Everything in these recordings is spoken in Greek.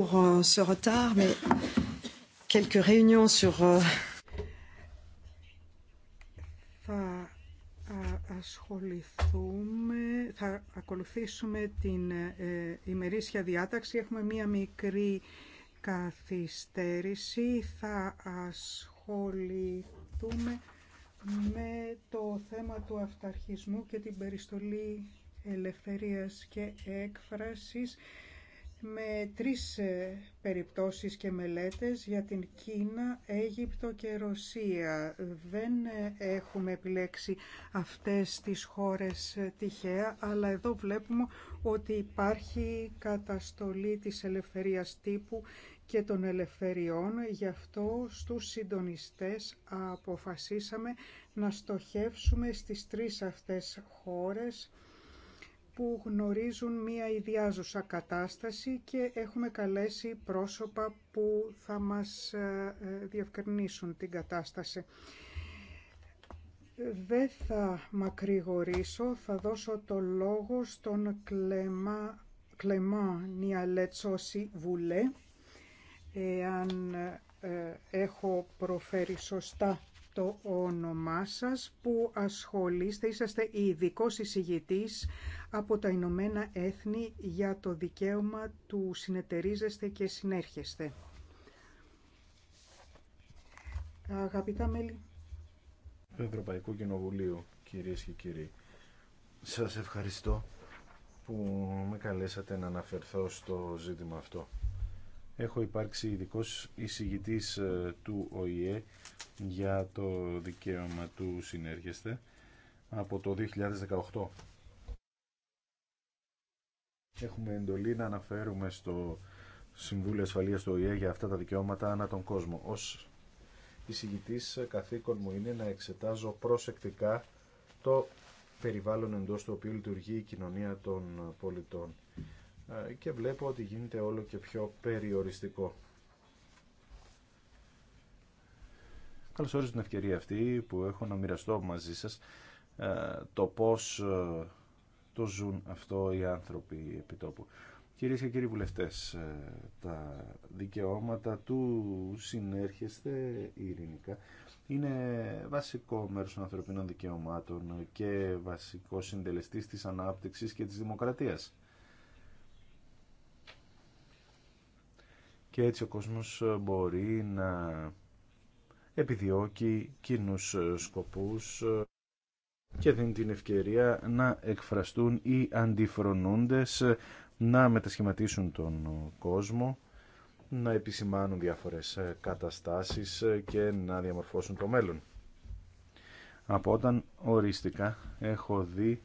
Pour euh, ce retard, mais euh, Θα ασχοληθούμε, θα ακολουθήσουμε την ε, ημερήσια διάταξη. Έχουμε μία μικρή καθυστέρηση. Θα ασχοληθούμε με το θέμα του αυταρχισμού και την περιστολή ελευθερίας και έκφρασης με τρεις ε, περιπτώσεις και μελέτες για την Κίνα, Αίγυπτο και Ρωσία. Δεν ε, έχουμε επιλέξει αυτές τις χώρες ε, τυχαία, αλλά εδώ βλέπουμε ότι υπάρχει καταστολή της ελευθερίας τύπου και των ελευθεριών. Γι' αυτό στους συντονιστές αποφασίσαμε να στοχεύσουμε στις τρεις αυτές χώρες που γνωρίζουν μία ιδιάζουσα κατάσταση και έχουμε καλέσει πρόσωπα που θα μας ε, ε, διευκρινίσουν την κατάσταση. Δεν θα μακρηγορήσω, θα δώσω το λόγο στον Κλεμά, Κλεμά Νιαλέτσόση Βουλέ, εάν ε, έχω προφέρει σωστά το όνομά σας που ασχολείστε, είσαστε ειδικό εισηγητής από τα Ηνωμένα Έθνη για το δικαίωμα του συνεταιρίζεστε και συνέρχεστε. Αγαπητά μέλη του Ευρωπαϊκού Κοινοβουλίου, κυρίες και κύριοι, σας ευχαριστώ που με καλέσατε να αναφερθώ στο ζήτημα αυτό έχω υπάρξει ειδικό εισηγητής ε, του ΟΗΕ για το δικαίωμα του συνέργεστε από το 2018. Έχουμε εντολή να αναφέρουμε στο Συμβούλιο Ασφαλείας του ΟΗΕ για αυτά τα δικαιώματα ανά τον κόσμο. Ως εισηγητής ε, καθήκον μου είναι να εξετάζω προσεκτικά το περιβάλλον εντός του οποίου λειτουργεί η κοινωνία των πολιτών ε, και βλέπω ότι γίνεται όλο και πιο περιοριστικό. Καλώς όρισε την ευκαιρία αυτή που έχω να μοιραστώ μαζί σας ε, το πώς ε, το ζουν αυτό οι άνθρωποι επιτόπου. Κυρίε και κύριοι βουλευτές, τα δικαιώματα του συνέρχεστε ειρηνικά είναι βασικό μέρος των ανθρωπίνων δικαιωμάτων και βασικό συντελεστής της ανάπτυξης και της δημοκρατίας. και έτσι ο κόσμος ε, μπορεί να επιδιώκει κοινού ε, σκοπούς ε, και δίνει την ευκαιρία να εκφραστούν οι αντιφρονούντες, να μετασχηματίσουν τον κόσμο, να επισημάνουν διάφορες καταστάσεις και να διαμορφώσουν το μέλλον. Από όταν ορίστηκα έχω δει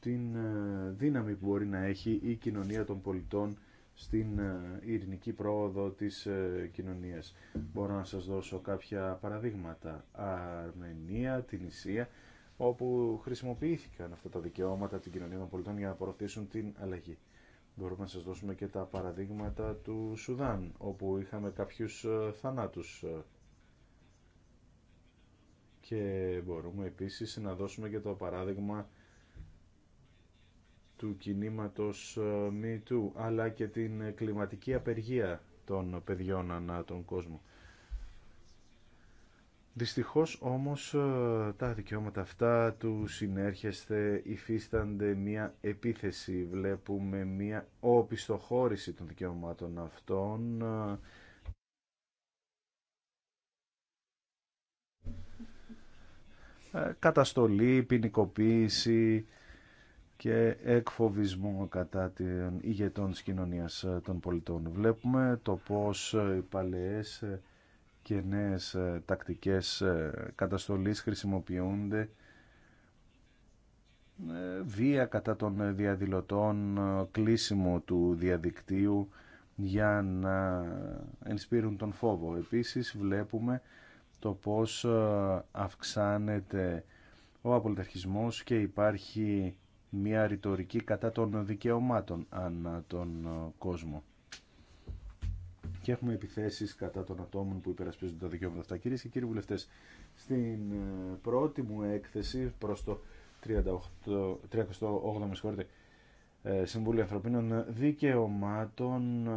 την δύναμη που μπορεί να έχει η κοινωνία των πολιτών στην ε, ειρηνική πρόοδο της ε, κοινωνίας. Μπορώ να σας δώσω κάποια παραδείγματα. Αρμενία, την Ισία, όπου χρησιμοποιήθηκαν αυτά τα δικαιώματα την κοινωνία των πολιτών για να προωθήσουν την αλλαγή. Μπορούμε να σας δώσουμε και τα παραδείγματα του Σουδάν, όπου είχαμε κάποιους ε, θανάτους. Και μπορούμε επίσης να δώσουμε και το παράδειγμα του κινήματος ΜΗΤΟΥ ε, αλλά και την κλιματική απεργία των παιδιών ανά τον κόσμο. Δυστυχώς όμως ε, τα δικαιώματα αυτά του συνέρχεστε υφίστανται μία επίθεση. Βλέπουμε μία οπισθοχώρηση των δικαιωμάτων αυτών. Ε, καταστολή, ποινικοποίηση, και εκφοβισμό κατά των ηγετών της κοινωνίας των πολιτών. Βλέπουμε το πώς οι παλαιές και νέες τακτικές καταστολής χρησιμοποιούνται ε, βία κατά των διαδηλωτών, κλείσιμο του διαδικτύου για να ενσπείρουν τον φόβο. Επίσης βλέπουμε το πώς ε, αυξάνεται ο απολυταρχισμός και υπάρχει μια ρητορική κατά των δικαιωμάτων ανά τον ε, κόσμο. Και έχουμε επιθέσεις κατά των ατόμων που υπερασπίζουν τα δικαιώματα αυτά. Κυρίες και κύριοι βουλευτές, στην ε, πρώτη μου έκθεση προς το 38, 38 ε, Συμβούλιο Ανθρωπίνων Δικαιωμάτων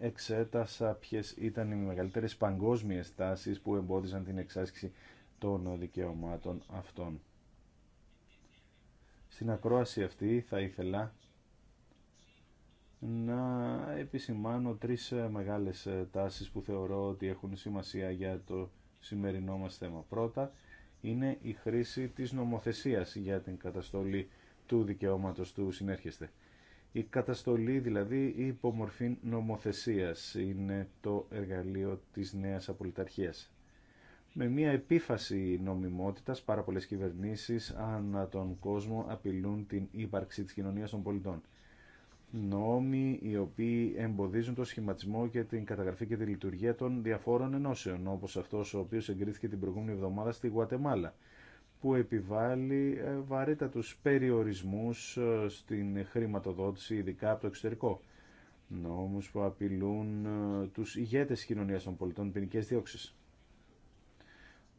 εξέτασα ποιες ήταν οι μεγαλύτερες παγκόσμιες τάσεις που εμπόδιζαν την εξάσκηση των δικαιωμάτων αυτών. Στην ακρόαση αυτή θα ήθελα να επισημάνω τρεις ε, μεγάλες ε, τάσεις που θεωρώ ότι έχουν σημασία για το σημερινό μας θέμα. Πρώτα είναι η χρήση της νομοθεσίας για την καταστολή του δικαιώματος του συνέρχεστε. Η καταστολή δηλαδή η υπομορφή νομοθεσίας είναι το εργαλείο της νέας απολυταρχίας με μια επίφαση νομιμότητας πάρα πολλές κυβερνήσεις ανά τον κόσμο απειλούν την ύπαρξη της κοινωνίας των πολιτών. Νόμοι οι οποίοι εμποδίζουν το σχηματισμό και την καταγραφή και τη λειτουργία των διαφόρων ενώσεων, όπως αυτός ο οποίος εγκρίθηκε την προηγούμενη εβδομάδα στη Γουατεμάλα, που επιβάλλει ε, βαρύτατους περιορισμούς ε, στην χρηματοδότηση, ειδικά από το εξωτερικό. Νόμους που απειλούν ε, τους ηγέτες κοινωνίας των πολιτών ποινικέ διώξεις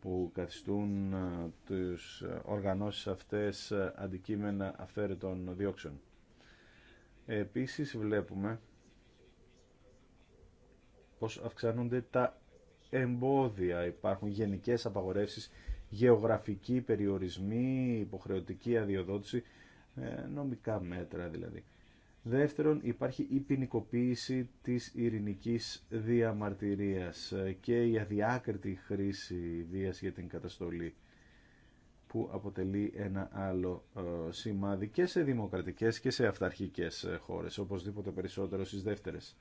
που καθιστούν ε, τους οργανώσεις αυτές ε, αντικείμενα αυθαίρετων διώξεων. Επίσης βλέπουμε πως αυξάνονται τα εμπόδια. Υπάρχουν γενικές απαγορεύσεις, γεωγραφικοί περιορισμοί, υποχρεωτική αδειοδότηση, ε, νομικά μέτρα δηλαδή. Δεύτερον, υπάρχει η ποινικοποίηση της ειρηνικής διαμαρτυρίας και η αδιάκριτη χρήση βίας για την καταστολή που αποτελεί ένα άλλο ε, σημάδι και σε δημοκρατικές και σε αυταρχικές ε, χώρες, οπωσδήποτε περισσότερο στις δεύτερες.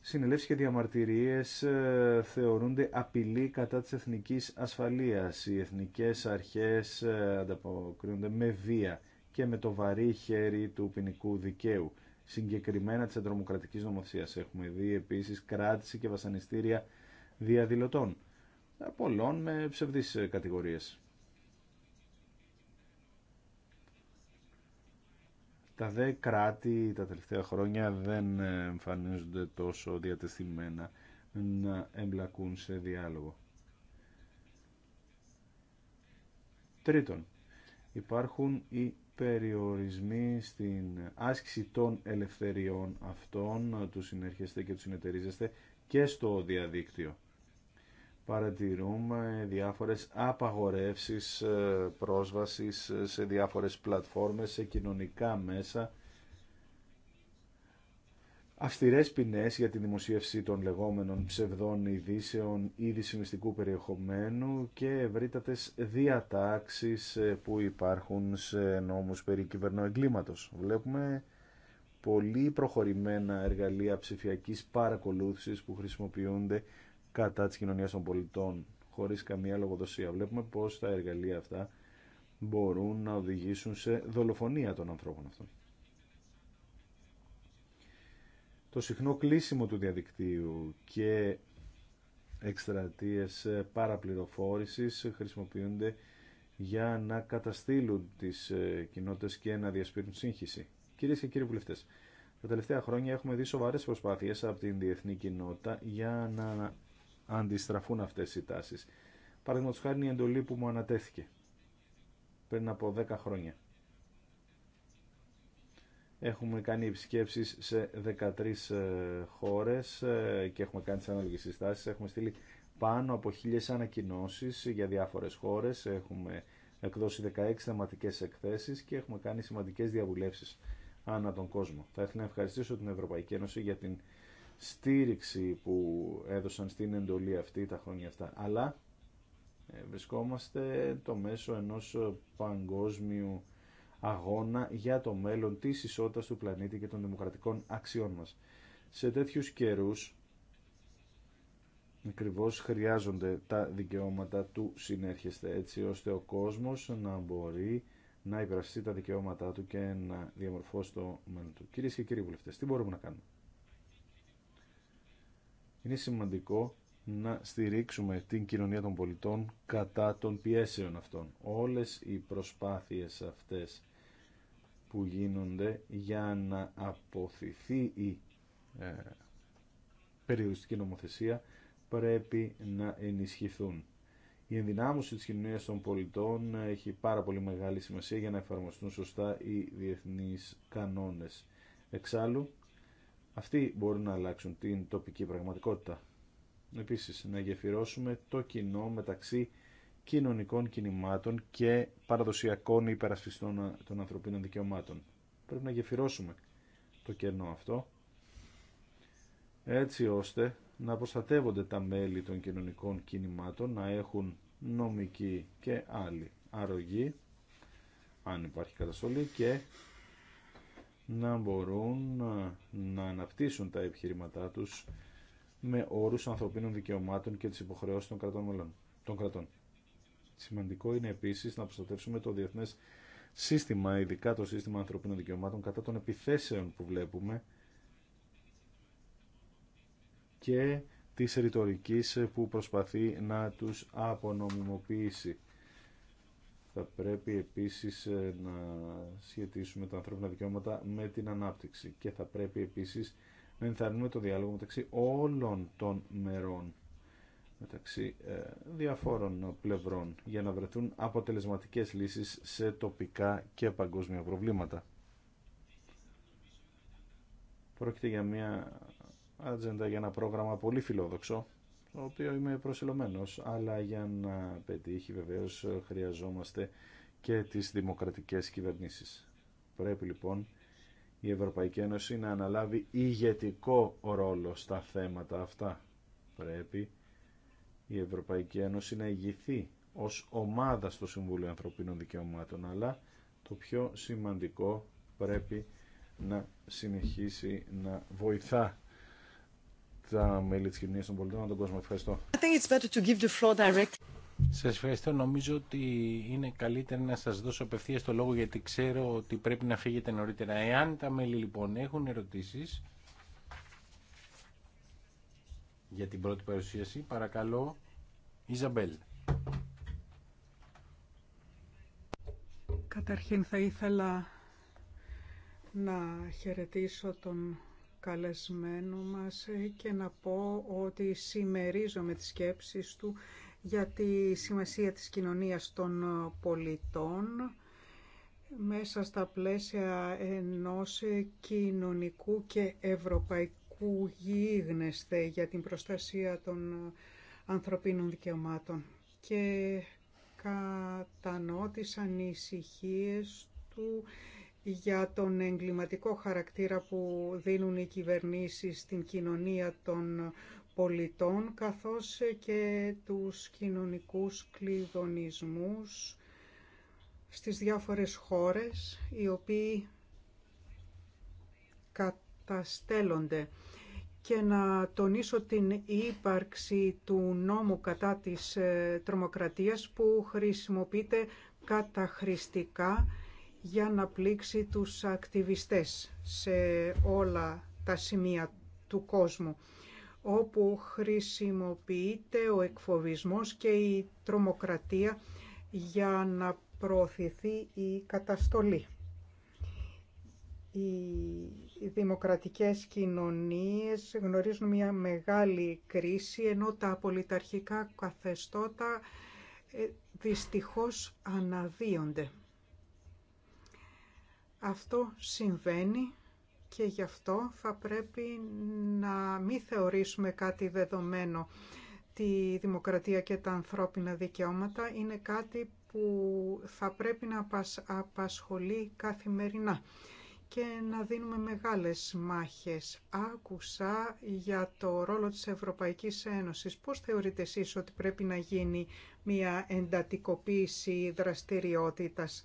Συνελεύσεις και διαμαρτυρίες ε, θεωρούνται απειλή κατά της εθνικής ασφαλείας. Οι εθνικές αρχές ανταποκρίνονται με βία και με το βαρύ χέρι του ποινικού δικαίου. Συγκεκριμένα τη αντρομοκρατικής νομοθεσίας έχουμε δει επίση κράτηση και βασανιστήρια διαδηλωτών. Πολλών με ψευδείς κατηγορίες. Τα δε κράτη τα τελευταία χρόνια δεν εμφανίζονται τόσο διατεθειμένα να εμπλακούν σε διάλογο. Τρίτον, υπάρχουν οι περιορισμοί στην άσκηση των ελευθεριών αυτών, του συνέρχεστε και του συνεταιρίζεστε και στο διαδίκτυο. Παρατηρούμε διάφορες απαγορεύσεις ε, πρόσβασης σε διάφορες πλατφόρμες, σε κοινωνικά μέσα αυστηρές ποινές για τη δημοσίευση των λεγόμενων ψευδών ειδήσεων ή δυσυμιστικού περιεχομένου και ευρύτατες διατάξεις ε, που υπάρχουν σε νόμους περί κυβερνοεγκλήματος. Βλέπουμε πολύ προχωρημένα εργαλεία ψηφιακής παρακολούθησης που χρησιμοποιούνται κατά της κοινωνίας των πολιτών χωρίς καμία λογοδοσία. Βλέπουμε πως τα εργαλεία αυτά μπορούν να οδηγήσουν σε δολοφονία των ανθρώπων αυτών το συχνό κλείσιμο του διαδικτύου και εκστρατείες παραπληροφόρησης χρησιμοποιούνται για να καταστήλουν τις ε, κοινότητες και να διασπείρουν σύγχυση. Κυρίε και κύριοι βουλευτές, τα τελευταία χρόνια έχουμε δει σοβαρές προσπάθειες από την διεθνή κοινότητα για να αντιστραφούν αυτές οι τάσεις. Παραδείγματο χάρη η εντολή που μου ανατέθηκε πριν από 10 χρόνια Έχουμε κάνει επισκέψεις σε 13 ε, χώρες ε, και έχουμε κάνει τις ανάλογες συστάσεις. Έχουμε στείλει πάνω από χίλιες ανακοινώσεις για διάφορες χώρες. Έχουμε εκδώσει 16 θεματικές εκθέσεις και έχουμε κάνει σημαντικές διαβουλεύσεις ανά τον κόσμο. Θα ήθελα να ευχαριστήσω την Ευρωπαϊκή Ένωση για την στήριξη που έδωσαν στην εντολή αυτή τα χρόνια αυτά. Αλλά ε, βρισκόμαστε το μέσο ενός παγκόσμιου αγώνα για το μέλλον της ισότητας του πλανήτη και των δημοκρατικών αξιών μας. Σε τέτοιους καιρούς ακριβώ χρειάζονται τα δικαιώματα του συνέρχεστε έτσι ώστε ο κόσμος να μπορεί να υπερασπιστεί τα δικαιώματά του και να διαμορφώσει το μέλλον του. Κυρίε και κύριοι βουλευτές, τι μπορούμε να κάνουμε. Είναι σημαντικό να στηρίξουμε την κοινωνία των πολιτών κατά των πιέσεων αυτών. Όλες οι προσπάθειες αυτές που γίνονται για να αποθηθεί η ε, περιοριστική νομοθεσία πρέπει να ενισχυθούν. Η ενδυνάμωση της κοινωνίας των πολιτών έχει πάρα πολύ μεγάλη σημασία για να εφαρμοστούν σωστά οι διεθνείς κανόνες. Εξάλλου, αυτοί μπορούν να αλλάξουν την τοπική πραγματικότητα. Επίσης, να γεφυρώσουμε το κοινό μεταξύ κοινωνικών κινημάτων και παραδοσιακών υπερασπιστών ε, των ανθρωπίνων δικαιωμάτων. Πρέπει να γεφυρώσουμε το κενό αυτό, έτσι ώστε να προστατεύονται τα μέλη των κοινωνικών κινημάτων, να έχουν νομική και άλλη αρρωγή, αν υπάρχει καταστολή, και να μπορούν ε, να αναπτύσσουν τα επιχειρήματά τους με όρους ανθρωπίνων δικαιωμάτων και τις υποχρεώσεις των κρατών. των κρατών. Σημαντικό είναι επίσης να προστατεύσουμε το διεθνέ σύστημα, ειδικά το σύστημα ανθρωπίνων δικαιωμάτων, κατά των επιθέσεων που βλέπουμε και τη ρητορική που προσπαθεί να τους απονομιμοποιήσει. Θα πρέπει επίσης ε, να σχετίσουμε τα ανθρώπινα δικαιώματα με την ανάπτυξη και θα πρέπει επίσης να ενθαρρύνουμε το διάλογο μεταξύ όλων των μερών μεταξύ ε, διαφόρων πλευρών για να βρεθούν αποτελεσματικές λύσεις σε τοπικά και παγκόσμια προβλήματα. Πρόκειται για μια ατζέντα για ένα πρόγραμμα πολύ φιλόδοξο, το οποίο είμαι προσελωμένος, αλλά για να πετύχει βεβαίως χρειαζόμαστε και τις δημοκρατικές κυβερνήσεις. Πρέπει λοιπόν η Ευρωπαϊκή Ένωση να αναλάβει ηγετικό ρόλο στα θέματα αυτά. Πρέπει η Ευρωπαϊκή Ένωση να ηγηθεί ως ομάδα στο Συμβούλιο Ανθρωπίνων Δικαιωμάτων, αλλά το πιο σημαντικό πρέπει να συνεχίσει να βοηθά τα μέλη της κοινωνίας των πολιτών, τον κόσμο. Ευχαριστώ. Σα Σας ευχαριστώ. Νομίζω ότι είναι καλύτερα να σας δώσω απευθεία το λόγο γιατί ξέρω ότι πρέπει να φύγετε νωρίτερα. Εάν τα μέλη λοιπόν έχουν ερωτήσεις, για την πρώτη παρουσίαση. Παρακαλώ, Ιζαμπέλ. Καταρχήν θα ήθελα να χαιρετήσω τον καλεσμένο μας και να πω ότι συμμερίζομαι τις σκέψεις του για τη σημασία της κοινωνίας των πολιτών μέσα στα πλαίσια ενός κοινωνικού και ευρωπαϊκού που γίγνεστε για την προστασία των ε, ανθρωπίνων δικαιωμάτων και κατανοώ τις ανησυχίες του για τον εγκληματικό χαρακτήρα που δίνουν οι κυβερνήσεις στην κοινωνία των πολιτών καθώς και τους κοινωνικούς κλειδονισμούς στις διάφορες χώρες οι οποίοι καταστέλλονται και να τονίσω την ύπαρξη του νόμου κατά της ε, τρομοκρατίας που χρησιμοποιείται καταχρηστικά για να πλήξει τους ακτιβιστές σε όλα τα σημεία του κόσμου όπου χρησιμοποιείται ο εκφοβισμός και η τρομοκρατία για να προωθηθεί η καταστολή. Οι δημοκρατικές κοινωνίες γνωρίζουν μια μεγάλη κρίση, ενώ τα πολιταρχικά καθεστώτα ε, δυστυχώς αναδύονται. Αυτό συμβαίνει και γι' αυτό θα πρέπει να μην θεωρήσουμε κάτι δεδομένο τη δημοκρατία και τα ανθρώπινα δικαιώματα. Είναι κάτι που θα πρέπει να απασχολεί καθημερινά και να δίνουμε μεγάλες μάχες. Άκουσα για το ρόλο της Ευρωπαϊκής Ένωσης. Πώς θεωρείτε εσείς ότι πρέπει να γίνει μια εντατικοποίηση δραστηριότητας.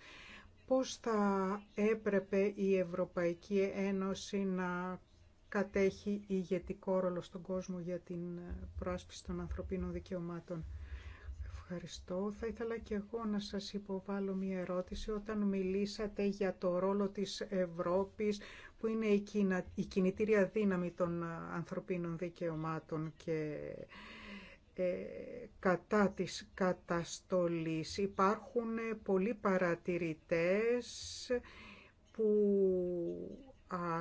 Πώς θα έπρεπε η Ευρωπαϊκή Ένωση να κατέχει ηγετικό ρόλο στον κόσμο για την πρόσπιση των ανθρωπίνων δικαιωμάτων. Ευχαριστώ. Θα ήθελα και εγώ να σας υποβάλω μία ερώτηση όταν μιλήσατε για το ρόλο της Ευρώπης που είναι η κινητήρια δύναμη των ανθρωπίνων δικαιωμάτων και ε, κατά της καταστολής. Υπάρχουν πολλοί παρατηρητές που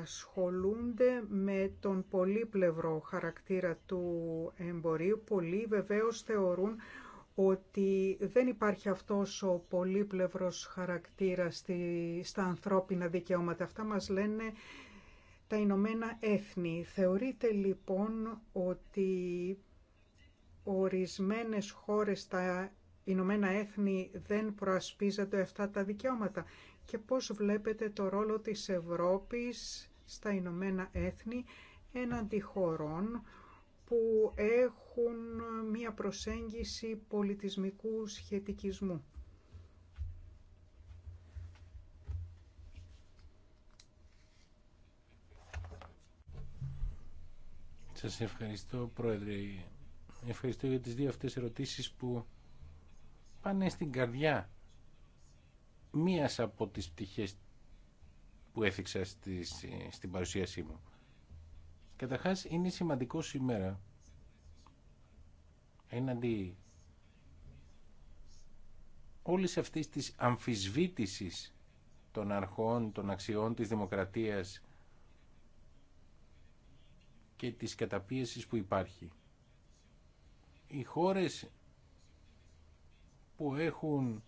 ασχολούνται με τον πολύπλευρο χαρακτήρα του εμπορίου. Πολλοί βεβαίως θεωρούν ότι δεν υπάρχει αυτός ο πολύπλευρος χαρακτήρας στη, στα ανθρώπινα δικαιώματα. Αυτά μας λένε τα Ηνωμένα Έθνη. Θεωρείται λοιπόν ότι ορισμένες χώρες τα Ηνωμένα Έθνη δεν προασπίζονται αυτά τα δικαιώματα. Και πώς βλέπετε το ρόλο της Ευρώπης στα Ηνωμένα Έθνη έναντι χωρών που έχουν μία προσέγγιση πολιτισμικού σχετικισμού. Σας ευχαριστώ Πρόεδρε. Ευχαριστώ για τις δύο αυτές ερωτήσεις που πάνε στην καρδιά μίας από τις πτυχές που έφυξα στην παρουσίασή μου. Καταρχά είναι σημαντικό σήμερα έναντι όλης αυτής της αμφισβήτησης των αρχών, των αξιών της δημοκρατίας και της καταπίεσης που υπάρχει. Οι χώρες που έχουν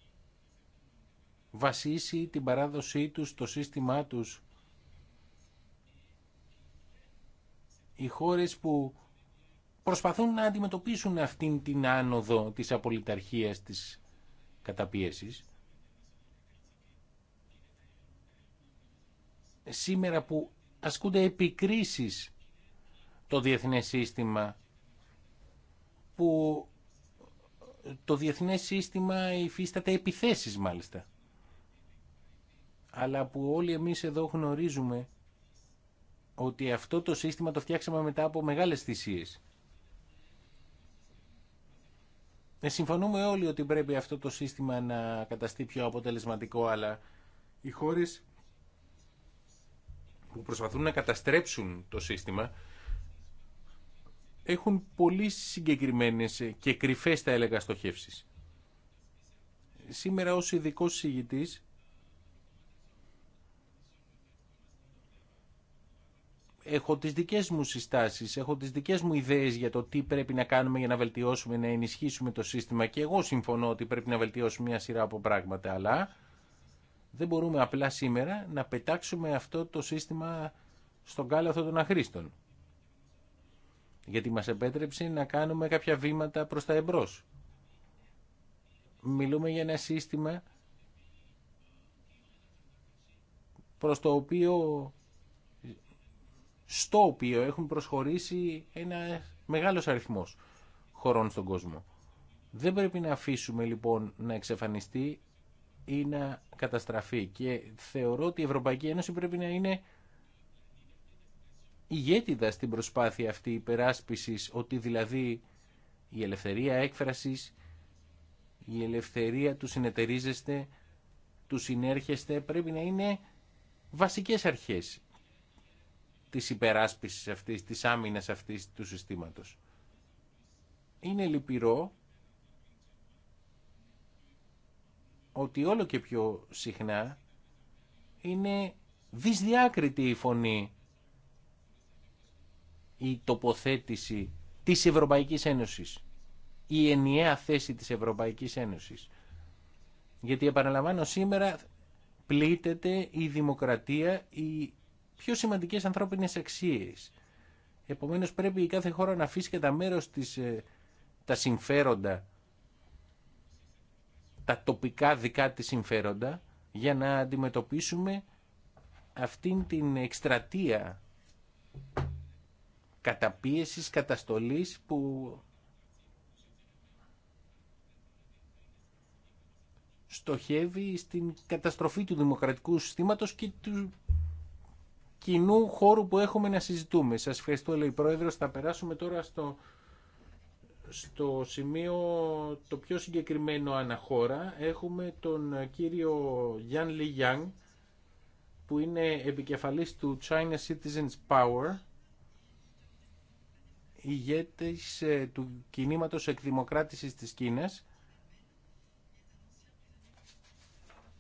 βασίσει την παράδοσή τους, το σύστημά τους οι χώρες που προσπαθούν να αντιμετωπίσουν αυτήν την άνοδο της απολυταρχίας της καταπίεσης. Σήμερα που ασκούνται επικρίσεις το διεθνές σύστημα που το διεθνές σύστημα υφίσταται επιθέσεις μάλιστα αλλά που όλοι εμείς εδώ γνωρίζουμε ότι αυτό το σύστημα το φτιάξαμε μετά από μεγάλες θυσίες. Ε, συμφωνούμε όλοι ότι πρέπει αυτό το σύστημα να καταστεί πιο αποτελεσματικό, αλλά οι χώρες που προσπαθούν να καταστρέψουν το σύστημα έχουν πολύ συγκεκριμένες και κρυφές, τα έλεγα, στοχεύσεις. Σήμερα ως ειδικό συγητής έχω τις δικές μου συστάσεις, έχω τις δικές μου ιδέες για το τι πρέπει να κάνουμε για να βελτιώσουμε, να ενισχύσουμε το σύστημα και εγώ συμφωνώ ότι πρέπει να βελτιώσουμε μια σειρά από πράγματα, αλλά δεν μπορούμε απλά σήμερα να πετάξουμε αυτό το σύστημα στον κάλαθο των αχρήστων. Γιατί μας επέτρεψε να κάνουμε κάποια βήματα προς τα εμπρός. Μιλούμε για ένα σύστημα προς το οποίο στο οποίο έχουν προσχωρήσει ένα μεγάλος αριθμός χωρών στον κόσμο. Δεν πρέπει να αφήσουμε λοιπόν να εξαφανιστεί ή να καταστραφεί και θεωρώ ότι η Ευρωπαϊκή Ένωση πρέπει να είναι ηγέτιδα στην προσπάθεια αυτή υπεράσπισης ότι δηλαδή η ελευθερία έκφρασης, η ελευθερία του συνεταιρίζεστε, του συνέρχεστε πρέπει να είναι βασικές αρχές Τη υπεράσπισης αυτής, τη άμυνας αυτή του συστήματος. Είναι λυπηρό ότι όλο και πιο συχνά είναι δυσδιάκριτη η φωνή η τοποθέτηση της Ευρωπαϊκής Ένωσης η ενιαία θέση της Ευρωπαϊκής Ένωσης γιατί επαναλαμβάνω σήμερα πλήττεται η δημοκρατία η πιο σημαντικές ανθρώπινες αξίες. Επομένως πρέπει η κάθε χώρα να αφήσει τα μέρος της, ε, τα συμφέροντα, τα τοπικά δικά της συμφέροντα, για να αντιμετωπίσουμε αυτήν την εκστρατεία καταπίεσης, καταστολής που στοχεύει στην καταστροφή του δημοκρατικού συστήματος και του κοινού χώρου που έχουμε να συζητούμε. Σας ευχαριστώ, λέει η Πρόεδρος. Θα περάσουμε τώρα στο, στο σημείο το πιο συγκεκριμένο αναχώρα. Έχουμε τον κύριο Γιάν Λι Γιάνγκ, που είναι επικεφαλής του China Citizens Power, ηγέτης ε, του κινήματος εκδημοκράτησης της Κίνας,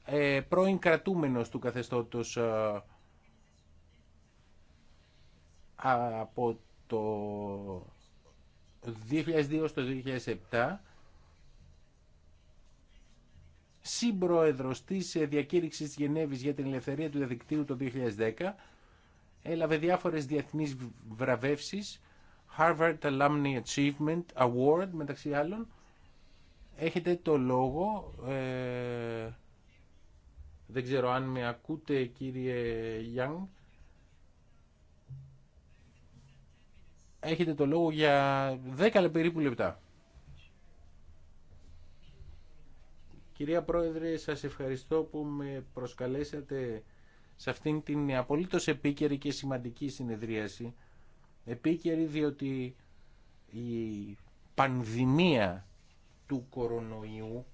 ε, πρώην κρατούμενος του καθεστώτος ε, από το 2002 στο 2007 σύμπροεδρος της διακήρυξης της Γενέβης για την ελευθερία του διαδικτύου το 2010 έλαβε διάφορες διεθνείς βραβεύσεις Harvard Alumni Achievement Award μεταξύ άλλων έχετε το λόγο ε, δεν ξέρω αν με ακούτε κύριε Young έχετε το λόγο για 10 περίπου λεπτά. Κυρία Πρόεδρε, σας ευχαριστώ που με προσκαλέσατε σε αυτήν την απολύτως επίκαιρη και σημαντική συνεδρίαση. Επίκαιρη διότι η πανδημία του κορονοϊού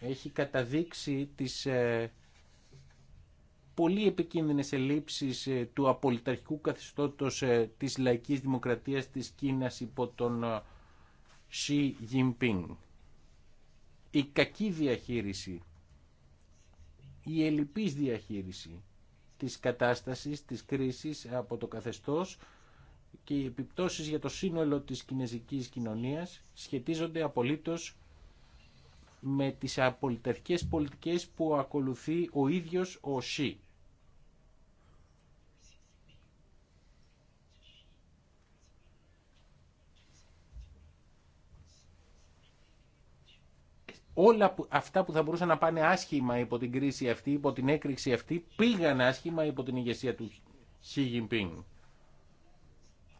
έχει καταδείξει τις ε, πολύ επικίνδυνες ελλείψεις ε, του απολυταρχικού καθεστώτος ε, της λαϊκής δημοκρατίας της Κίνας υπό τον Σι ε, Jinping. Η κακή διαχείριση, η ελλειπής διαχείριση της κατάστασης, της κρίσης από το καθεστώς και οι επιπτώσεις για το σύνολο της κινέζικης κοινωνίας σχετίζονται απολύτως με τις απολυταρχικές πολιτικές που ακολουθεί ο ίδιος ο ΣΥ. όλα αυτά που θα μπορούσαν να πάνε άσχημα υπό την κρίση αυτή, υπό την έκρηξη αυτή, πήγαν άσχημα υπό την ηγεσία του Xi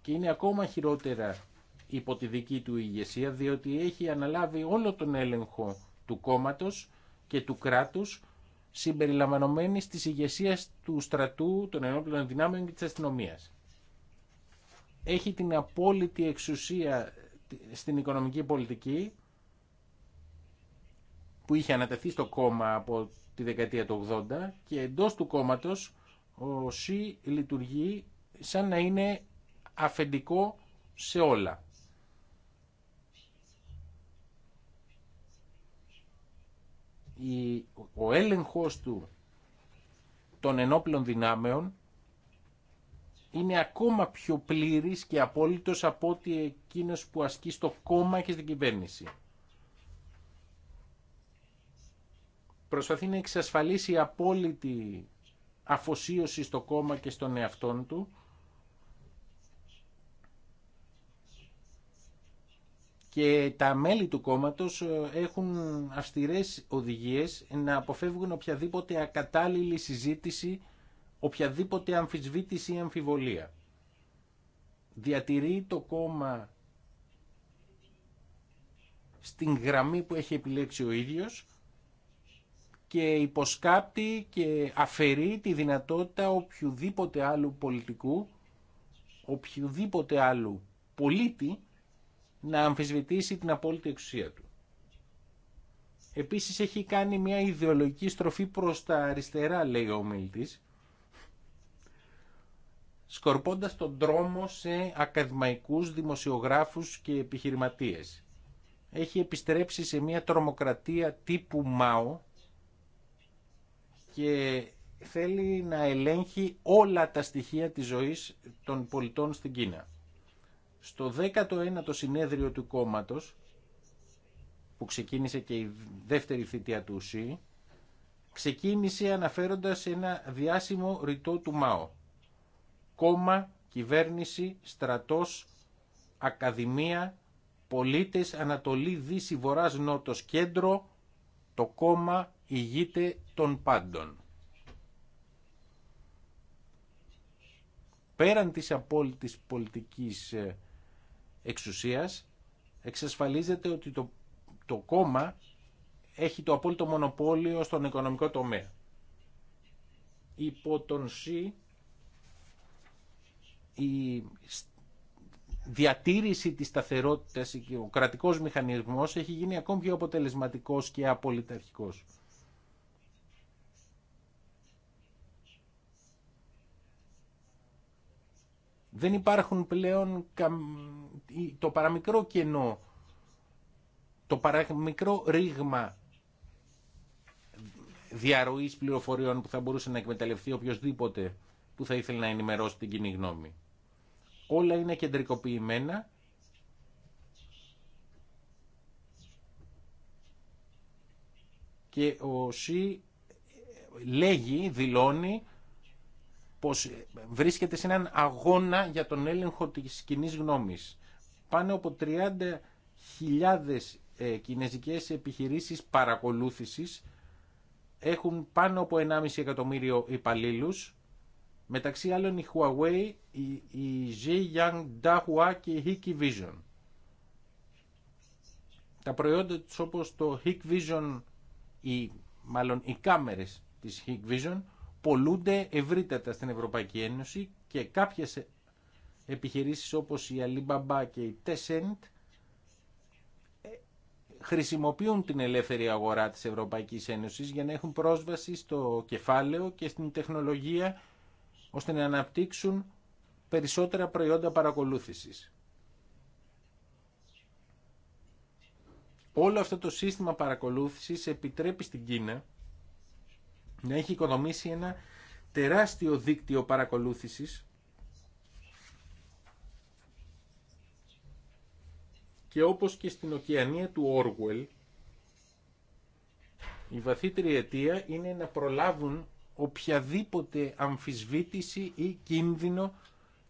Και είναι ακόμα χειρότερα υπό τη δική του ηγεσία, διότι έχει αναλάβει όλο τον έλεγχο του κόμματος και του κράτους, συμπεριλαμβανομένης της ηγεσία του στρατού, των ενόπλων δυνάμεων και της αστυνομίας. Έχει την απόλυτη εξουσία στην οικονομική πολιτική, που είχε ανατεθεί στο κόμμα από τη δεκαετία του 80 και εντός του κόμματος ο ΣΥ λειτουργεί σαν να είναι αφεντικό σε όλα. Ο έλεγχος του των ενόπλων δυνάμεων είναι ακόμα πιο πλήρης και απόλυτος από ότι εκείνος που ασκεί στο κόμμα και στην κυβέρνηση. προσπαθεί να εξασφαλίσει απόλυτη αφοσίωση στο κόμμα και στον εαυτόν του και τα μέλη του κόμματος ε, έχουν αυστηρές οδηγίες να αποφεύγουν οποιαδήποτε ακατάλληλη συζήτηση, οποιαδήποτε αμφισβήτηση ή αμφιβολία. Διατηρεί το κόμμα στην γραμμή που έχει επιλέξει ο ίδιος και υποσκάπτει και αφαιρεί τη δυνατότητα οποιοδήποτε άλλου πολιτικού, οποιοδήποτε άλλου πολίτη να αμφισβητήσει την απόλυτη εξουσία του. Επίσης έχει κάνει μια ιδεολογική στροφή προς τα αριστερά, λέει ο Μίλτης, σκορπώντας τον δρόμο σε ακαδημαϊκούς, δημοσιογράφους και επιχειρηματίες. Έχει επιστρέψει σε μια τρομοκρατία τύπου ΜΑΟ, και θέλει να ελέγχει όλα τα στοιχεία της ζωής των πολιτών στην Κίνα. Στο 19ο συνέδριο του κόμματος, που ξεκίνησε και η δεύτερη θητεία του ΣΥ, ξεκίνησε αναφέροντας ένα διάσημο ρητό του ΜΑΟ. Κόμμα, κυβέρνηση, στρατός, ακαδημία, πολίτες, Ανατολή, Δύση, Βορράς, Νότος, Κέντρο, το κόμμα, ηγείται των πάντων. Πέραν της απόλυτης πολιτικής ε, εξουσίας, εξασφαλίζεται ότι το, το κόμμα έχει το απόλυτο μονοπόλιο στον οικονομικό τομέα. Υπό τον ΣΥ, η διατήρηση της σταθερότητας και ο κρατικός μηχανισμός έχει γίνει ακόμη πιο αποτελεσματικός και απολυταρχικός. Δεν υπάρχουν πλέον το παραμικρό κενό, το παραμικρό ρήγμα διαρροής πληροφοριών που θα μπορούσε να εκμεταλλευτεί οποιοδήποτε που θα ήθελε να ενημερώσει την κοινή γνώμη. Όλα είναι κεντρικοποιημένα και ο ΣΥ ε, λέγει, δηλώνει πως βρίσκεται σε έναν αγώνα για τον έλεγχο της κοινή γνώμης. Πάνω από 30.000 ε, κινέζικες επιχειρήσεις παρακολούθησης έχουν πάνω από 1,5 εκατομμύριο υπαλλήλους. Μεταξύ άλλων η Huawei, η, η Dahua και η Hikvision. Τα προϊόντα όπως το Hikvision, ή μάλλον οι κάμερες της Hikvision, πολλούνται ευρύτατα στην Ευρωπαϊκή Ένωση και κάποιες επιχειρήσεις όπως η Alibaba και η Tencent ε, χρησιμοποιούν την ελεύθερη αγορά της Ευρωπαϊκής Ένωσης για να έχουν πρόσβαση στο κεφάλαιο και στην τεχνολογία ώστε να αναπτύξουν περισσότερα προϊόντα παρακολούθησης. Όλο αυτό το σύστημα παρακολούθησης επιτρέπει στην Κίνα να έχει οικονομήσει ένα τεράστιο δίκτυο παρακολούθησης και όπως και στην ωκεανία του Όργουελ η βαθύτερη αιτία είναι να προλάβουν οποιαδήποτε αμφισβήτηση ή κίνδυνο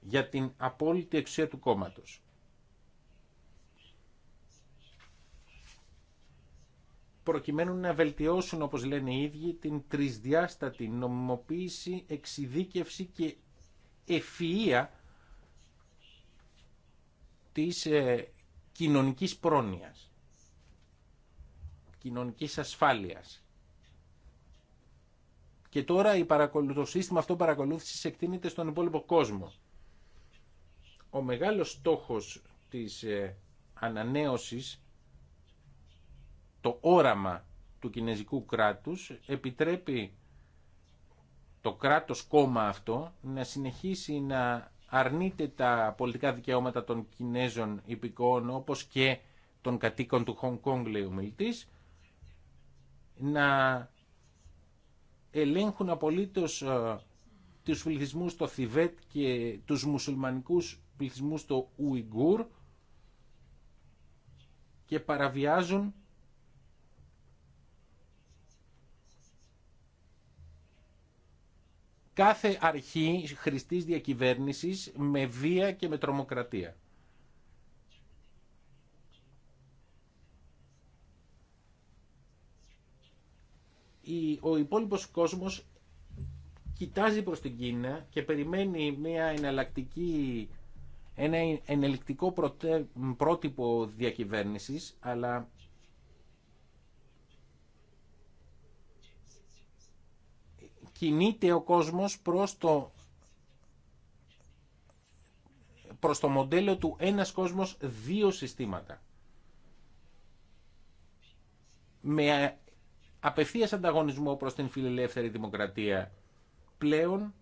για την απόλυτη εξουσία του κόμματος. προκειμένου να βελτιώσουν, όπως λένε οι ίδιοι, την τρισδιάστατη νομιμοποίηση, εξειδίκευση και ευφυΐα της ε, κοινωνικής πρόνοιας, κοινωνικής ασφάλειας. Και τώρα η το σύστημα αυτό παρακολούθηση, εκτείνεται στον υπόλοιπο κόσμο. Ο μεγάλος στόχος της ε, ανανέωσης το όραμα του κινέζικου κράτους επιτρέπει το κράτος κόμμα αυτό να συνεχίσει να αρνείται τα πολιτικά δικαιώματα των Κινέζων υπηκόων όπως και των κατοίκων του Χονγκ Κόνγκ λέει ο μιλτής, να ελέγχουν απολύτως ε, τους πληθυσμού στο Θιβέτ και τους μουσουλμανικούς πληθυσμού στο Ουιγκούρ και παραβιάζουν κάθε αρχή χρηστής διακυβέρνησης με βία και με τρομοκρατία. Ο υπόλοιπος κόσμος κοιτάζει προς την Κίνα και περιμένει μια εναλλακτική, ένα ενελικτικό πρότυπο διακυβέρνησης, αλλά κινείται ο κόσμος προς το, προς το μοντέλο του ένας κόσμος δύο συστήματα. Με απευθείας ανταγωνισμό προς την φιλελεύθερη δημοκρατία πλέον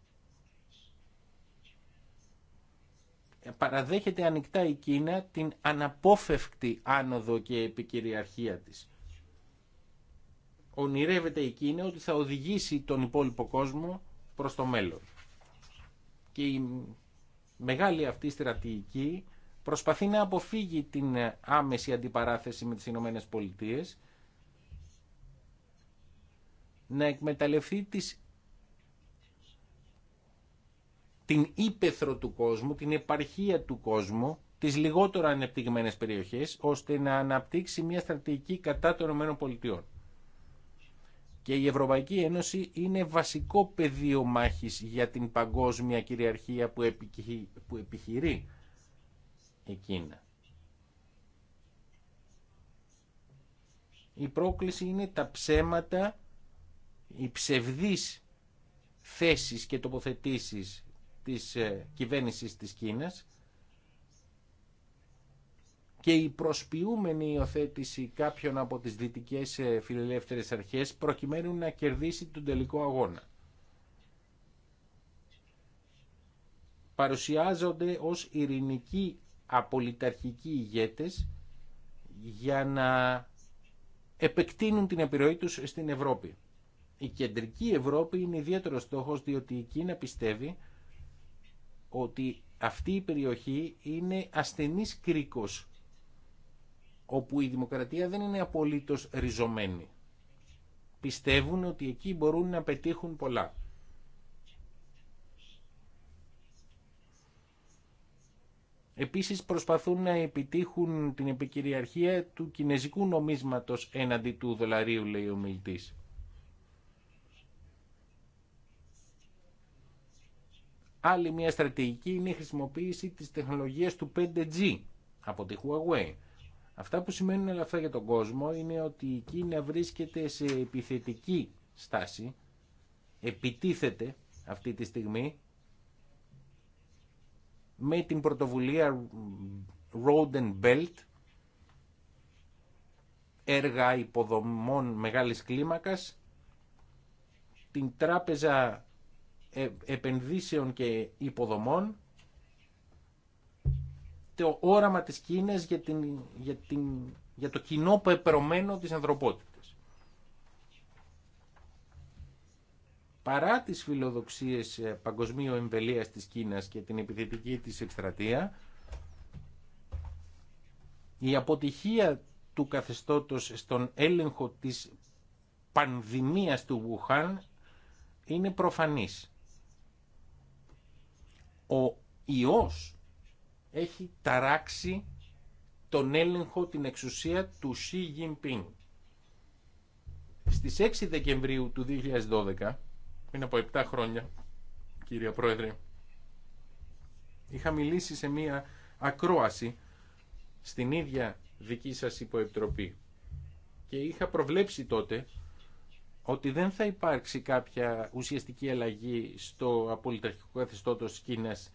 παραδέχεται ανοιχτά η Κίνα την αναπόφευκτη άνοδο και επικυριαρχία της ονειρεύεται είναι ότι θα οδηγήσει τον υπόλοιπο κόσμο προς το μέλλον. Και η μεγάλη αυτή στρατηγική προσπαθεί να αποφύγει την άμεση αντιπαράθεση με τις Ηνωμένες Πολιτείες, να εκμεταλλευτεί τις, την ύπεθρο του κόσμου, την επαρχία του κόσμου, τις λιγότερο ανεπτυγμένες περιοχές, ώστε να αναπτύξει μια στρατηγική κατά των ΗΠΑ και η Ευρωπαϊκή Ένωση είναι βασικό πεδίο μάχης για την παγκόσμια κυριαρχία που, επιχειρεί η Κίνα. Η πρόκληση είναι τα ψέματα, οι ψευδείς θέσεις και τοποθετήσεις της ε, κυβέρνησης της Κίνας και η προσποιούμενη υιοθέτηση κάποιων από τις δυτικές ε, φιλελεύθερες αρχές προκειμένου να κερδίσει τον τελικό αγώνα. Παρουσιάζονται ως ειρηνικοί απολυταρχικοί ηγέτες για να επεκτείνουν την επιρροή τους στην Ευρώπη. Η κεντρική Ευρώπη είναι ιδιαίτερο στόχος διότι η Κίνα πιστεύει ότι αυτή η περιοχή είναι ασθενής κρίκος όπου η δημοκρατία δεν είναι απολύτως ριζωμένη. Πιστεύουν ότι εκεί μπορούν να πετύχουν πολλά. Επίσης προσπαθούν να επιτύχουν την επικυριαρχία του κινέζικου νομίσματος έναντι του δολαρίου, λέει ο μιλτής. Άλλη μια στρατηγική είναι η χρησιμοποίηση της τεχνολογίας του 5G από τη Huawei. Αυτά που σημαίνουν όλα αυτά για τον κόσμο είναι ότι η Κίνα βρίσκεται σε επιθετική στάση, επιτίθεται αυτή τη στιγμή με την πρωτοβουλία Road and Belt, έργα υποδομών μεγάλης κλίμακας, την Τράπεζα Επενδύσεων και Υποδομών, το όραμα της Κίνας για, την, για, την, για το κοινό πεπρωμένο της ανθρωπότητας. Παρά τις φιλοδοξίες ε, παγκοσμίου εμβελίας της Κίνας και την επιθετική της εκστρατεία, η αποτυχία του καθεστώτος στον έλεγχο της πανδημίας του Βουχάν είναι προφανής. Ο ιός έχει ταράξει τον έλεγχο, την εξουσία του Xi Jinping. Στις 6 Δεκεμβρίου του 2012, πριν από 7 χρόνια, κύριε Πρόεδρε, είχα μιλήσει σε μία ακρόαση στην ίδια δική σας υποεπτροπή και είχα προβλέψει τότε ότι δεν θα υπάρξει κάποια ουσιαστική αλλαγή στο απολυταρχικό καθεστώτος Κίνας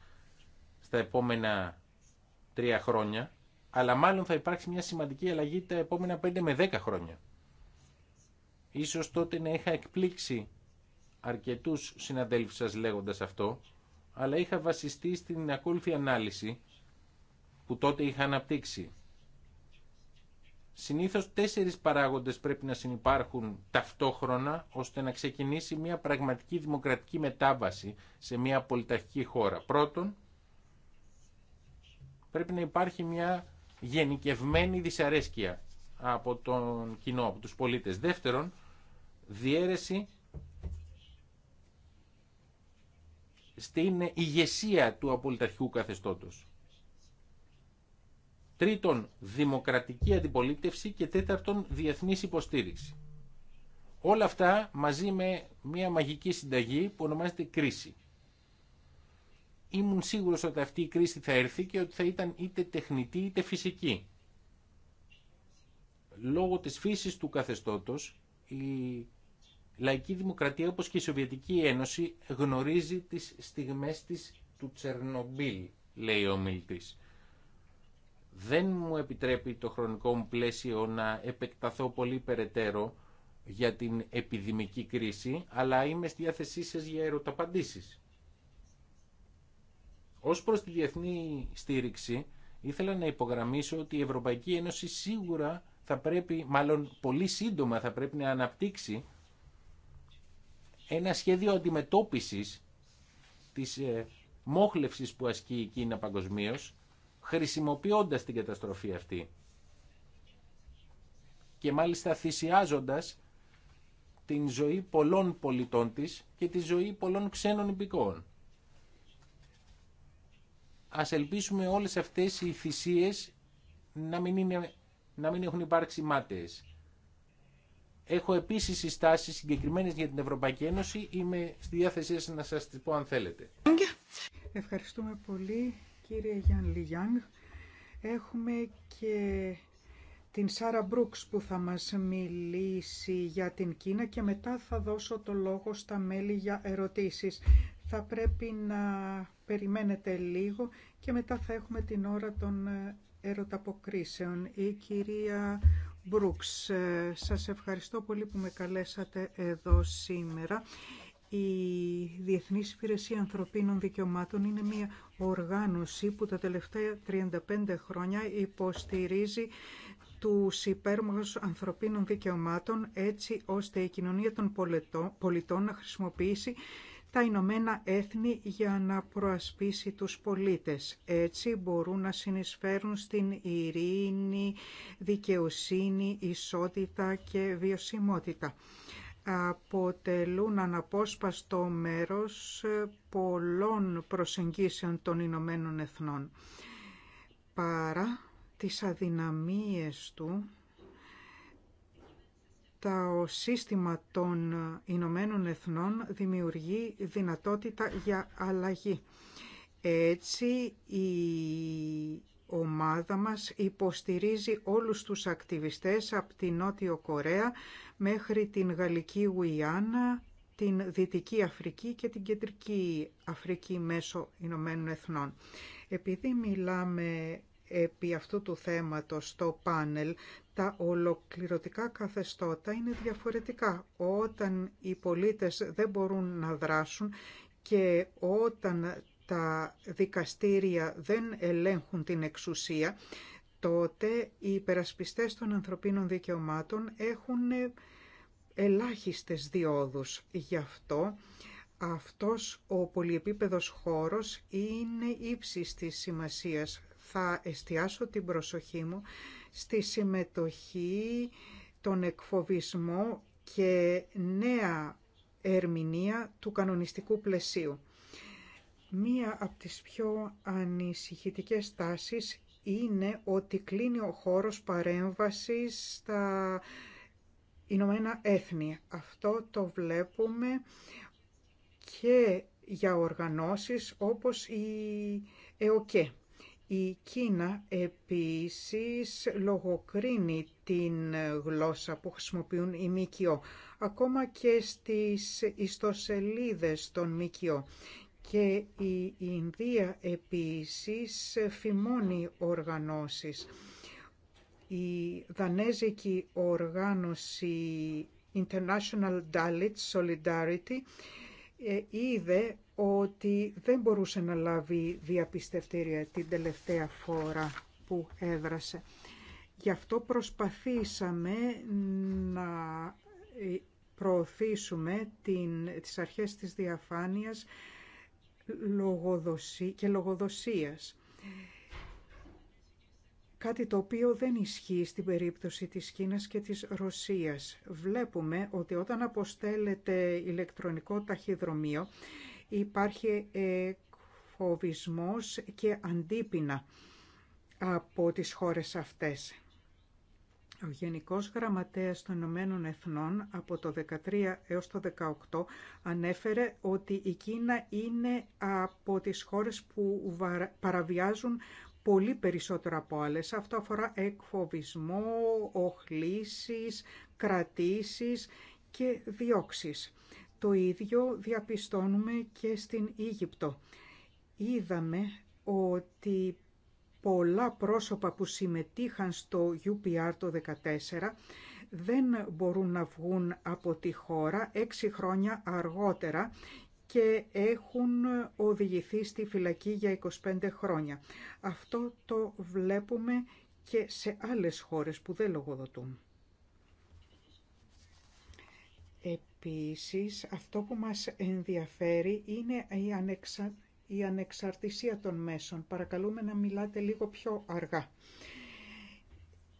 στα επόμενα τρία χρόνια, αλλά μάλλον θα υπάρξει μια σημαντική αλλαγή τα επόμενα 5 με 10 χρόνια. Ίσως τότε να είχα εκπλήξει αρκετούς συναδέλφους σας λέγοντας αυτό, αλλά είχα βασιστεί στην ακόλουθη ανάλυση που τότε είχα αναπτύξει. Συνήθως τέσσερις παράγοντες πρέπει να συνεπάρχουν ταυτόχρονα ώστε να ξεκινήσει μια πραγματική δημοκρατική μετάβαση σε μια πολιταρχική χώρα. Πρώτον, πρέπει να υπάρχει μια γενικευμένη δυσαρέσκεια από τον κοινό, από τους πολίτες. Δεύτερον, διέρεση στην ηγεσία του απολυταρχικού καθεστώτος. Τρίτον, δημοκρατική αντιπολίτευση και τέταρτον, διεθνής υποστήριξη. Όλα αυτά μαζί με μια μαγική συνταγή που ονομάζεται κρίση ήμουν σίγουρος ότι αυτή η κρίση θα έρθει και ότι θα ήταν είτε τεχνητή είτε φυσική. Λόγω της φύσης του καθεστώτος, η λαϊκή δημοκρατία όπως και η Σοβιετική Ένωση γνωρίζει τις στιγμές της του Τσερνομπίλ, λέει ο Μιλτής. Δεν μου επιτρέπει το χρονικό μου πλαίσιο να επεκταθώ πολύ περαιτέρω για την επιδημική κρίση, αλλά είμαι στη διάθεσή σας για ερωταπαντήσεις. Ως προς τη διεθνή στήριξη, ήθελα να υπογραμμίσω ότι η Ευρωπαϊκή Ένωση σίγουρα θα πρέπει, μάλλον πολύ σύντομα θα πρέπει να αναπτύξει ένα σχέδιο αντιμετώπισης της ε, μόχλευσης που ασκεί η Κίνα παγκοσμίω, χρησιμοποιώντας την καταστροφή αυτή και μάλιστα θυσιάζοντας την ζωή πολλών πολιτών της και τη ζωή πολλών ξένων υπηκόων. Ας ελπίσουμε όλες αυτές οι θυσίες να μην, είναι, να μην έχουν υπάρξει μάταιες. Έχω επίσης συστάσεις συγκεκριμένες για την Ευρωπαϊκή Ένωση. Είμαι στη διάθεσή σας να σας τις πω αν θέλετε. Ευχαριστούμε πολύ κύριε Γιάνν Λιγιάνγκ. Έχουμε και την Σάρα Μπρούξ που θα μας μιλήσει για την Κίνα και μετά θα δώσω το λόγο στα μέλη για ερωτήσεις θα πρέπει να περιμένετε λίγο και μετά θα έχουμε την ώρα των ε, ερωταποκρίσεων. Η κυρία Μπρούξ, ε, σας ευχαριστώ πολύ που με καλέσατε εδώ σήμερα. Η Διεθνής Υπηρεσία Ανθρωπίνων Δικαιωμάτων είναι μια οργάνωση που τα τελευταία 35 χρόνια υποστηρίζει του υπέρμαχους ανθρωπίνων δικαιωμάτων έτσι ώστε η κοινωνία των πολιτών να χρησιμοποιήσει τα Ηνωμένα Έθνη για να προασπίσει τους πολίτες. Έτσι μπορούν να συνεισφέρουν στην ειρήνη, δικαιοσύνη, ισότητα και βιωσιμότητα. Αποτελούν αναπόσπαστο μέρος πολλών προσεγγίσεων των Ηνωμένων Εθνών. Παρά τις αδυναμίες του, το σύστημα των Ηνωμένων Εθνών δημιουργεί δυνατότητα για αλλαγή. Έτσι η ομάδα μας υποστηρίζει όλους τους ακτιβιστές από την Νότιο Κορέα μέχρι την Γαλλική Ουιάννα, την Δυτική Αφρική και την Κεντρική Αφρική μέσω Ηνωμένων Εθνών. Επειδή μιλάμε επί αυτού του θέματος στο πάνελ, τα ολοκληρωτικά καθεστώτα είναι διαφορετικά. Όταν οι πολίτες δεν μπορούν να δράσουν και όταν τα δικαστήρια δεν ελέγχουν την εξουσία, τότε οι υπερασπιστές των ανθρωπίνων δικαιωμάτων έχουν ελάχιστες διόδους. Γι' αυτό αυτός ο πολυεπίπεδος χώρος είναι ύψης της σημασίας θα εστιάσω την προσοχή μου στη συμμετοχή, τον εκφοβισμό και νέα ερμηνεία του κανονιστικού πλαισίου. Μία από τις πιο ανησυχητικές τάσεις είναι ότι κλείνει ο χώρος παρέμβασης στα Ηνωμένα Έθνη. Αυτό το βλέπουμε και για οργανώσεις όπως η ΕΟΚΕ. Η Κίνα επίσης λογοκρίνει την γλώσσα που χρησιμοποιούν οι ΜΚΟ, ακόμα και στις ιστοσελίδες των ΜΚΟ. Και η Ινδία επίσης φημώνει οργανώσεις. Η δανέζικη οργάνωση International Dalit Solidarity ε, είδε ότι δεν μπορούσε να λάβει διαπιστευτήρια την τελευταία φορά που έδρασε. Γι' αυτό προσπαθήσαμε να ε, προωθήσουμε την, τις αρχές της διαφάνειας λογοδοσί, και λογοδοσίας κάτι το οποίο δεν ισχύει στην περίπτωση της Κίνας και της Ρωσίας. Βλέπουμε ότι όταν αποστέλλεται ηλεκτρονικό ταχυδρομείο υπάρχει φοβισμός και αντίπεινα από τις χώρες αυτές. Ο Γενικός Γραμματέας των Ηνωμένων Εθνών από το 13 έως το 18 ανέφερε ότι η Κίνα είναι από τις χώρες που παραβιάζουν πολύ περισσότερο από άλλες. Αυτό αφορά εκφοβισμό, οχλήσεις, κρατήσεις και διώξεις. Το ίδιο διαπιστώνουμε και στην Αίγυπτο. Είδαμε ότι πολλά πρόσωπα που συμμετείχαν στο UPR το 2014 δεν μπορούν να βγουν από τη χώρα έξι χρόνια αργότερα και έχουν οδηγηθεί στη φυλακή για 25 χρόνια. Αυτό το βλέπουμε και σε άλλες χώρες που δεν λογοδοτούν. Επίσης, αυτό που μας ενδιαφέρει είναι η, η ανεξαρτησία των μέσων. Παρακαλούμε να μιλάτε λίγο πιο αργά.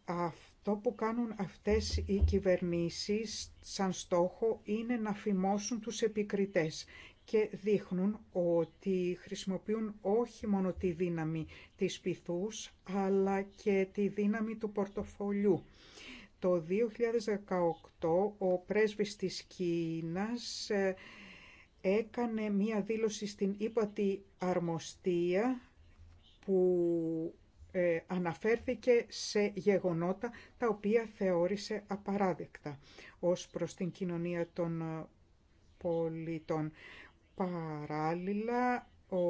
Αυτό που κάνουν αυτές οι κυβερνήσεις σαν στόχο είναι να φημώσουν τους επικριτές και δείχνουν ότι χρησιμοποιούν όχι μόνο τη δύναμη της πυθούς, αλλά και τη δύναμη του πορτοφολιού. Το 2018 ο πρέσβης της Κίνας ε, έκανε μία δήλωση στην ύπατη αρμοστία που ε, αναφέρθηκε σε γεγονότα τα οποία θεώρησε απαράδεκτα ως προς την κοινωνία των ε, πολιτών. Παράλληλα, ο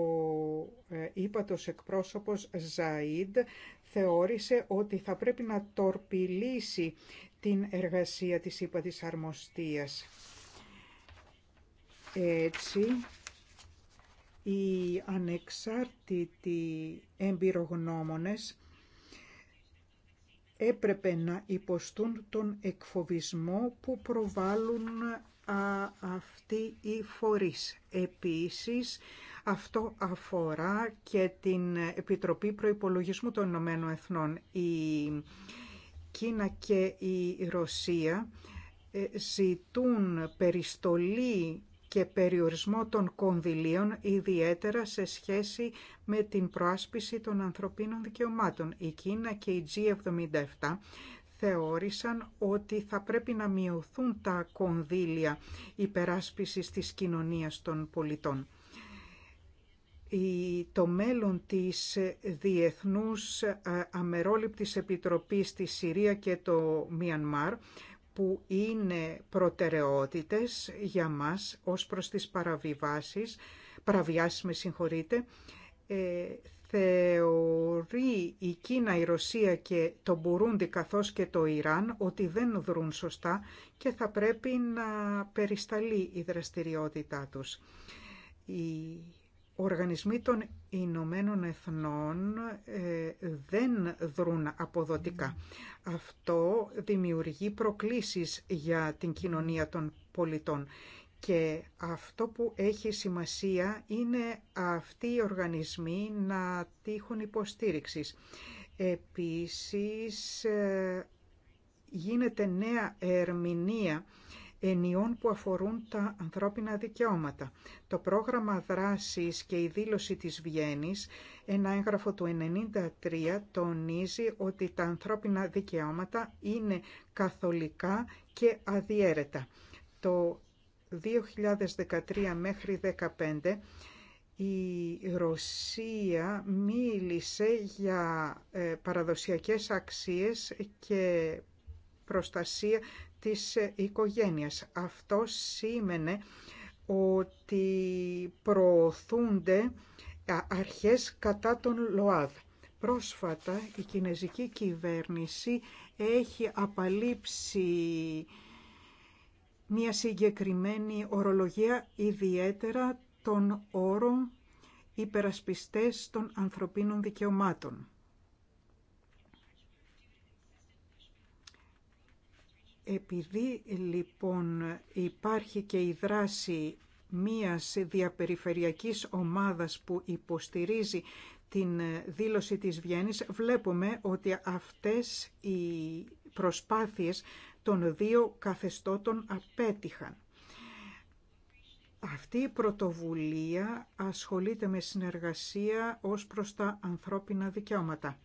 ε, ύπατος εκπρόσωπος Ζαΐντ θεώρησε ότι θα πρέπει να τορπιλήσει την εργασία της ύπατης αρμοστίας. Έτσι, οι ανεξάρτητοι εμπειρογνώμονες έπρεπε να υποστούν τον εκφοβισμό που προβάλλουν αυτοί οι φορείς. Επίσης, αυτό αφορά και την Επιτροπή Προϋπολογισμού των Ηνωμένων Εθνών. Η Κίνα και η Ρωσία ε, ζητούν περιστολή και περιορισμό των κονδυλίων, ιδιαίτερα σε σχέση με την προάσπιση των ανθρωπίνων δικαιωμάτων. Η Κίνα και η G77 θεώρησαν ότι θα πρέπει να μειωθούν τα κονδύλια υπεράσπισης της κοινωνίας των πολιτών. Το μέλλον της Διεθνούς ε, Αμερόληπτης Επιτροπής στη Συρία και το Μιανμάρ που είναι προτεραιότητες για μας ως προς τις παραβιάσεις, παραβιάσεις με ε, θεωρεί η Κίνα, η Ρωσία και το Μπουρούντι καθώς και το Ιράν ότι δεν δρούν σωστά και θα πρέπει να περισταλεί η δραστηριότητά τους. Οι οργανισμοί των Ηνωμένων Εθνών ε, δεν δρούν αποδοτικά. Αυτό δημιουργεί προκλήσεις για την κοινωνία των πολιτών και αυτό που έχει σημασία είναι αυτοί οι οργανισμοί να τύχουν υποστήριξης. Επίσης, ε, γίνεται νέα ερμηνεία ενιών που αφορούν τα ανθρώπινα δικαιώματα. Το πρόγραμμα δράσης και η δήλωση της Βιέννης, ένα έγγραφο του 1993, τονίζει ότι τα ανθρώπινα δικαιώματα είναι καθολικά και αδιέρετα. Το 2013 μέχρι 2015 η Ρωσία μίλησε για ε, παραδοσιακές αξίες και προστασία της ε, οικογένειας. Αυτό σήμαινε ότι προωθούνται ε, αρχές κατά τον ΛΟΑΔ. Πρόσφατα η κινέζικη κυβέρνηση έχει απαλείψει μια συγκεκριμένη ορολογία ιδιαίτερα των όρων υπερασπιστές των ανθρωπίνων δικαιωμάτων. Επειδή λοιπόν υπάρχει και η δράση μίας διαπεριφερειακής ομάδας που υποστηρίζει την δήλωση της Βιέννης, βλέπουμε ότι αυτές οι προσπάθειες των δύο καθεστώτων απέτυχαν. Αυτή η πρωτοβουλία ασχολείται με συνεργασία ως προς τα ανθρώπινα δικαιώματα.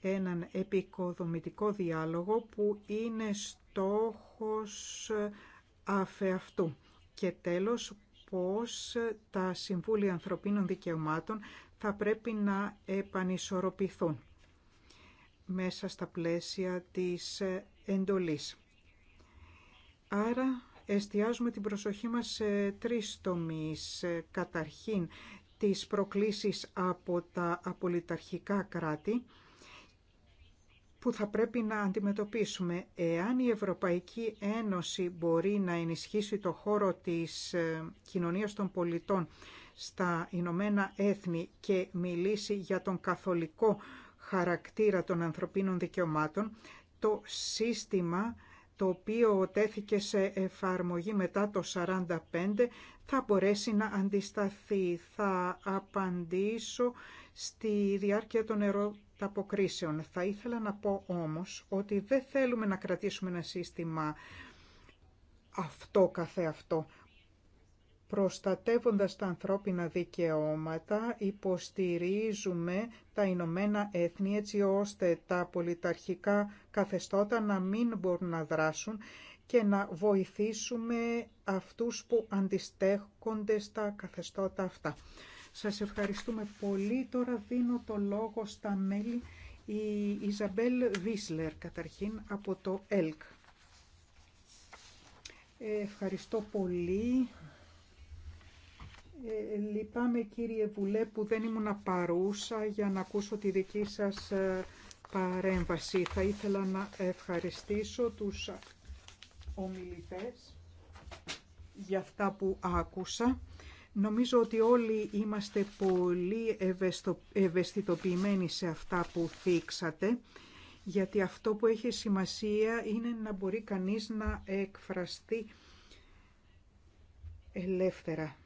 Έναν επικοδομητικό διάλογο που είναι στόχος αφεαυτού. Και τέλος, πώς τα Συμβούλια Ανθρωπίνων Δικαιωμάτων θα πρέπει να επανισορροπηθούν μέσα στα πλαίσια της εντολής. Άρα εστιάζουμε την προσοχή μας σε τρεις τομείς. Ε, καταρχήν, τις προκλήσεις από τα απολυταρχικά κράτη που θα πρέπει να αντιμετωπίσουμε. Εάν η Ευρωπαϊκή Ένωση μπορεί να ενισχύσει το χώρο της ε, κοινωνίας των πολιτών στα Ηνωμένα Έθνη και μιλήσει για τον καθολικό χαρακτήρα των ανθρωπίνων δικαιωμάτων, το σύστημα το οποίο τέθηκε σε εφαρμογή μετά το 45 θα μπορέσει να αντισταθεί. Θα απαντήσω στη διάρκεια των ερωταποκρίσεων. Θα ήθελα να πω όμως ότι δεν θέλουμε να κρατήσουμε ένα σύστημα αυτό καθεαυτό προστατεύοντας τα ανθρώπινα δικαιώματα υποστηρίζουμε τα Ηνωμένα Έθνη έτσι ώστε τα πολιταρχικά καθεστώτα να μην μπορούν να δράσουν και να βοηθήσουμε αυτούς που αντιστέχονται στα καθεστώτα αυτά. Σας ευχαριστούμε πολύ. Τώρα δίνω το λόγο στα μέλη η Ιζαμπέλ Βίσλερ καταρχήν από το ΕΛΚ. Ε, ευχαριστώ πολύ ε, λυπάμαι κύριε Βουλέ που δεν ήμουν παρούσα για να ακούσω τη δική σας ε, παρέμβαση. Θα ήθελα να ευχαριστήσω τους ομιλητές για αυτά που άκουσα. Νομίζω ότι όλοι είμαστε πολύ ευαισθητοποιημένοι σε αυτά που θίξατε, γιατί αυτό που έχει σημασία είναι να μπορεί κανείς να εκφραστεί ελεύθερα.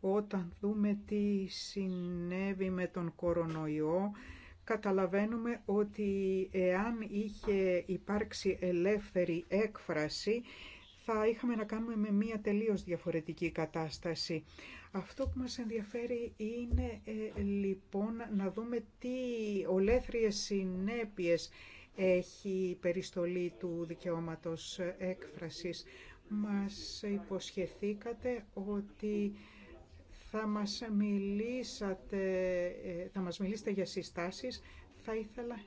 Όταν δούμε τι συνέβη με τον κορονοϊό, καταλαβαίνουμε ότι εάν είχε υπάρξει ελεύθερη έκφραση, θα είχαμε να κάνουμε με μία τελείως διαφορετική κατάσταση. Αυτό που μας ενδιαφέρει είναι ε, λοιπόν να δούμε τι ολέθριες συνέπειες έχει η περιστολή του δικαιώματος έκφρασης. Μας υποσχεθήκατε ότι θα μας, μιλήσατε, ε, θα μας μιλήσετε για συστάσεις. Θα ήθελα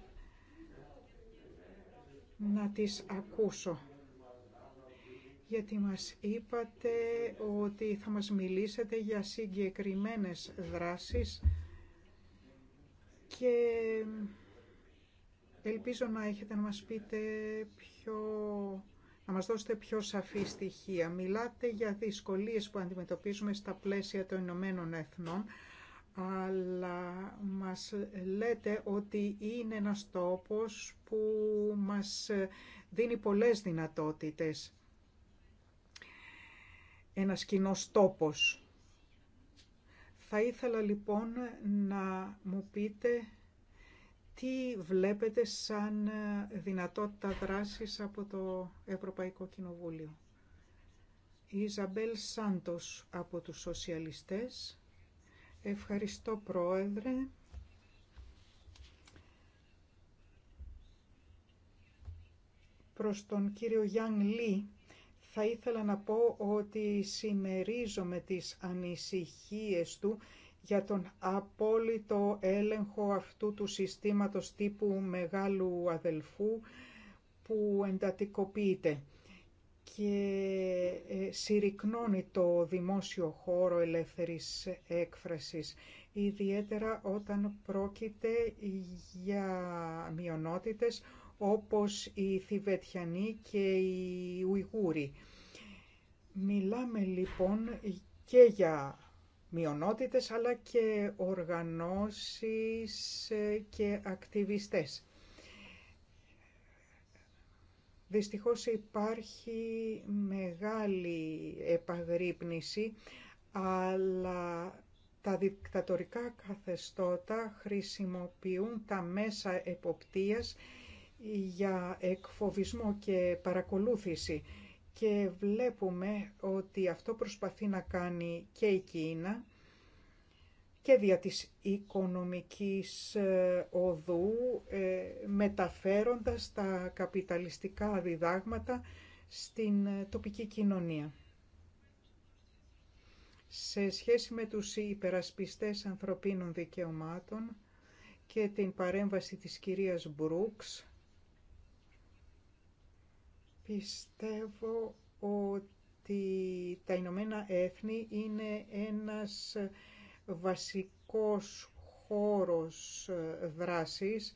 να τις ακούσω. Γιατί μας είπατε ότι θα μας μιλήσετε για συγκεκριμένες δράσεις και ελπίζω να έχετε να μας πείτε πιο να μας δώσετε πιο σαφή στοιχεία. Μιλάτε για δυσκολίες που αντιμετωπίζουμε στα πλαίσια των Ηνωμένων Εθνών, αλλά μας λέτε ότι είναι ένας τόπος που μας δίνει πολλές δυνατότητες. Ένας κοινό τόπος. Θα ήθελα λοιπόν να μου πείτε τι βλέπετε σαν ε, δυνατότητα δράσης από το Ευρωπαϊκό Κοινοβούλιο. Η Ιζαμπέλ Σάντος από τους Σοσιαλιστές. Ευχαριστώ Πρόεδρε. Προς τον κύριο Γιάνν Λί θα ήθελα να πω ότι συμμερίζομαι τις ανησυχίες του για τον απόλυτο έλεγχο αυτού του συστήματος τύπου μεγάλου αδελφού που εντατικοποιείται και ε, συρρυκνώνει το δημόσιο χώρο ελεύθερης έκφρασης, ιδιαίτερα όταν πρόκειται για μειονότητες όπως οι Θιβετιανοί και οι Ουιγούροι. Μιλάμε λοιπόν και για μειονότητες αλλά και οργανώσεις ε, και ακτιβιστές. Δυστυχώς υπάρχει μεγάλη επαγρύπνηση, αλλά τα δικτατορικά καθεστώτα χρησιμοποιούν τα μέσα εποπτείας για εκφοβισμό και παρακολούθηση και βλέπουμε ότι αυτό προσπαθεί να κάνει και η Κίνα και δια της οικονομικής ε, οδού ε, μεταφέροντας τα καπιταλιστικά διδάγματα στην ε, τοπική κοινωνία. Σε σχέση με τους υπερασπιστές ανθρωπίνων δικαιωμάτων και την παρέμβαση της κυρίας Μπρούξ, Πιστεύω ότι τα Ηνωμένα Έθνη είναι ένας βασικός χώρος δράσης,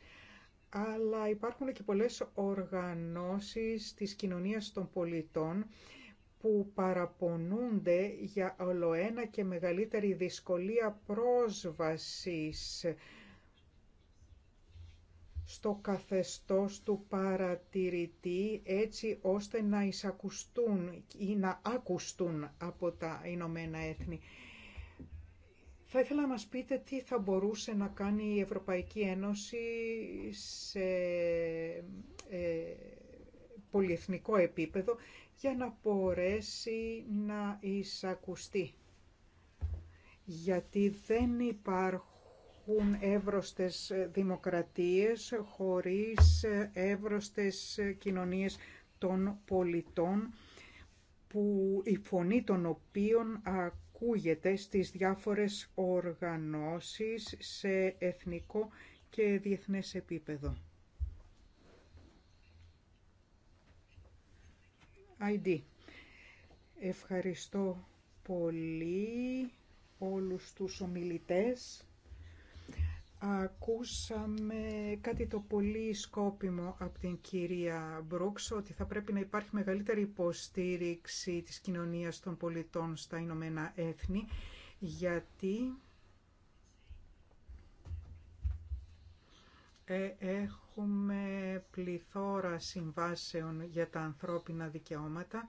αλλά υπάρχουν και πολλές οργανώσεις της κοινωνίας των πολιτών που παραπονούνται για ολοένα και μεγαλύτερη δυσκολία πρόσβασης στο καθεστώς του παρατηρητή έτσι ώστε να εισακουστούν ή να άκουστούν από τα Ηνωμένα Έθνη. Θα ήθελα να μας πείτε τι θα μπορούσε να κάνει η Ευρωπαϊκή Ένωση σε ε, πολυεθνικό επίπεδο για να μπορέσει να εισακουστεί. Γιατί δεν υπάρχουν έχουν εύρωστες ε, δημοκρατίες χωρίς ε, εύρωστες ε, κοινωνίες των πολιτών που η φωνή των οποίων ακούγεται στις διάφορες οργανώσεις σε εθνικό και διεθνές επίπεδο. ID. Ευχαριστώ πολύ όλους τους ομιλητές. Ακούσαμε κάτι το πολύ σκόπιμο από την κυρία Μπρούξ, ότι θα πρέπει να υπάρχει μεγαλύτερη υποστήριξη της κοινωνίας των πολιτών στα Ηνωμένα Έθνη, γιατί ε, έχουμε πληθώρα συμβάσεων για τα ανθρώπινα δικαιώματα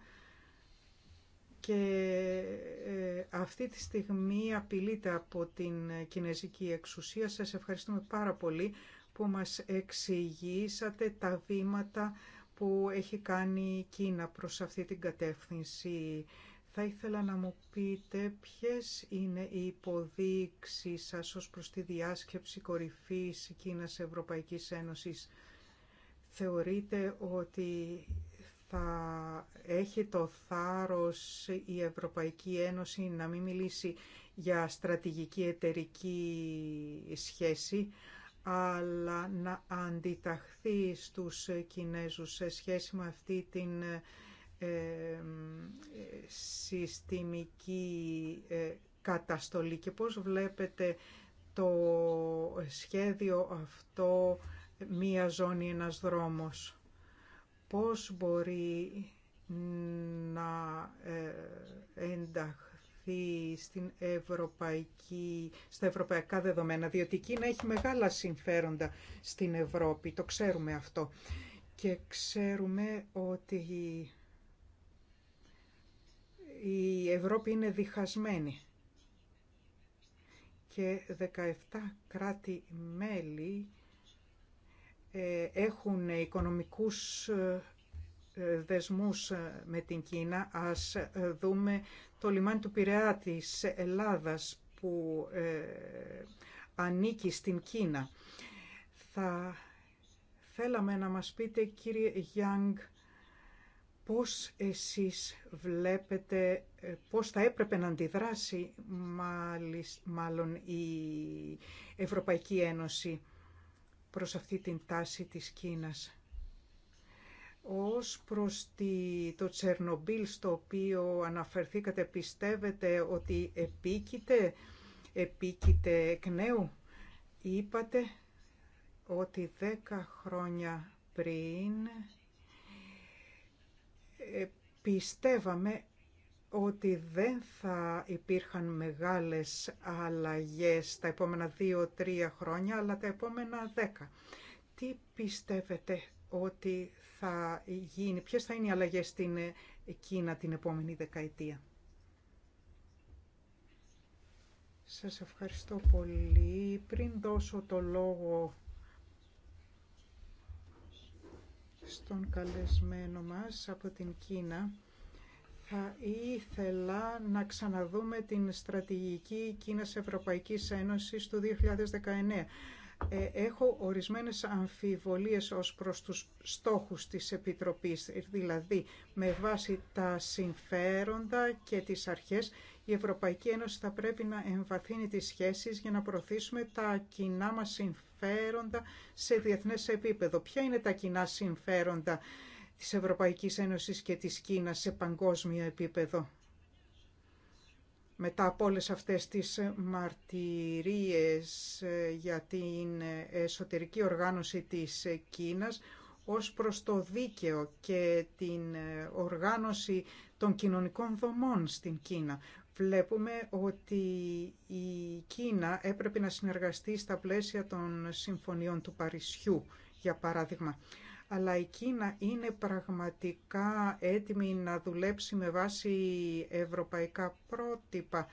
και ε, αυτή τη στιγμή απειλείται από την κινέζικη εξουσία. Σας ευχαριστούμε πάρα πολύ που μας εξηγήσατε τα βήματα που έχει κάνει η Κίνα προς αυτή την κατεύθυνση. Θα ήθελα να μου πείτε ποιες είναι οι υποδείξεις σας ως προς τη διάσκεψη κορυφής Κίνας Ευρωπαϊκής Ένωσης. Θεωρείτε ότι θα έχει το θάρρος η Ευρωπαϊκή Ένωση να μην μιλήσει για στρατηγική εταιρική σχέση, αλλά να αντιταχθεί στους Κινέζους σε σχέση με αυτή την ε, συστημική ε, καταστολή και πώς βλέπετε το σχέδιο αυτό μία ζώνη, ένας δρόμος πώς μπορεί να ε, ενταχθεί στην ευρωπαϊκή, στα ευρωπαϊκά δεδομένα, διότι η Κίνα έχει μεγάλα συμφέροντα στην Ευρώπη, το ξέρουμε αυτό. Και ξέρουμε ότι η Ευρώπη είναι διχασμένη και 17 κράτη-μέλη ε, έχουν οικονομικούς ε, δεσμούς ε, με την Κίνα. Ας δούμε το λιμάνι του Πειραιά της Ελλάδας που ανήκει στην Κίνα. Θα θέλαμε να μας πείτε κύριε Γιάνγκ πώς εσείς βλέπετε, πώς θα έπρεπε να αντιδράσει μάλλον η Ευρωπαϊκή Ένωση προς αυτή την τάση της Κίνας. Ως προς το Τσερνομπίλ στο οποίο αναφερθήκατε, πιστεύετε ότι επίκειται, επίκειται εκ νέου. Είπατε ότι δέκα χρόνια πριν ε, πιστεύαμε ότι δεν θα υπήρχαν μεγάλες αλλαγές τα επόμενα 2-3 χρόνια, αλλά τα επόμενα 10. Τι πιστεύετε ότι θα γίνει, ποιες θα είναι οι αλλαγές στην Κίνα την επόμενη δεκαετία. Σας ευχαριστώ πολύ. Πριν δώσω το λόγο στον καλεσμένο μας από την Κίνα, θα ήθελα να ξαναδούμε την στρατηγική Κίνας Ευρωπαϊκής Ένωσης του 2019. Ε, έχω ορισμένες αμφιβολίες ως προς τους στόχους της Επιτροπής, ε, δηλαδή με βάση τα συμφέροντα και τις αρχές η Ευρωπαϊκή Ένωση θα πρέπει να εμβαθύνει τις σχέσεις για να προωθήσουμε τα κοινά μας συμφέροντα σε διεθνές επίπεδο. Ποια είναι τα κοινά συμφέροντα της Ευρωπαϊκής Ένωσης και της Κίνας σε παγκόσμιο επίπεδο. Μετά από όλες αυτές τις μαρτυρίες ε, για την εσωτερική οργάνωση της Κίνας ως προς το δίκαιο και την ε, οργάνωση των κοινωνικών δομών στην Κίνα. Βλέπουμε ότι η Κίνα έπρεπε να συνεργαστεί στα πλαίσια των συμφωνιών του Παρισιού, για παράδειγμα αλλά η Κίνα είναι πραγματικά έτοιμη να δουλέψει με βάση ευρωπαϊκά πρότυπα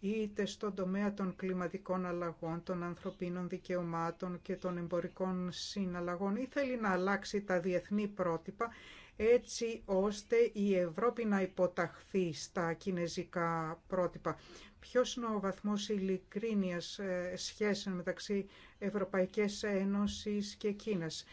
είτε στον τομέα των κλιματικών αλλαγών, των ανθρωπίνων δικαιωμάτων και των εμπορικών συναλλαγών ή θέλει να αλλάξει τα διεθνή πρότυπα έτσι ώστε η Ευρώπη να υποταχθεί στα κινέζικα πρότυπα. Ποιος είναι ο βαθμός ειλικρίνειας ε, σχέσεων μεταξύ Ευρωπαϊκής Ένωσης και Κίνας.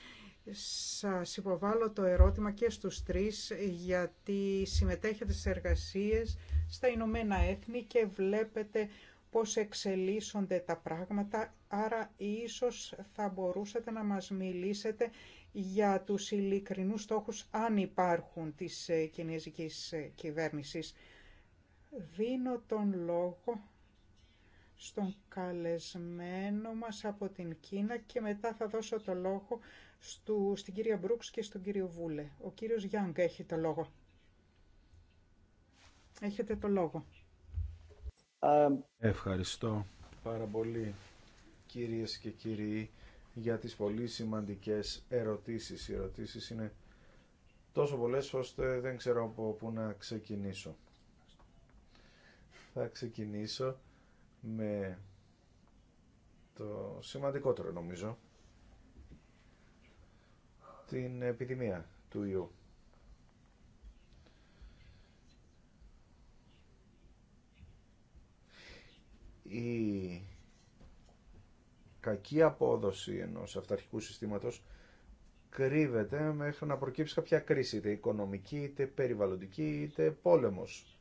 Σας υποβάλλω το ερώτημα και στους τρεις γιατί συμμετέχετε στις εργασίες στα Ηνωμένα Έθνη και βλέπετε πώς εξελίσσονται τα πράγματα, άρα ίσως θα μπορούσατε να μας μιλήσετε για τους ειλικρινούς στόχους, αν υπάρχουν, της κινέζικης κυβέρνησης. Δίνω τον λόγο στον καλεσμένο μας από την Κίνα και μετά θα δώσω το λόγο στο, στην κυρία Μπρούξ και στον κύριο Βούλε. Ο κύριος Γιάνγκ έχει το λόγο. Έχετε το λόγο. Ε, Ευχαριστώ πάρα πολύ κυρίες και κύριοι για τις πολύ σημαντικές ερωτήσεις. Οι ερωτήσεις είναι τόσο πολλές ώστε δεν ξέρω από πού να ξεκινήσω. Θα ξεκινήσω με το σημαντικότερο νομίζω την επιδημία του ιού. Η κακή απόδοση ενός αυταρχικού συστήματος κρύβεται μέχρι να προκύψει κάποια κρίση, είτε οικονομική, είτε περιβαλλοντική, είτε πόλεμος,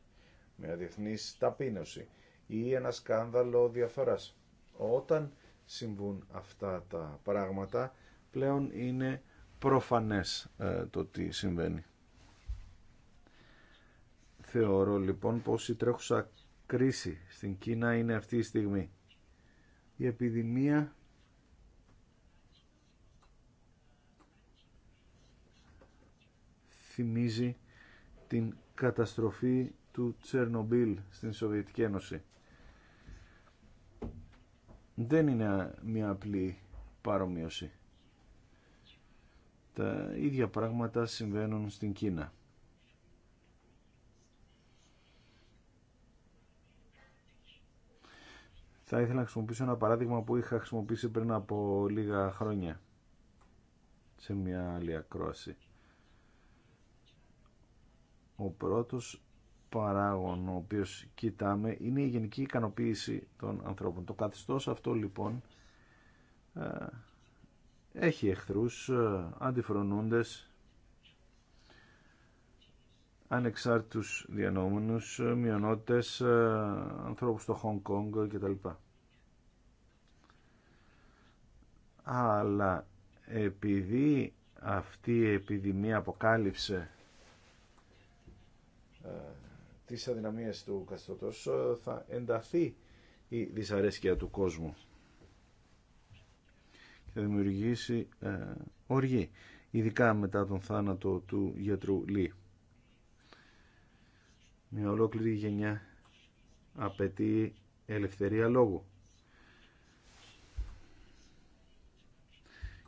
με διεθνής ταπείνωση ή ένα σκάνδαλο διαφόρας. Όταν συμβούν αυτά τα πράγματα, πλέον είναι προφανές ε, το τι συμβαίνει. Θεωρώ λοιπόν πως η τρέχουσα κρίση στην Κίνα είναι αυτή η στιγμή. Η επιδημία θυμίζει την καταστροφή του Τσερνομπίλ στην Σοβιετική Ένωση. Δεν είναι μια απλή παρομοίωση. Τα ίδια πράγματα συμβαίνουν στην Κίνα. Θα ήθελα να χρησιμοποιήσω ένα παράδειγμα που είχα χρησιμοποιήσει πριν από λίγα χρόνια σε μια άλλη ακρόαση. Ο πρώτος παράγων ο οποίος κοιτάμε είναι η γενική ικανοποίηση των ανθρώπων. Το καθεστώς αυτό λοιπόν ε, έχει εχθρούς, ε, αντιφρονούντες, ανεξάρτητους διανόμενους, ε, μειονότητες, ε, ανθρώπους στο Χονγκ Κόνγκ κτλ. Αλλά επειδή αυτή η επιδημία αποκάλυψε τις αδυναμίες του Καστοτός, θα ενταθεί η δυσαρέσκεια του κόσμου θα δημιουργήσει ε, οργή, ειδικά μετά τον θάνατο του γιατρού Λί. Μια ολόκληρη γενιά απαιτεί ελευθερία λόγου.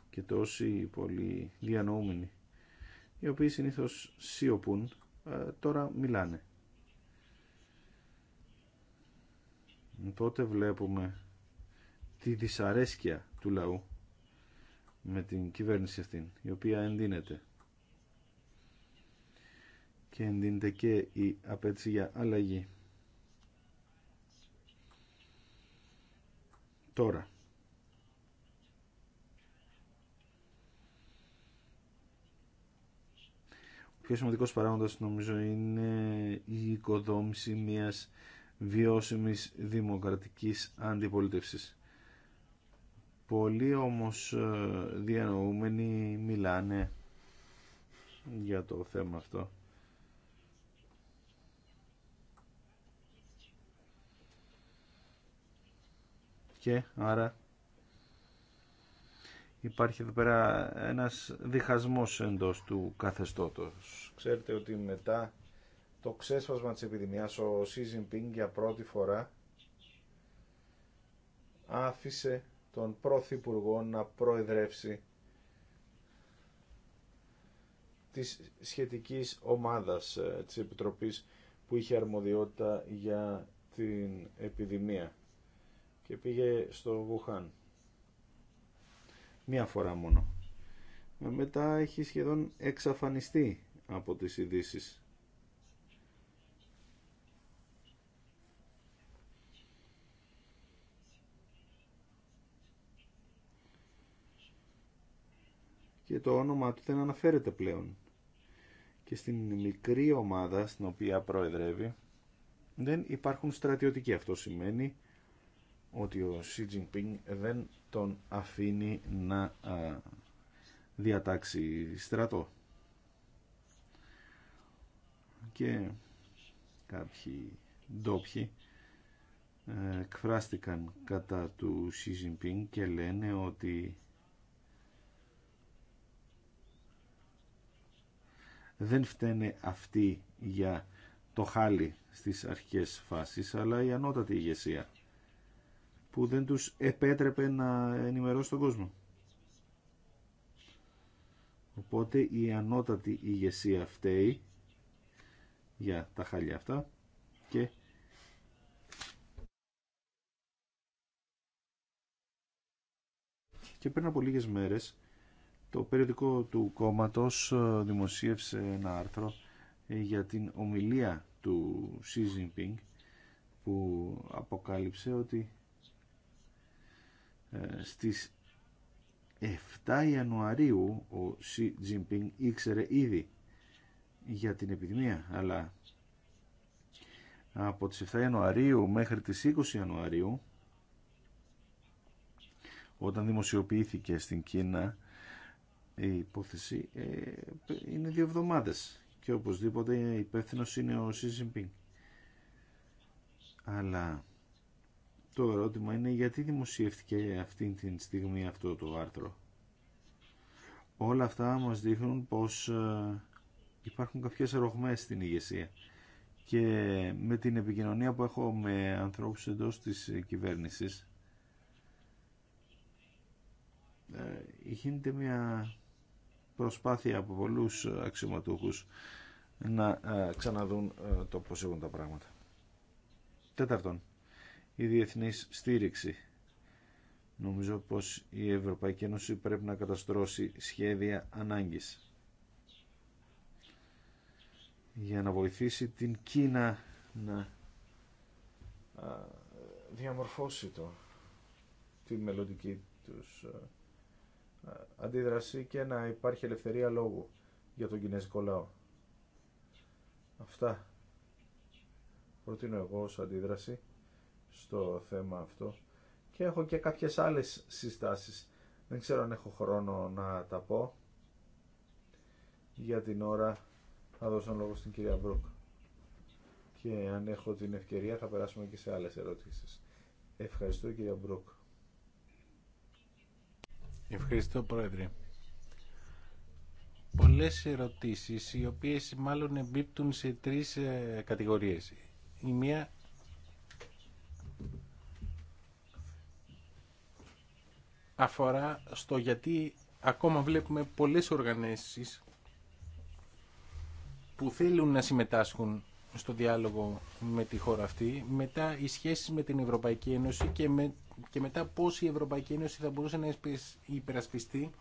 Και τόσοι πολλοί διανοούμενοι, οι οποίοι συνήθως σιωπούν, ε, τώρα μιλάνε. Τότε βλέπουμε τη δυσαρέσκεια του λαού με την κυβέρνηση αυτή η οποία ενδύνεται. Και ενδύνεται και η απέτηση για αλλαγή. Τώρα. Ο πιο σημαντικός παράγοντας νομίζω είναι η οικοδόμηση μιας βιώσιμης δημοκρατικής αντιπολίτευσης Πολλοί όμως ε, διανοούμενοι μιλάνε για το θέμα αυτό. Και άρα υπάρχει εδώ πέρα ένας διχασμός εντός του καθεστώτος. Ξέρετε ότι μετά το ξέσπασμα της επιδημιάς ο Σιζιν Jinping για πρώτη φορά άφησε τον Πρωθυπουργό να προεδρεύσει της σχετικής ομάδας ε, της Επιτροπής που είχε αρμοδιότητα για την επιδημία και πήγε στο Βουχάν. Μία φορά μόνο. Μετά έχει σχεδόν εξαφανιστεί από τις ειδήσει. και το όνομά του δεν αναφέρεται πλέον. Και στην μικρή ομάδα στην οποία προεδρεύει δεν υπάρχουν στρατιωτικοί. Αυτό σημαίνει ότι ο Xi Jinping δεν τον αφήνει να διατάξει στρατό. Και κάποιοι ντόπιοι ε, εκφράστηκαν κατά του Xi Jinping και λένε ότι δεν φταίνε αυτοί για το χάλι στις αρχικές φάσεις, αλλά η ανώτατη ηγεσία που δεν τους επέτρεπε να ενημερώσει τον κόσμο. Οπότε η ανώτατη ηγεσία φταίει για τα χάλια αυτά και και πριν από λίγες μέρες το περιοδικό του κόμματος ε, δημοσίευσε ένα άρθρο ε, για την ομιλία του Xi Jinping που αποκάλυψε ότι ε, στις 7 Ιανουαρίου ο Xi Jinping ήξερε ήδη για την επιδημία αλλά από τις 7 Ιανουαρίου μέχρι τις 20 Ιανουαρίου όταν δημοσιοποιήθηκε στην Κίνα η υπόθεση ε, είναι δύο εβδομάδες και οπωσδήποτε υπεύθυνο είναι ο Jinping. Αλλά το ερώτημα είναι γιατί δημοσιεύτηκε αυτή τη στιγμή αυτό το άρθρο. Όλα αυτά μας δείχνουν πως ε, υπάρχουν κάποιες ρογμές στην ηγεσία και με την επικοινωνία που έχω με ανθρώπους εντός της κυβέρνησης ε, γίνεται μια προσπάθεια από πολλούς αξιωματούχους να ε, ξαναδούν ε, το πώς έχουν τα πράγματα. Τέταρτον, η διεθνής στήριξη. Νομίζω πως η Ευρωπαϊκή Ένωση πρέπει να καταστρώσει σχέδια ανάγκης για να βοηθήσει την Κίνα να ε, διαμορφώσει το, τη μελλοντική τους αντίδραση και να υπάρχει ελευθερία λόγου για τον κινέζικο λαό. Αυτά προτείνω εγώ ως αντίδραση στο θέμα αυτό και έχω και κάποιες άλλες συστάσεις. Δεν ξέρω αν έχω χρόνο να τα πω. Για την ώρα θα δώσω λόγο στην κυρία Μπρουκ. Και αν έχω την ευκαιρία θα περάσουμε και σε άλλες ερωτήσεις. Ευχαριστώ κυρία Μπρουκ. Ευχαριστώ Πρόεδρε. Πολλές ερωτήσεις οι οποίες μάλλον εμπίπτουν σε τρεις ε, κατηγορίες. Η μία αφορά στο γιατί ακόμα βλέπουμε πολλές οργανώσεις που θέλουν να συμμετάσχουν στο διάλογο με τη χώρα αυτή, μετά οι σχέσεις με την Ευρωπαϊκή Ένωση και, με, και μετά πώς η Ευρωπαϊκή Ένωση θα μπορούσε να υπερασπιστεί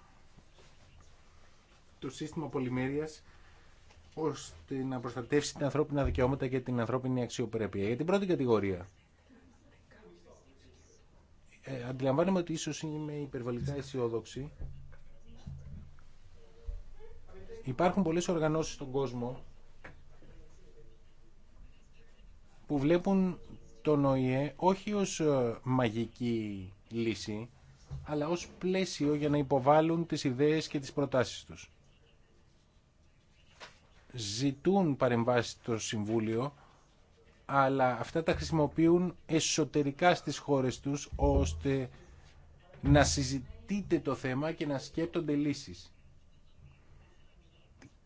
το σύστημα πολυμέρειας ώστε να προστατεύσει την ανθρώπινα δικαιώματα και την ανθρώπινη αξιοπρέπεια. Για την πρώτη κατηγορία. Ε, αντιλαμβάνομαι ότι ίσως είμαι υπερβολικά αισιόδοξη. Υπάρχουν πολλές οργανώσεις στον κόσμο που βλέπουν τον ΟΗΕ όχι ως ε, μαγική λύση, αλλά ως πλαίσιο για να υποβάλουν τις ιδέες και τις προτάσεις τους. Ζητούν παρεμβάσεις στο Συμβούλιο, αλλά αυτά τα χρησιμοποιούν εσωτερικά στις χώρες τους, ώστε να συζητείτε το θέμα και να σκέπτονται λύσεις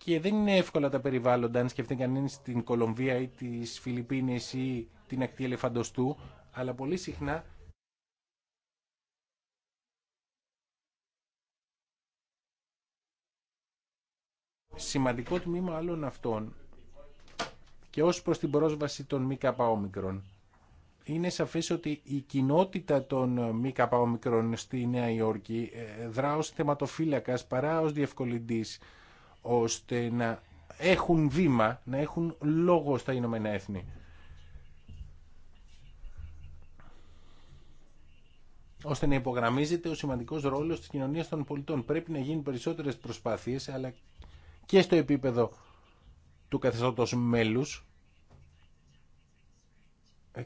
και δεν είναι εύκολα τα περιβάλλοντα αν σκεφτεί κανεί στην Κολομβία ή τις Φιλιππίνες ή την ακτή ελεφαντοστού αλλά πολύ συχνά σημαντικό τμήμα άλλων αυτών και ως προς την πρόσβαση των μη καπαόμικρων. Είναι σαφές ότι η κοινότητα των μη καπαόμικρων στη Νέα Υόρκη ε, δρά ως θεματοφύλακας παρά ως διευκολυντής ώστε να έχουν βήμα, να έχουν λόγο στα Ηνωμένα Έθνη. ώστε να υπογραμμίζεται ο σημαντικός ρόλος της κοινωνίας των πολιτών. Πρέπει να γίνουν περισσότερες προσπάθειες, αλλά και στο επίπεδο του καθεστώτος μέλους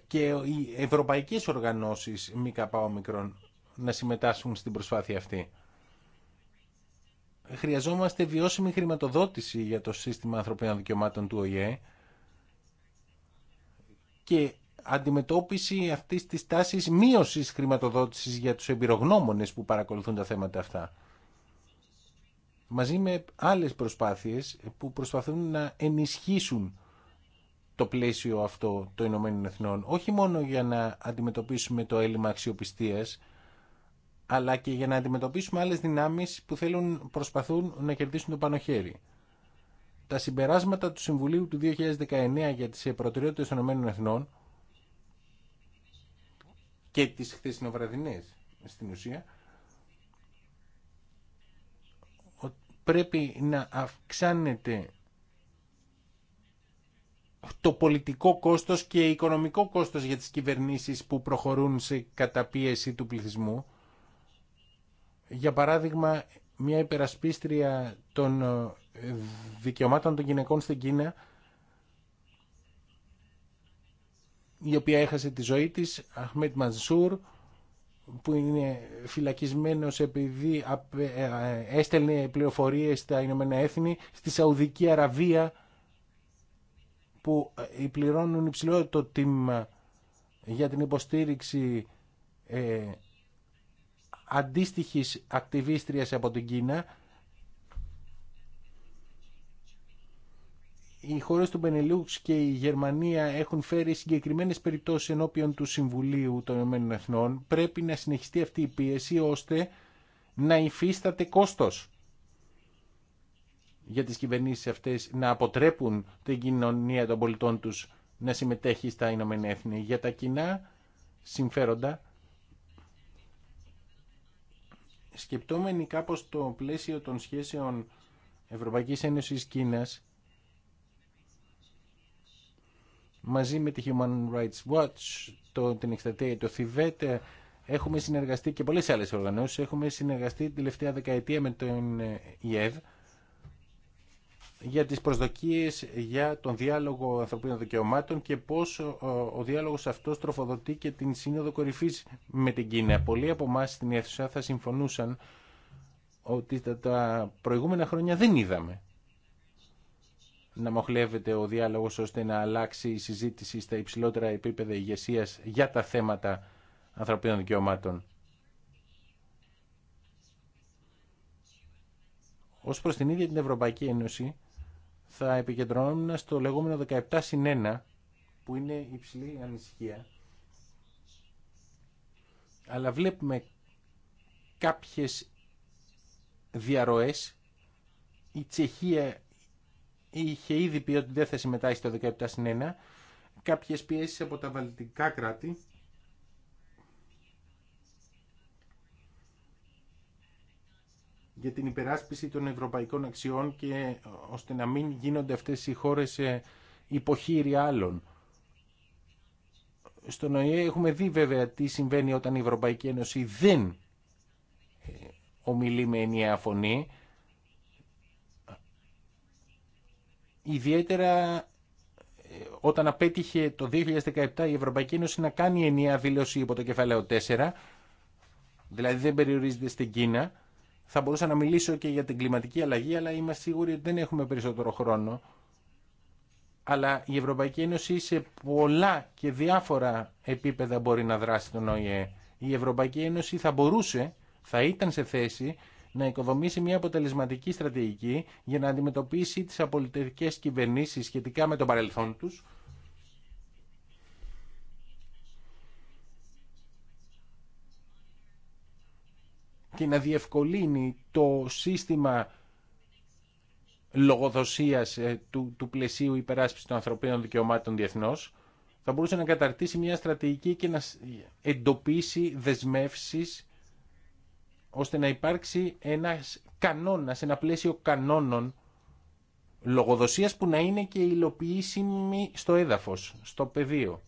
και οι ευρωπαϊκές οργανώσεις μη καπάω μικρών να συμμετάσχουν στην προσπάθεια αυτή χρειαζόμαστε βιώσιμη χρηματοδότηση για το σύστημα ανθρωπίνων δικαιωμάτων του ΟΗΕ και αντιμετώπιση αυτής της τάσης μείωσης χρηματοδότησης για τους εμπειρογνώμονες που παρακολουθούν τα θέματα αυτά. Μαζί με άλλες προσπάθειες που προσπαθούν να ενισχύσουν το πλαίσιο αυτό των Ηνωμένων Εθνών, όχι μόνο για να αντιμετωπίσουμε το έλλειμμα αξιοπιστίας, αλλά και για να αντιμετωπίσουμε άλλες δυνάμεις που θέλουν, προσπαθούν να κερδίσουν το πάνω χέρι. Τα συμπεράσματα του Συμβουλίου του 2019 για τις προτεραιότητες των Εθνών και τις χθεσινοβραδινές στην ουσία πρέπει να αυξάνεται το πολιτικό κόστος και οικονομικό κόστος για τις κυβερνήσεις που προχωρούν σε καταπίεση του πληθυσμού για παράδειγμα μια υπερασπίστρια των ε, δικαιωμάτων των γυναικών στην Κίνα η οποία έχασε τη ζωή της, Αχμέτ Μανσούρ, που είναι φυλακισμένος επειδή ε, ε, έστελνε πληροφορίες στα Ηνωμένα Έθνη, στη Σαουδική Αραβία, που πληρώνουν υψηλό το τίμημα για την υποστήριξη αντίστοιχη ακτιβίστριας από την Κίνα. Οι χώρες του Μπενελούξ και η Γερμανία έχουν φέρει συγκεκριμένες περιπτώσεις ενώπιον του Συμβουλίου των Ηνωμένων Εθνών. Πρέπει να συνεχιστεί αυτή η πίεση ώστε να υφίσταται κόστος για τις κυβερνήσεις αυτές να αποτρέπουν την κοινωνία των πολιτών τους να συμμετέχει στα Ηνωμένα Έθνη για τα κοινά συμφέροντα σκεπτόμενοι κάπως το πλαίσιο των σχέσεων Ευρωπαϊκής Ένωσης Κίνας μαζί με τη Human Rights Watch, το, την Εκστατεία, το Θιβέτ, έχουμε συνεργαστεί και πολλές άλλες οργανώσεις, έχουμε συνεργαστεί την τελευταία δεκαετία με τον ΙΕΒ για τις προσδοκίες για τον διάλογο ανθρωπίνων δικαιωμάτων και πώς ο διάλογος αυτός τροφοδοτεί και την σύνοδο κορυφής με την Κίνα. Πολλοί από εμά στην αίθουσα θα συμφωνούσαν ότι τα προηγούμενα χρόνια δεν είδαμε να μοχλεύεται ο διάλογος ώστε να αλλάξει η συζήτηση στα υψηλότερα επίπεδα ηγεσία για τα θέματα ανθρωπίνων δικαιωμάτων. Ως προς την ίδια την Ευρωπαϊκή Ένωση, θα επικεντρωνόμουν στο λεγόμενο 17 1 που είναι υψηλή ανησυχία αλλά βλέπουμε κάποιες διαρροές η Τσεχία είχε ήδη πει ότι δεν θα συμμετάσχει στο 17 συν 1 κάποιες πιέσεις από τα βαλτικά κράτη για την υπεράσπιση των ευρωπαϊκών αξιών και ε, ώστε να μην γίνονται αυτές οι χώρες ε, υποχείρια άλλων. Στον ΟΗΕ έχουμε δει βέβαια τι συμβαίνει όταν η Ευρωπαϊκή Ένωση δεν ε, ομιλεί με ενιαία φωνή. Ιδιαίτερα όταν απέτυχε το 2017 η Ευρωπαϊκή Ένωση να κάνει ενιαία δήλωση υπό το κεφαλαίο 4, δηλαδή δεν περιορίζεται στην Κίνα, θα μπορούσα να μιλήσω και για την κλιματική αλλαγή, αλλά είμαστε σίγουροι ότι δεν έχουμε περισσότερο χρόνο. Αλλά η Ευρωπαϊκή Ένωση σε πολλά και διάφορα επίπεδα μπορεί να δράσει τον ΟΗΕ. Η Ευρωπαϊκή Ένωση θα μπορούσε, θα ήταν σε θέση να οικοδομήσει μια αποτελεσματική στρατηγική για να αντιμετωπίσει τις απολυτερικές κυβερνήσεις σχετικά με το παρελθόν τους και να διευκολύνει το σύστημα λογοδοσίας ε, του, του πλαισίου υπεράσπισης των ανθρωπίνων δικαιωμάτων διεθνώς, θα μπορούσε να καταρτήσει μια στρατηγική και να εντοπίσει δεσμεύσεις ώστε να υπάρξει ένας κανόνας, ένα πλαίσιο κανόνων λογοδοσίας που να είναι και υλοποιήσιμη στο έδαφος, στο πεδίο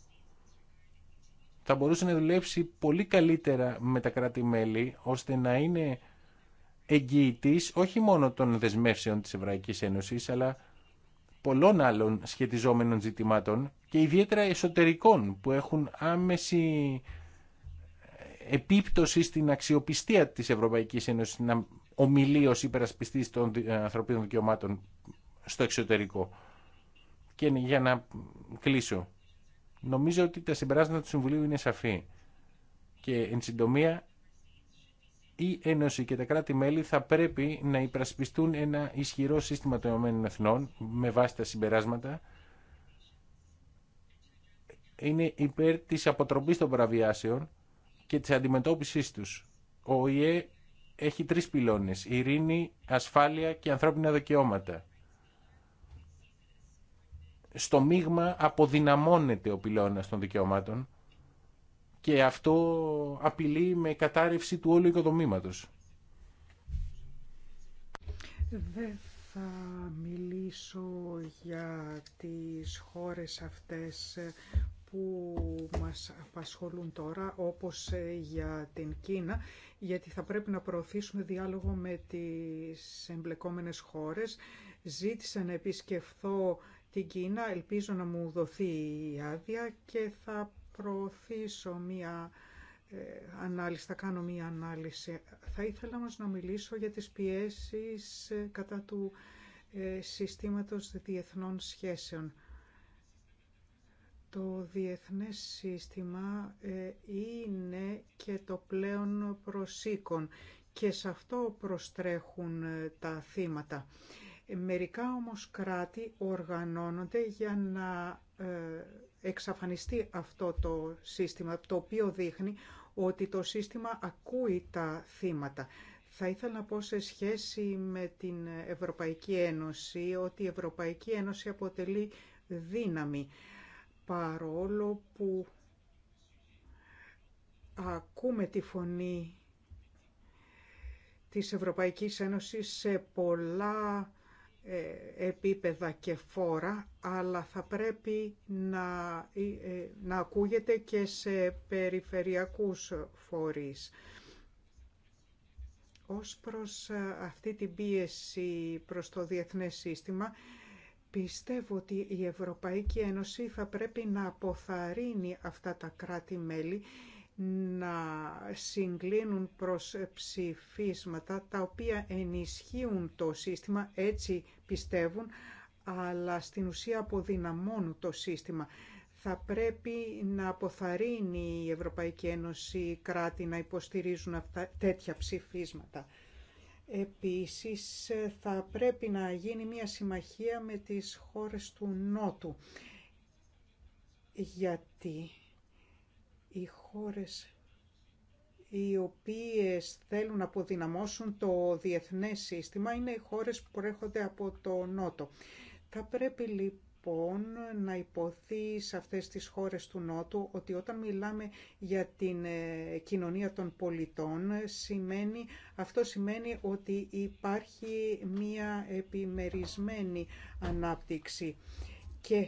θα μπορούσε να δουλέψει πολύ καλύτερα με τα κράτη-μέλη ώστε να είναι εγγυητής όχι μόνο των δεσμεύσεων της Ευρωπαϊκής Ένωσης αλλά πολλών άλλων σχετιζόμενων ζητημάτων και ιδιαίτερα εσωτερικών που έχουν άμεση επίπτωση στην αξιοπιστία της Ευρωπαϊκής Ένωσης να ομιλεί ως υπερασπιστής των ανθρωπίνων δικαιωμάτων στο εξωτερικό. Και για να κλείσω, Νομίζω ότι τα συμπεράσματα του Συμβουλίου είναι σαφή. Και εν συντομία, η Ένωση και τα κράτη-μέλη θα πρέπει να υπρασπιστούν ένα ισχυρό σύστημα των ΗΕ με βάση τα συμπεράσματα. Είναι υπέρ της αποτροπή των παραβιάσεων και της αντιμετώπισης τους. Ο ΙΕ έχει τρεις πυλώνες, ειρήνη, ασφάλεια και ανθρώπινα δικαιώματα στο μείγμα αποδυναμώνεται ο πυλώνας των δικαιωμάτων και αυτό απειλεί με κατάρρευση του όλου οικοδομήματος. Δεν θα μιλήσω για τις χώρες αυτές που μας απασχολούν τώρα, όπως για την Κίνα, γιατί θα πρέπει να προωθήσουμε διάλογο με τις εμπλεκόμενες χώρες. Ζήτησα να επισκεφθώ την Κίνα. Ελπίζω να μου δοθεί η άδεια και θα προωθήσω μία ε, ανάλυση, θα κάνω μία ανάλυση. Θα ήθελα όμως να μιλήσω για τις πιέσεις ε, κατά του ε, συστήματος διεθνών σχέσεων. Το διεθνές σύστημα είναι και το πλέον προσήκον και σε αυτό προστρέχουν τα θύματα. Μερικά όμως κράτη οργανώνονται για να ε, εξαφανιστεί αυτό το σύστημα, το οποίο δείχνει ότι το σύστημα ακούει τα θύματα. Θα ήθελα να πω σε σχέση με την Ευρωπαϊκή Ένωση ότι η Ευρωπαϊκή Ένωση αποτελεί δύναμη παρόλο που ακούμε τη φωνή της Ευρωπαϊκής Ένωσης σε πολλά ε, επίπεδα και φόρα, αλλά θα πρέπει να, ε, ε, να ακούγεται και σε περιφερειακούς φορείς. Ως προς αυτή την πίεση προς το διεθνές σύστημα, πιστεύω ότι η Ευρωπαϊκή Ένωση θα πρέπει να αποθαρρύνει αυτά τα κράτη-μέλη να συγκλίνουν προς ψηφίσματα τα οποία ενισχύουν το σύστημα, έτσι πιστεύουν, αλλά στην ουσία αποδυναμώνουν το σύστημα. Θα πρέπει να αποθαρρύνει η Ευρωπαϊκή Ένωση κράτη να υποστηρίζουν αυτά, τέτοια ψηφίσματα. Επίσης, θα πρέπει να γίνει μια συμμαχία με τις χώρες του Νότου, γιατί οι χώρες οι οποίες θέλουν να αποδυναμώσουν το διεθνές σύστημα είναι οι χώρες που προέρχονται από το Νότο. Θα πρέπει λοιπόν να υποθεί σε αυτές τις χώρες του Νότου ότι όταν μιλάμε για την ε, κοινωνία των πολιτών σημαίνει, αυτό σημαίνει ότι υπάρχει μία επιμερισμένη ανάπτυξη και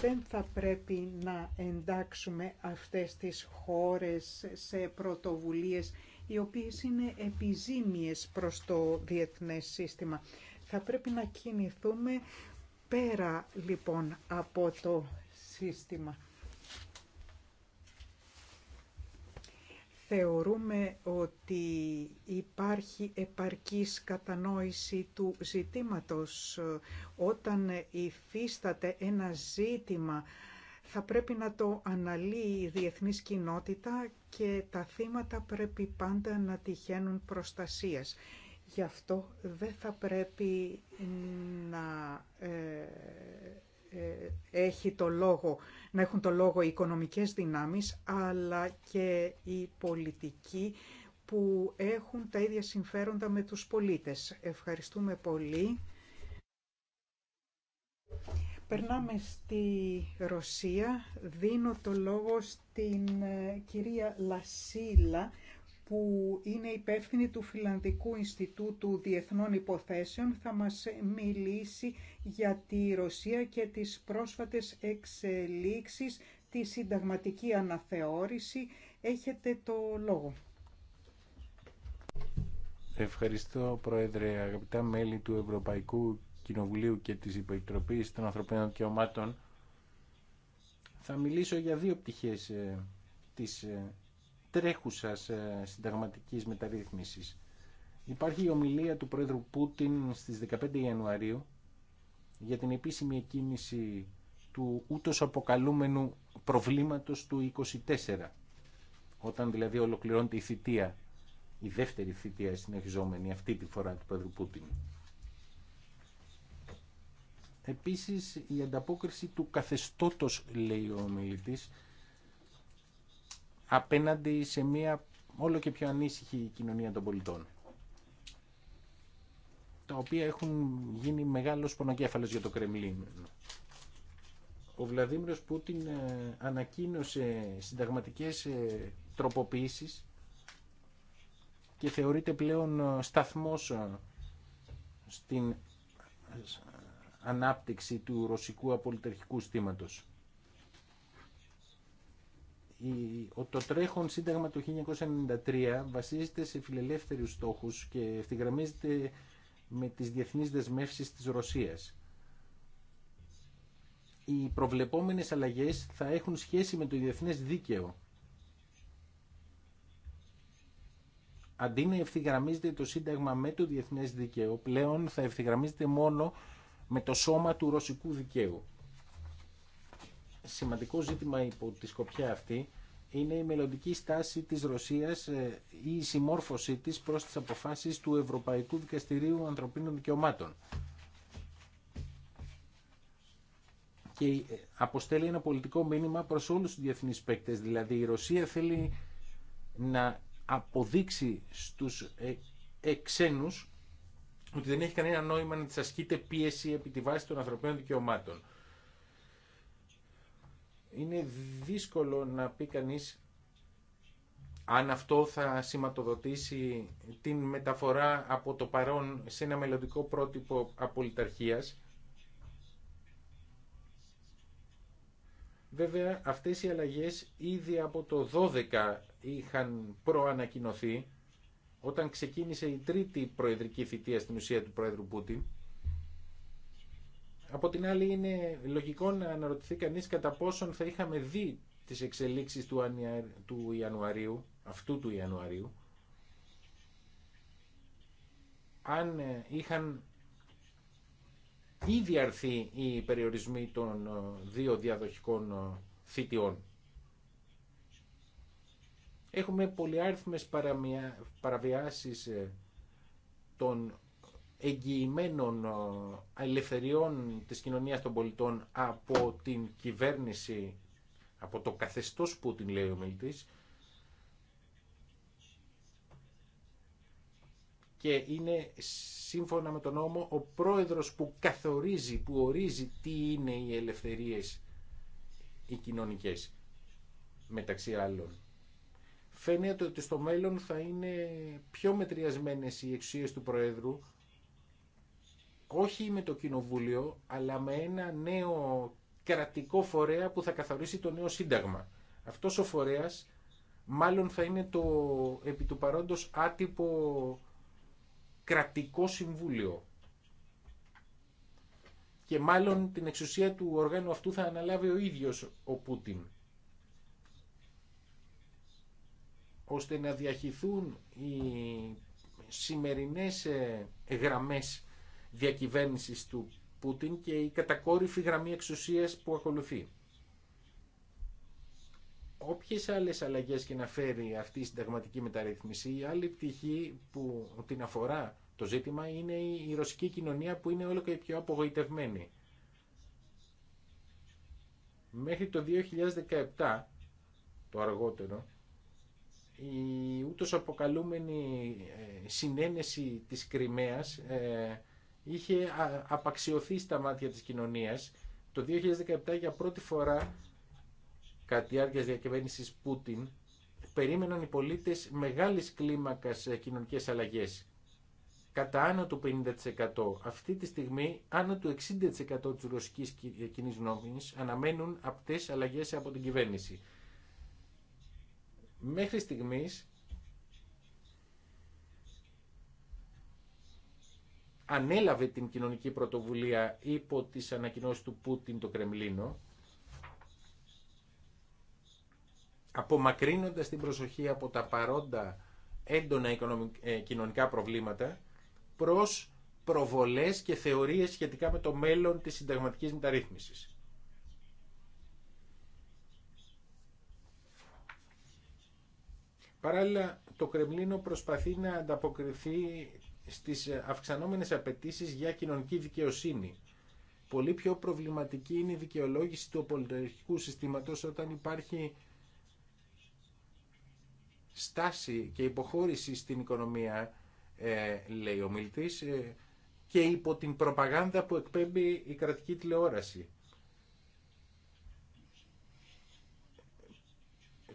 δεν θα πρέπει να εντάξουμε αυτές τις χώρες σε πρωτοβουλίες οι οποίες είναι επιζήμιες προς το διεθνές σύστημα. Θα πρέπει να κινηθούμε πέρα λοιπόν από το σύστημα. θεωρούμε ότι υπάρχει επαρκής κατανόηση του ζητήματος. Όταν υφίσταται ένα ζήτημα θα πρέπει να το αναλύει η διεθνής κοινότητα και τα θύματα πρέπει πάντα να τυχαίνουν προστασίας. Γι' αυτό δεν θα πρέπει να ε, ε, έχει το λόγο, να έχουν το λόγο οι οικονομικές δυνάμεις, αλλά και οι πολιτικοί που έχουν τα ίδια συμφέροντα με τους πολίτες. Ευχαριστούμε πολύ. Περνάμε στη Ρωσία. Δίνω το λόγο στην ε, κυρία Λασίλα που είναι υπεύθυνη του Φιλανδικού Ινστιτούτου Διεθνών Υποθέσεων θα μας μιλήσει για τη Ρωσία και τις πρόσφατες εξελίξεις, τη συνταγματική αναθεώρηση. Έχετε το λόγο. Ευχαριστώ Πρόεδρε, αγαπητά μέλη του Ευρωπαϊκού Κοινοβουλίου και της Υποεκτροπής των Ανθρωπίνων Δικαιωμάτων. Θα μιλήσω για δύο πτυχές ε, της ε, τρέχουσας ε, συνταγματικής μεταρρύθμισης. Υπάρχει η ομιλία του πρόεδρου Πούτιν στις 15 Ιανουαρίου για την επίσημη εκκίνηση του ούτως αποκαλούμενου προβλήματος του 24 όταν δηλαδή ολοκληρώνεται η θητεία η δεύτερη θητεία συνεχιζόμενη αυτή τη φορά του πρόεδρου Πούτιν. Επίσης η ανταπόκριση του καθεστώτος λέει ο ομιλητής απέναντι σε μια όλο και πιο ανήσυχη κοινωνία των πολιτών τα οποία έχουν γίνει μεγάλος πονοκέφαλος για το Κρεμλίνο. Ο Βλαδίμρος Πούτιν ε, ανακοίνωσε συνταγματικές ε, τροποποίησεις και θεωρείται πλέον ε, σταθμός στην ανάπτυξη του ρωσικού απολυτερχικού στήματος το τρέχον σύνταγμα του 1993 βασίζεται σε φιλελεύθερους στόχους και ευθυγραμμίζεται με τις διεθνείς δεσμεύσεις της Ρωσίας. Οι προβλεπόμενες αλλαγές θα έχουν σχέση με το διεθνές δίκαιο. Αντί να ευθυγραμμίζεται το Σύνταγμα με το διεθνές δίκαιο, πλέον θα ευθυγραμμίζεται μόνο με το σώμα του ρωσικού δικαίου σημαντικό ζήτημα υπό τη σκοπιά αυτή είναι η μελλοντική στάση της Ρωσίας ε, ή η συμμόρφωσή της προς τις αποφάσεις του Ευρωπαϊκού Δικαστηρίου Ανθρωπίνων Δικαιωμάτων. Και ε, αποστέλει ένα πολιτικό μήνυμα προς όλους τους διεθνείς παίκτες. Δηλαδή η Ρωσία θέλει να αποδείξει στους ε, εξένους ότι δεν έχει κανένα νόημα να της ασκείται πίεση επί τη βάση των ανθρωπίνων δικαιωμάτων είναι δύσκολο να πει κανείς αν αυτό θα σηματοδοτήσει την μεταφορά από το παρόν σε ένα μελλοντικό πρότυπο απολυταρχίας. Βέβαια αυτές οι αλλαγές ήδη από το 12 είχαν προανακοινωθεί όταν ξεκίνησε η τρίτη προεδρική θητεία στην ουσία του Πρόεδρου Πούτιν από την άλλη είναι λογικό να αναρωτηθεί κανεί κατά πόσον θα είχαμε δει τις εξελίξεις του, του Ιανουαρίου, αυτού του Ιανουαρίου, αν ε, είχαν ήδη αρθεί οι περιορισμοί των ε, δύο διαδοχικών ε, θητιών. Έχουμε πολυάριθμες παραβιάσεις των εγγυημένων ε, ελευθεριών της κοινωνίας των πολιτών από την κυβέρνηση, από το καθεστώς που την λέει ο μιλτής, και είναι σύμφωνα με τον νόμο ο πρόεδρος που καθορίζει, που ορίζει τι είναι οι ελευθερίες οι κοινωνικές μεταξύ άλλων. Φαίνεται ότι στο μέλλον θα είναι πιο μετριασμένες οι εξουσίες του Προέδρου όχι με το Κοινοβούλιο, αλλά με ένα νέο κρατικό φορέα που θα καθορίσει το νέο σύνταγμα. Αυτός ο φορέας μάλλον θα είναι το επί του παρόντος άτυπο κρατικό συμβούλιο. Και μάλλον την εξουσία του οργάνου αυτού θα αναλάβει ο ίδιος ο Πούτιν. ώστε να διαχυθούν οι σημερινές ε, γραμμές διακυβέρνησης του Πούτιν και η κατακόρυφη γραμμή εξουσίας που ακολουθεί. Όποιες άλλες αλλαγές και να φέρει αυτή η συνταγματική μεταρρύθμιση, η άλλη πτυχή που την αφορά το ζήτημα είναι η ρωσική κοινωνία που είναι όλο και πιο απογοητευμένη. Μέχρι το 2017, το αργότερο, η ούτως αποκαλούμενη ε, συνένεση της Κρυμαίας ε, είχε απαξιωθεί στα μάτια της κοινωνίας. Το 2017 για πρώτη φορά, κατά τη διάρκεια διακυβέρνησης Πούτιν, περίμεναν οι πολίτες μεγάλης κλίμακας ε, κοινωνικές αλλαγές, κατά άνω του 50%. Αυτή τη στιγμή, άνω του 60% της ρωσικής ε, κοινή νόμης αναμένουν απτές αλλαγές από την κυβέρνηση. Μέχρι στιγμής, ανέλαβε την κοινωνική πρωτοβουλία υπό τις ανακοινώσεις του Πούτιν το Κρεμλίνο, απομακρύνοντας την προσοχή από τα παρόντα έντονα ε, κοινωνικά προβλήματα προς προβολές και θεωρίες σχετικά με το μέλλον της συνταγματικής μεταρρύθμισης. Παράλληλα, το Κρεμλίνο προσπαθεί να ανταποκριθεί στις ε, αυξανόμενες απαιτήσεις για κοινωνική δικαιοσύνη. Πολύ πιο προβληματική είναι η δικαιολόγηση του πολιτικού συστήματος όταν υπάρχει στάση και υποχώρηση στην οικονομία, ε, λέει ο μιλτής, ε, και υπό την προπαγάνδα που εκπέμπει η κρατική τηλεόραση.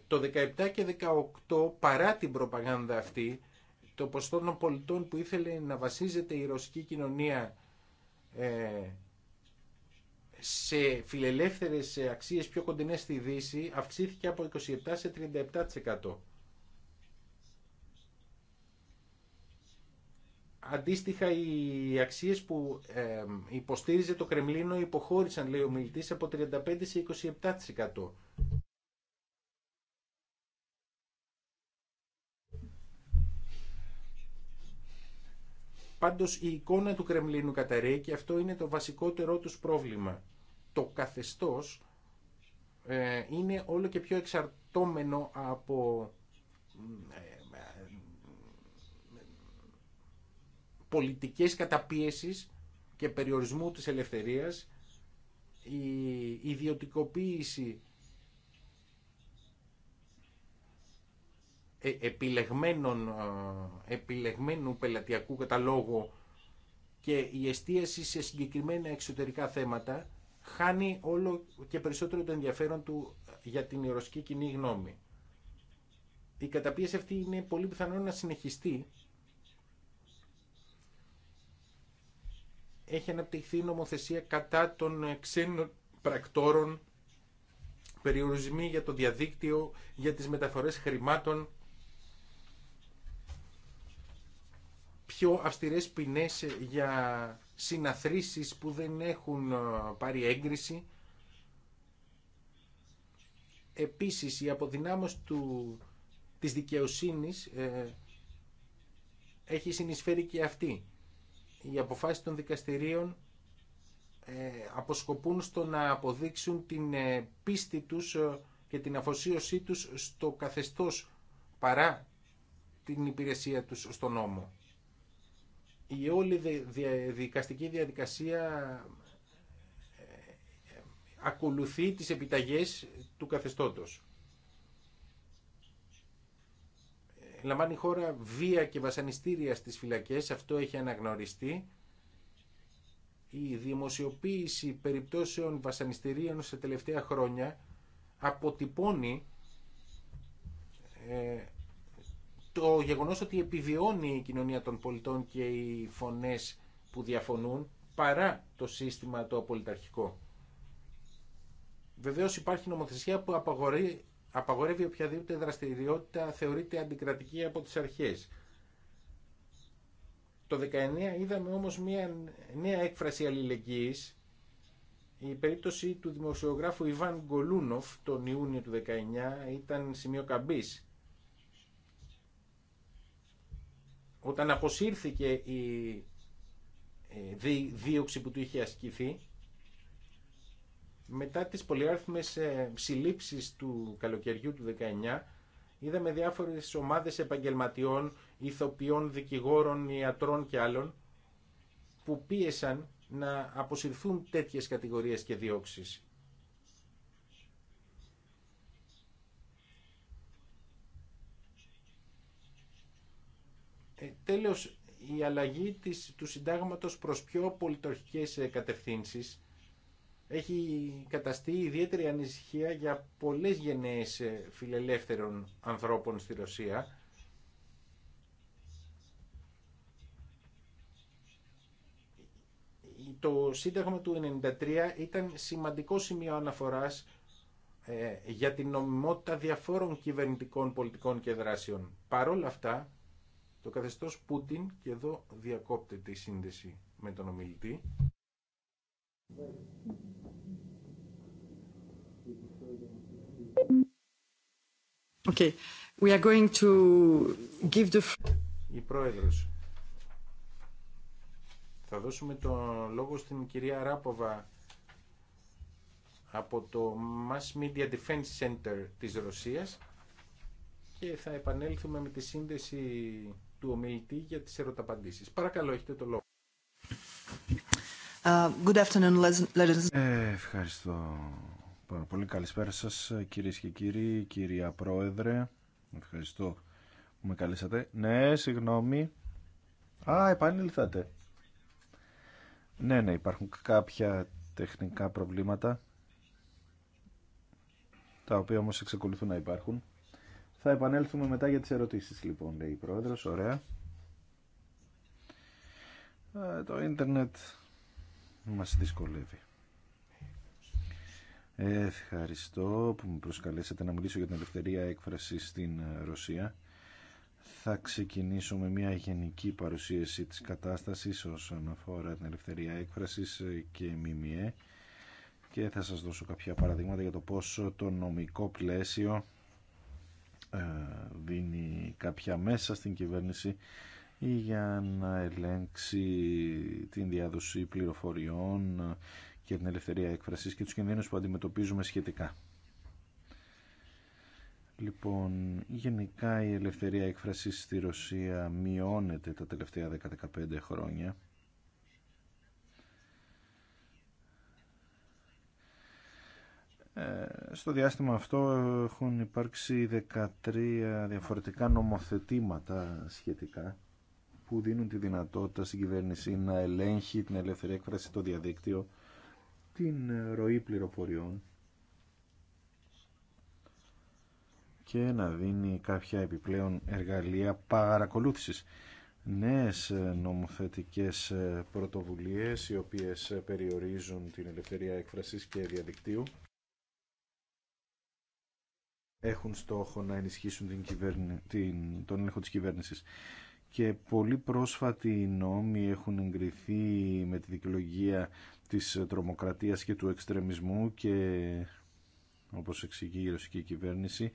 Το 17 και 18 παρά την προπαγάνδα αυτή το ποστό των πολιτών που ήθελε να βασίζεται η ρωσική κοινωνία ε, σε φιλελεύθερες αξίες πιο κοντινές στη Δύση αυξήθηκε από 27% σε 37%. Αντίστοιχα, οι αξίες που ε, υποστήριζε το Κρεμλίνο υποχώρησαν, λέει ο μιλητής, από 35% σε 27%. Πάντω η εικόνα του Κρεμλίνου καταραίει και αυτό είναι το βασικότερό του πρόβλημα. Το καθεστώς ε, είναι όλο και πιο εξαρτώμενο από ε, πολιτικές καταπίεσεις και περιορισμού της ελευθερίας, η ιδιωτικοποίηση Ε, επιλεγμένων, ε, επιλεγμένου πελατειακού καταλόγου και η εστίαση σε συγκεκριμένα εξωτερικά θέματα χάνει όλο και περισσότερο το ενδιαφέρον του ε, για την ρωσική κοινή γνώμη. Η καταπίεση αυτή είναι πολύ πιθανό να συνεχιστεί. Έχει αναπτυχθεί νομοθεσία κατά των ξένων πρακτόρων, περιορισμοί για το διαδίκτυο, για τις μεταφορές χρημάτων πιο αυστηρές ποινές για συναθρήσεις που δεν έχουν ε, πάρει έγκριση. Επίσης, η αποδυνάμωση του, της δικαιοσύνης ε, έχει συνεισφέρει και αυτή. Οι αποφάσεις των δικαστηρίων ε, αποσκοπούν στο να αποδείξουν την ε, πίστη τους και την αφοσίωσή τους στο καθεστώς παρά την υπηρεσία τους στον νόμο η όλη δικαστική διαδικασία ε, ακολουθεί τις επιταγές του καθεστώτος. Λαμβάνει η χώρα βία και βασανιστήρια στις φυλακές, αυτό έχει αναγνωριστεί. Η δημοσιοποίηση περιπτώσεων βασανιστήριων σε τελευταία χρόνια αποτυπώνει ε, το γεγονός ότι επιβιώνει η κοινωνία των πολιτών και οι φωνές που διαφωνούν παρά το σύστημα το πολιταρχικό. Βεβαίως υπάρχει νομοθεσία που απαγορεύει, απαγορεύει οποιαδήποτε δραστηριότητα θεωρείται αντικρατική από τις αρχές. Το 19 είδαμε όμως μια νέα έκφραση αλληλεγγύης η περίπτωση του δημοσιογράφου Ιβάν Γκολούνοφ τον Ιούνιο του 19 ήταν σημείο καμπής όταν αποσύρθηκε η ε, δίωξη που του είχε ασκηθεί, μετά τις πολυάριθμες ε, συλλήψεις του καλοκαιριού του 19, είδαμε διάφορες ομάδες επαγγελματιών, ηθοποιών, δικηγόρων, ιατρών και άλλων, που πίεσαν να αποσυρθούν τέτοιες κατηγορίες και διώξεις. Ε, τέλος, η αλλαγή του συντάγματος προς πιο πολιτορχικές ε, κατευθύνσεις έχει καταστεί ιδιαίτερη ανησυχία για πολλές γενναίες ε, φιλελεύθερων ανθρώπων στη Ρωσία. Το Σύνταγμα του 1993 ήταν σημαντικό σημείο αναφοράς για την νομιμότητα διαφόρων κυβερνητικών πολιτικών και δράσεων. Παρόλα αυτά, το καθεστώς Πούτιν, και εδώ διακόπτεται η σύνδεση με τον ομιλητή. Okay. We are going to give the... Η Πρόεδρος. Θα δώσουμε τον λόγο στην κυρία Ράποβα από το Mass Media Defense Center της Ρωσίας και θα επανέλθουμε με τη σύνδεση του ομιλητή για τις ερωταπαντήσεις. Παρακαλώ, έχετε το λόγο. Ε, good afternoon, ε, ευχαριστώ πολύ. Καλησπέρα σας κυρίες και κύριοι, κυρία Πρόεδρε. Ευχαριστώ που με καλέσατε. Ναι, συγγνώμη. Α, επανήλθατε. Ναι, ναι, υπάρχουν κάποια τεχνικά προβλήματα τα οποία όμως εξακολουθούν να υπάρχουν. Θα επανέλθουμε μετά για τις ερωτήσεις λοιπόν, λέει η πρόεδρος. Ωραία. Ε, το ίντερνετ μας δυσκολεύει. Ευχαριστώ που με προσκαλέσατε να μιλήσω για την ελευθερία έκφραση στην ε, Ρωσία. Θα ξεκινήσω με μια γενική παρουσίαση της κατάστασης όσον αφορά την ελευθερία έκφρασης ε, και ΜΜΕ και θα σας δώσω κάποια παραδείγματα για το πόσο το νομικό πλαίσιο ε, δίνει κάποια μέσα στην κυβέρνηση για να ελέγξει την διάδοση πληροφοριών και την ελευθερία έκφρασης και τους κινδύνους που αντιμετωπίζουμε σχετικά. Λοιπόν, γενικά η ελευθερία έκφρασης στη Ρωσία μειώνεται τα τελευταία 10-15 χρόνια Ε, στο διάστημα αυτό έχουν υπάρξει 13 διαφορετικά νομοθετήματα σχετικά που δίνουν τη δυνατότητα στην κυβέρνηση να ελέγχει την ελεύθερη έκφραση το διαδίκτυο, την ροή πληροφοριών και να δίνει κάποια επιπλέον εργαλεία παρακολούθησης. Νέες νομοθετικές πρωτοβουλίες οι οποίες περιορίζουν την ελευθερία έκφρασης και διαδικτύου έχουν στόχο να ενισχύσουν την τον έλεγχο της κυβέρνησης. Και πολύ πρόσφατοι νόμοι έχουν εγκριθεί με τη δικαιολογία της τρομοκρατίας και του εξτρεμισμού και όπως εξηγεί η ρωσική κυβέρνηση,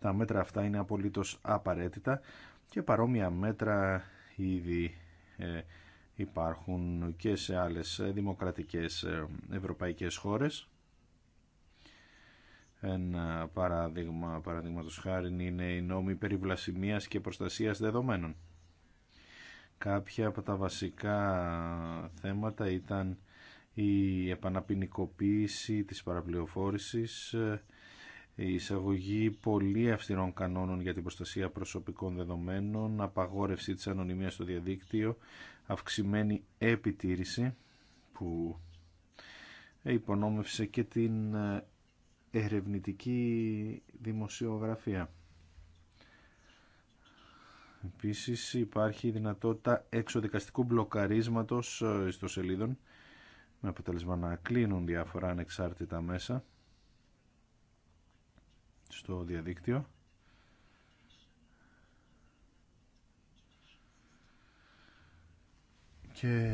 τα μέτρα αυτά είναι απολύτως απαραίτητα και παρόμοια μέτρα ήδη ε, υπάρχουν και σε άλλες δημοκρατικές ε, ευρωπαϊκές χώρες ένα παράδειγμα, παραδείγματος χάρη, είναι οι νόμοι περιβλασιμίας και προστασίας δεδομένων. Κάποια από τα βασικά θέματα ήταν η επαναπινικοποίηση της παραπληροφόρησης, η εισαγωγή πολύ αυστηρών κανόνων για την προστασία προσωπικών δεδομένων, απαγόρευση της ανωνυμίας στο διαδίκτυο, αυξημένη επιτήρηση που υπονόμευσε και την ερευνητική δημοσιογραφία. Επίσης υπάρχει η δυνατότητα εξοδικαστικού μπλοκαρίσματος ε, ιστοσελίδων με αποτέλεσμα να κλείνουν διάφορα ανεξάρτητα μέσα στο διαδίκτυο Και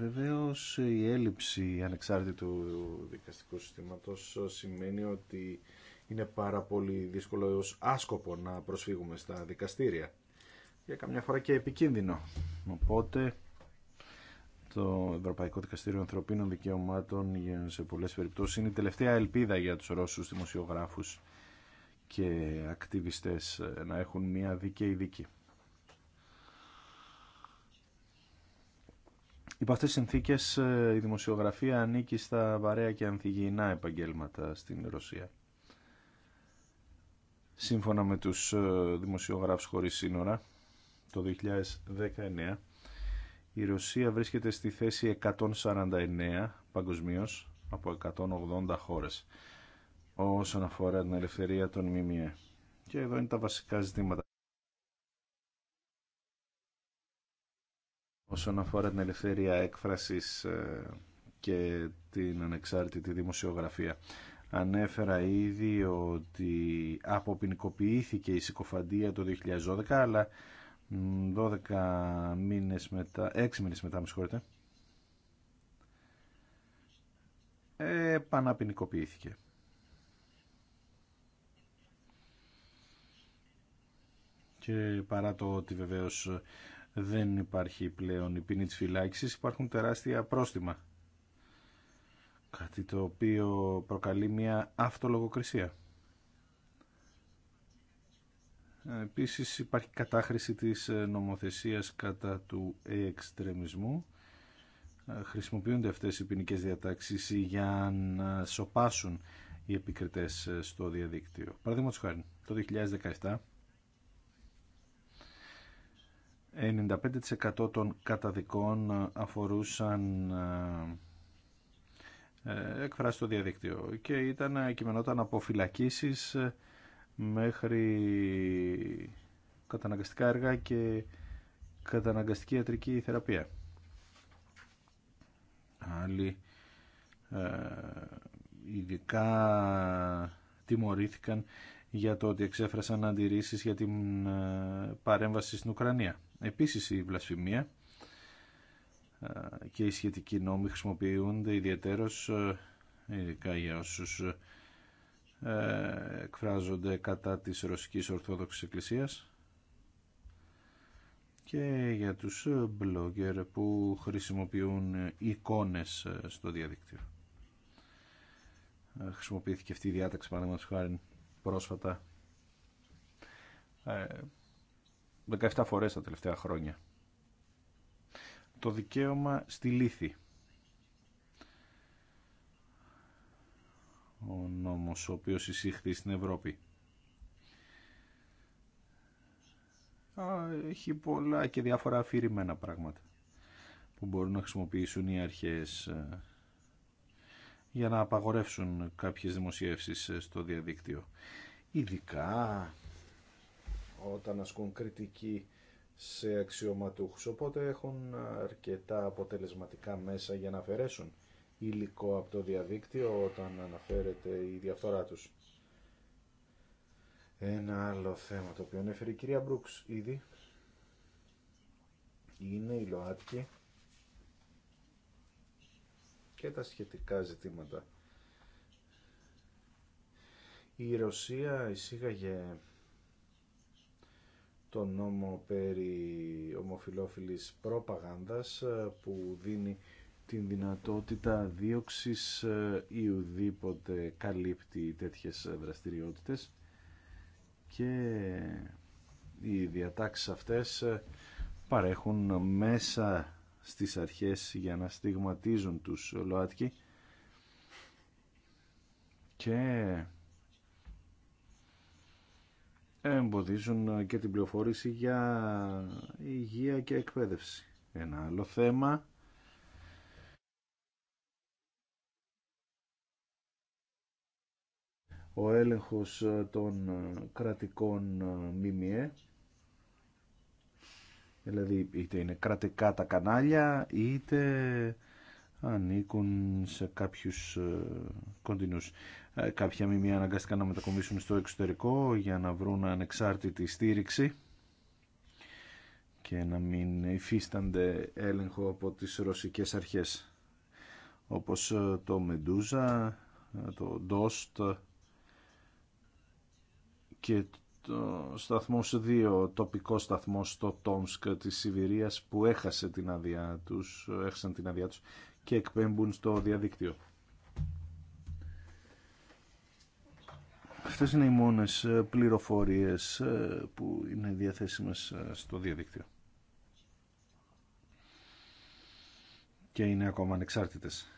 βεβαίως η έλλειψη ανεξάρτητου δικαστικού συστήματος σημαίνει ότι είναι πάρα πολύ δύσκολο έω άσκοπο να προσφύγουμε στα δικαστήρια. Για καμιά φορά και επικίνδυνο. Οπότε το Ευρωπαϊκό Δικαστήριο Ανθρωπίνων Δικαιωμάτων σε πολλές περιπτώσεις είναι η τελευταία ελπίδα για τους Ρώσους δημοσιογράφους και ακτιβιστές να έχουν μια δίκαιη δίκη. Υπό αυτές τις συνθήκες ε, η δημοσιογραφία ανήκει στα βαρέα και ανθυγιεινά επαγγέλματα στην Ρωσία. Σύμφωνα με τους ε, δημοσιογράφους χωρίς σύνορα, το 2019 η Ρωσία βρίσκεται στη θέση 149 παγκοσμίω από 180 χώρες όσον αφορά την ελευθερία των ΜΜΕ. Και εδώ είναι τα βασικά ζητήματα. Όσον αφορά την ελευθερία έκφρασης ε, και την ανεξάρτητη δημοσιογραφία. Ανέφερα ήδη ότι αποποινικοποιήθηκε η συκοφαντία το 2012, αλλά 12 μήνες μετά, 6 μήνες μετά, με συγχωρείτε, Και παρά το ότι βεβαίως δεν υπάρχει πλέον η ποινή της υπάρχουν τεράστια πρόστιμα. Κάτι το οποίο προκαλεί μια αυτολογοκρισία. Επίσης υπάρχει κατάχρηση της νομοθεσίας κατά του εξτρεμισμού. Χρησιμοποιούνται αυτές οι ποινικέ διατάξεις για να σοπάσουν οι επικριτές στο διαδίκτυο. Παραδείγματος χάρη, το 2017 95% των καταδικών αφορούσαν ε, ε, εκφράσει στο διαδικτύο και ήταν, ε, κειμενόταν από φυλακίσεις μέχρι καταναγκαστικά έργα και καταναγκαστική ιατρική θεραπεία. Άλλοι ειδικά τιμωρήθηκαν για το ότι εξέφρασαν αντιρρήσεις για την παρέμβαση στην Ουκρανία. Επίσης η βλασφημία ε, και οι σχετικοί νόμοι χρησιμοποιούνται ιδιαίτερως ε, ειδικά για όσους ε, εκφράζονται κατά της Ρωσικής Ορθόδοξης Εκκλησίας και για τους blogger που χρησιμοποιούν εικόνες στο διαδίκτυο. Χρησιμοποιήθηκε αυτή η διάταξη παραδείγματος χάρη πρόσφατα 17 φορές τα τελευταία χρόνια. Το δικαίωμα στη λύθη. Ο νόμος ο οποίος εισήχθη στην Ευρώπη. Έχει πολλά και διάφορα αφηρημένα πράγματα που μπορούν να χρησιμοποιήσουν οι αρχές ε, για να απαγορεύσουν κάποιες δημοσιεύσεις ε, στο διαδίκτυο. Ειδικά όταν ασκούν κριτική σε αξιωματούχους. Οπότε έχουν αρκετά αποτελεσματικά μέσα για να αφαιρέσουν υλικό από το διαδίκτυο όταν αναφέρεται η διαφθορά τους. Ένα άλλο θέμα το οποίο έφερε η κυρία Μπρούξ ήδη είναι η ΛΟΑΤΚΙ και τα σχετικά ζητήματα. Η Ρωσία εισήγαγε το νόμο περί ομοφιλόφιλης προπαγάνδας ε, που δίνει την δυνατότητα δίωξης ε, ή ουδήποτε καλύπτει τέτοιες δραστηριότητες και οι διατάξεις αυτές ε, παρέχουν μέσα στις αρχές για να στιγματίζουν τους ΛΟΑΤΚΙ και εμποδίζουν και την πληροφόρηση για υγεία και εκπαίδευση. Ένα άλλο θέμα ο έλεγχος των κρατικών ΜΜΕ δηλαδή είτε είναι κρατικά τα κανάλια είτε ανήκουν σε κάποιους ε, κοντινούς. Ε, κάποια μημία αναγκαστικά να μετακομίσουν στο εξωτερικό για να βρουν ανεξάρτητη στήριξη και να μην υφίστανται έλεγχο από τις ρωσικές αρχές όπως ε, το Μεντούζα, ε, το Ντόστ και το σταθμός 2, τοπικό σταθμός στο Τόμσκ της Σιβηρίας που έχασε την αδειά τους, έχασαν την αδειά τους και εκπέμπουν στο διαδίκτυο. Αυτές είναι οι μόνες ε, πληροφορίες ε, που είναι διαθέσιμες ε, στο διαδίκτυο. Και είναι ακόμα ανεξάρτητες.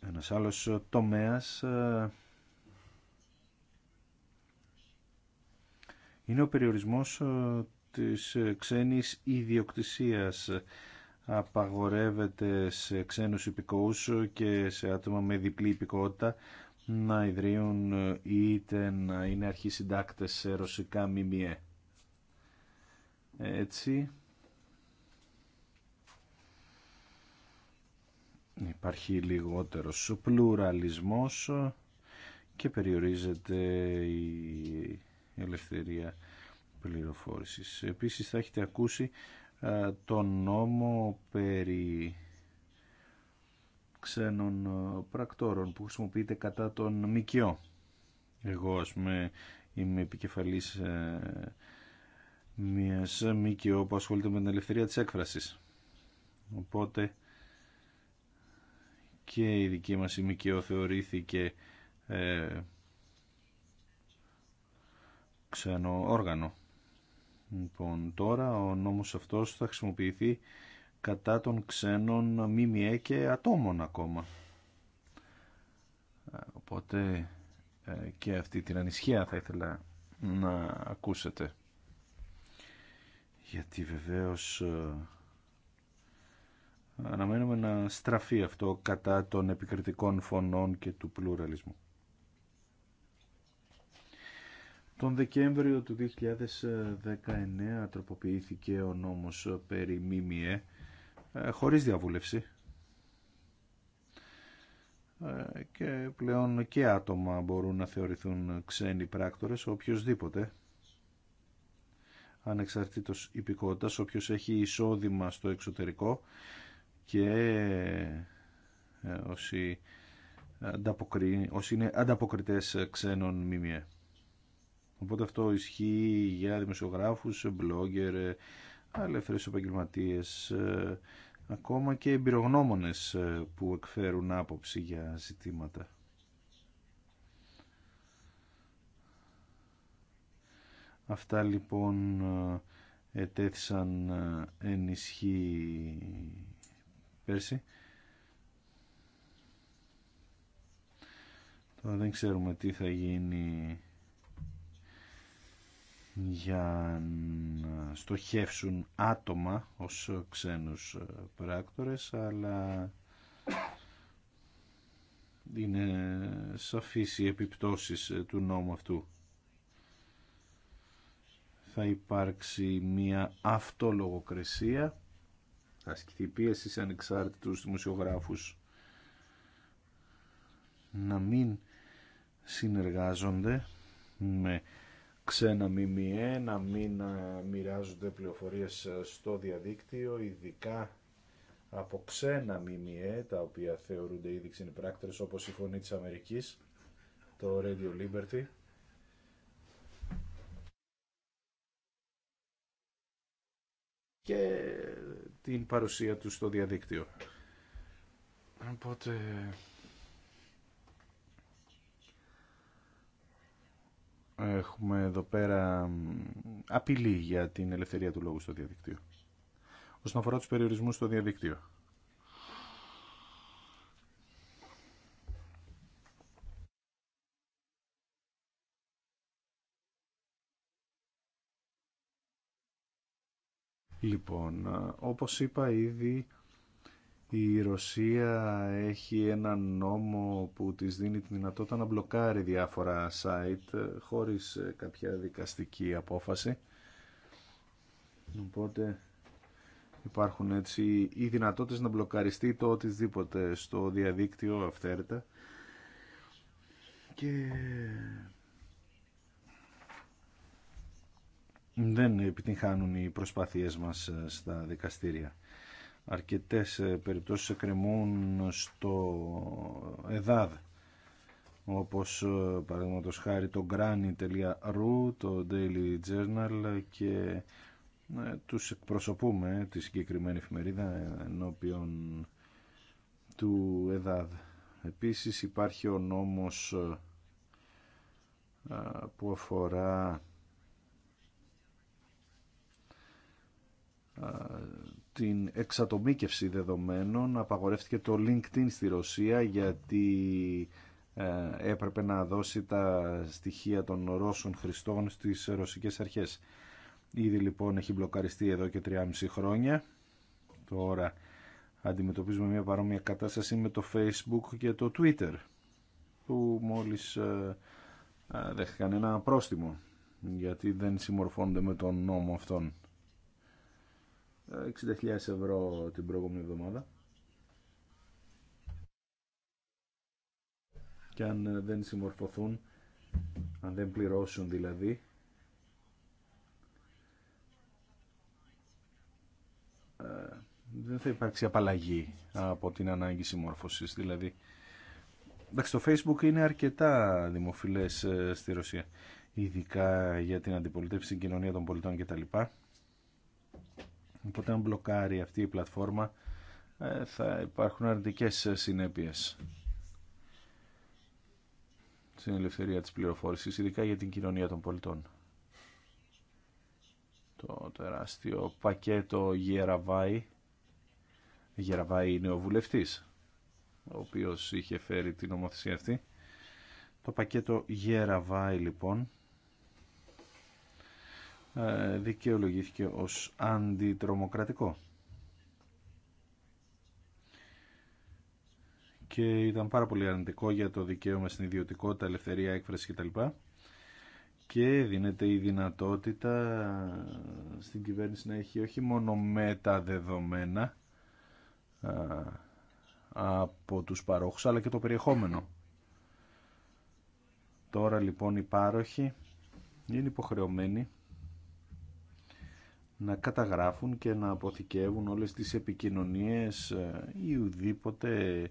Ένας άλλος τομέας είναι ο περιορισμός της ξένης ιδιοκτησίας απαγορεύεται σε ξένους υπηκόους και σε άτομα με διπλή υπηκότητα να ιδρύουν ε, είτε να είναι αρχισυντάκτες σε ρωσικά μιμιέ. Έτσι, υπάρχει λιγότερο πλουραλισμός και περιορίζεται η ελευθερία πληροφόρησης. Επίσης θα έχετε ακούσει ε, τον νόμο περί ξένων ε, πρακτόρων που χρησιμοποιείται κατά τον ΜΚΙΟ. Εγώ, ας πούμε, είμαι επικεφαλής ε, μιας ΜΚΙΟ που ασχολείται με την ελευθερία της έκφρασης. Οπότε και η δική μας η ΜΚΙΟ θεωρήθηκε ε, ξένο όργανο. Λοιπόν, τώρα ο νόμος αυτός θα χρησιμοποιηθεί κατά των ξένων ΜΜΕ και ατόμων ακόμα. Ε, οπότε ε, και αυτή την ανισχία θα ήθελα να ακούσετε. Γιατί βεβαίως ε, αναμένουμε να στραφεί αυτό κατά των επικριτικών φωνών και του πλουραλισμού. Τον Δεκέμβριο του 2019 τροποποιήθηκε ο νόμος περί ΜΜΕ ε, χωρίς διαβούλευση ε, και πλέον και άτομα μπορούν να θεωρηθούν ξένοι πράκτορες οποιοδήποτε ανεξαρτήτως υπηκότητας όποιος έχει εισόδημα στο εξωτερικό και ε, όσοι, όσοι είναι ανταποκριτές ξένων μιμιέ Οπότε αυτό ισχύει για δημοσιογράφους, blogger, επαγγελματίε, επαγγελματίες, ε, ακόμα και εμπειρογνώμονες ε, που εκφέρουν άποψη για ζητήματα. Αυτά λοιπόν ε, ετέθησαν εν ισχύ πέρσι. Τώρα δεν ξέρουμε τι θα γίνει για να στοχεύσουν άτομα ως ξένους ε, πράκτορες αλλά είναι σαφής οι επιπτώσεις ε, του νόμου αυτού. Θα υπάρξει μια αυτολογοκρισία θα ασκηθεί πίεση σε ανεξάρτητους δημοσιογράφους να μην συνεργάζονται με ξένα ΜΜΕ να μην ε, μοιράζονται πληροφορίες ε, στο διαδίκτυο, ειδικά από ξένα ΜΜΕ, τα οποία θεωρούνται ήδη πράκτερες, όπως η Φωνή της Αμερικής, το Radio Liberty. και την παρουσία του στο διαδίκτυο. Οπότε έχουμε εδώ πέρα απειλή για την ελευθερία του λόγου στο διαδικτύο. Όσον αφορά τους περιορισμούς στο διαδικτύο. Λοιπόν, ε, όπως είπα ήδη, η Ρωσία έχει ένα νόμο που της δίνει τη δυνατότητα να μπλοκάρει διάφορα site χωρίς κάποια δικαστική απόφαση. Οπότε υπάρχουν έτσι οι δυνατότητες να μπλοκαριστεί το οτιδήποτε στο διαδίκτυο αυθαίρετα. Και δεν επιτυγχάνουν οι προσπάθειές μας στα δικαστήρια αρκετές ε, περιπτώσεις εκκρεμούν στο ΕΔΑΔ όπως ε, παραδείγματο χάρη το granny.ru, το Daily Journal και ε, τους εκπροσωπούμε τη συγκεκριμένη εφημερίδα ενώπιον του ΕΔΑΔ. Επίσης υπάρχει ο νόμος που αφορά την εξατομίκευση δεδομένων. Απαγορεύτηκε το LinkedIn στη Ρωσία γιατί ε, έπρεπε να δώσει τα στοιχεία των Ρώσων χρηστών στις ρωσικές αρχές. Ήδη λοιπόν έχει μπλοκαριστεί εδώ και 3,5 χρόνια. Τώρα αντιμετωπίζουμε μια παρόμοια κατάσταση με το Facebook και το Twitter που μόλις ε, ε, δέχτηκαν ένα πρόστιμο γιατί δεν συμμορφώνονται με τον νόμο αυτόν. 60.000 ευρώ την προηγούμενη εβδομάδα. Και αν ε, δεν συμμορφωθούν, αν δεν πληρώσουν δηλαδή, ε, δεν θα υπάρξει απαλλαγή από την ανάγκη συμμόρφωσης. Δηλαδή, εντάξει, το Facebook είναι αρκετά δημοφιλές ε, στη Ρωσία, ειδικά για την αντιπολίτευση, την κοινωνία των πολιτών κτλ. Οπότε αν μπλοκάρει αυτή η πλατφόρμα ε, θα υπάρχουν αρνητικές συνέπειες στην ελευθερία της πληροφόρησης, ειδικά για την κοινωνία των πολιτών. Το τεράστιο πακέτο Γεραβάη, Γεραβάη είναι ο βουλευτής, ο οποίος είχε φέρει την ομοθεσία αυτή. Το πακέτο Γεραβάη λοιπόν ε, δικαιολογήθηκε ως αντιτρομοκρατικό. Και ήταν πάρα πολύ αρνητικό για το δικαίωμα στην ιδιωτικότητα, ελευθερία έκφραση κτλ. Και δίνεται η δυνατότητα στην κυβέρνηση να έχει όχι μόνο μεταδεδομένα ε, από τους παρόχους, αλλά και το περιεχόμενο. Τώρα λοιπόν οι πάροχοι είναι υποχρεωμένοι να καταγράφουν και να αποθηκεύουν όλες τις επικοινωνίες ε, ή ουδήποτε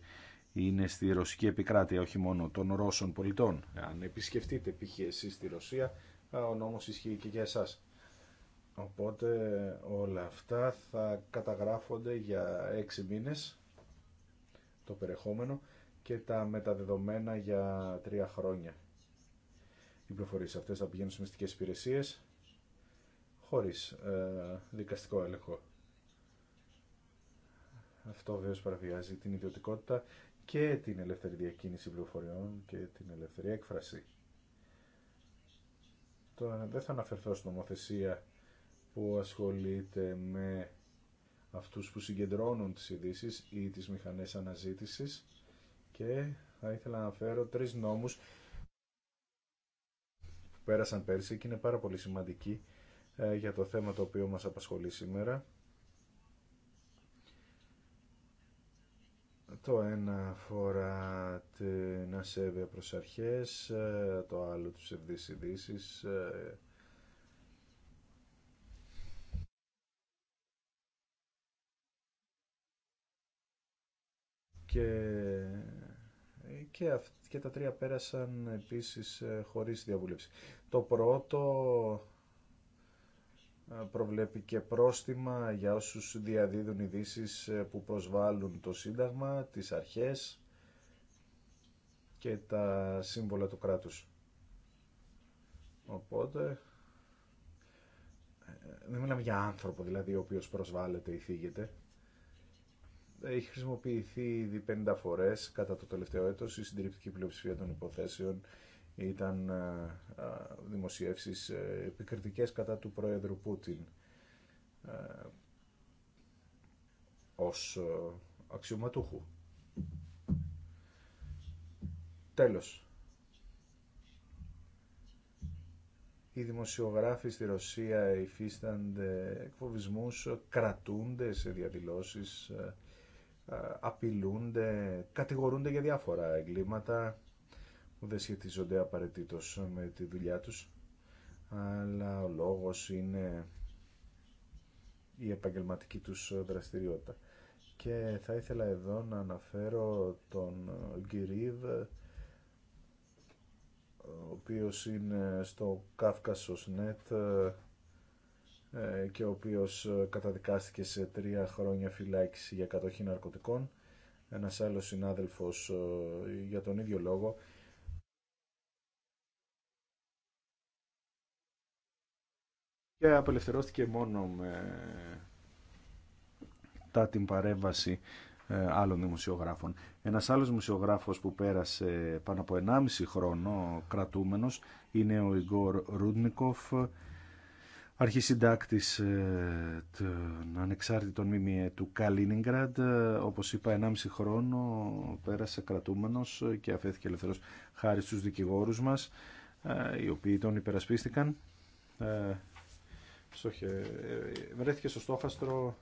είναι στη ρωσική επικράτεια, όχι μόνο των Ρώσων πολιτών. Αν επισκεφτείτε π.χ. εσείς στη Ρωσία, ε, ο νόμος ισχύει και για εσάς. Οπότε όλα αυτά θα καταγράφονται για έξι μήνες το περιεχόμενο και τα μεταδεδομένα για τρία χρόνια. Οι πληροφορίε αυτές θα πηγαίνουν στις μυστικές υπηρεσίες χωρίς ε, δικαστικό έλεγχο. Αυτό βέβαια παραβιάζει την ιδιωτικότητα και την ελεύθερη διακίνηση πληροφοριών και την ελεύθερη έκφραση. Τώρα δεν θα αναφερθώ στην νομοθεσία που ασχολείται με αυτούς που συγκεντρώνουν τις ειδήσει ή τις μηχανές αναζήτησης και θα ήθελα να αναφέρω τρεις νόμους που πέρασαν πέρσι και είναι πάρα πολύ σημαντικοί ε, για το θέμα το οποίο μας απασχολεί σήμερα. Το ένα αφορά την ασέβεια προς αρχές, ε, το άλλο τους ευδείς ειδήσει. Ε. Και, και, και τα τρία πέρασαν επίσης χωρίς διαβούλευση. Το πρώτο προβλέπει και πρόστιμα για όσους διαδίδουν ειδήσει ε, που προσβάλλουν το Σύνταγμα, τις αρχές και τα σύμβολα του κράτους. Οπότε, ε, δεν μιλάμε για άνθρωπο δηλαδή ο οποίος προσβάλλεται ή θίγεται. Έχει χρησιμοποιηθεί ήδη 50 φορές κατά το τελευταίο έτος η συντηρητική πλειοψηφία των υποθέσεων ήταν ε, ε, δημοσιεύσεις ε, επικριτικές κατά του πρόεδρου Πούτιν ως αξιωματούχου. Τέλος. Οι δημοσιογράφοι στη Ρωσία υφίστανται εκφοβισμούς, κρατούνται σε διαδηλώσεις, απειλούνται, κατηγορούνται για διάφορα εγκλήματα δεν σχετίζονται απαραίτητο με τη δουλειά τους, αλλά ο λόγος είναι η επαγγελματική τους δραστηριότητα. Και θα ήθελα εδώ να αναφέρω τον Γκυρίδ ο οποίος είναι στο Καύκασος Νέτ ε, και ο οποίος καταδικάστηκε σε τρία χρόνια φυλάκιση για κατοχή ναρκωτικών. Ένας άλλος συνάδελφος ε, για τον ίδιο λόγο απελευθερώθηκε μόνο με τα την παρέμβαση ε, άλλων δημοσιογράφων. Ένας άλλος δημοσιογράφος που πέρασε πάνω από 1,5 χρόνο κρατούμενος είναι ο Ιγκόρ Ρούντνικοφ, αρχισυντάκτης ε, των ανεξάρτητων ΜΜΕ του Καλίνιγκραντ. Ε, όπως είπα, 1,5 χρόνο πέρασε κρατούμενος και αφέθηκε ελευθερός χάρη στους δικηγόρους μας, οι οποίοι τον υπερασπίστηκαν ε, βρέθηκε στο στόχαστρο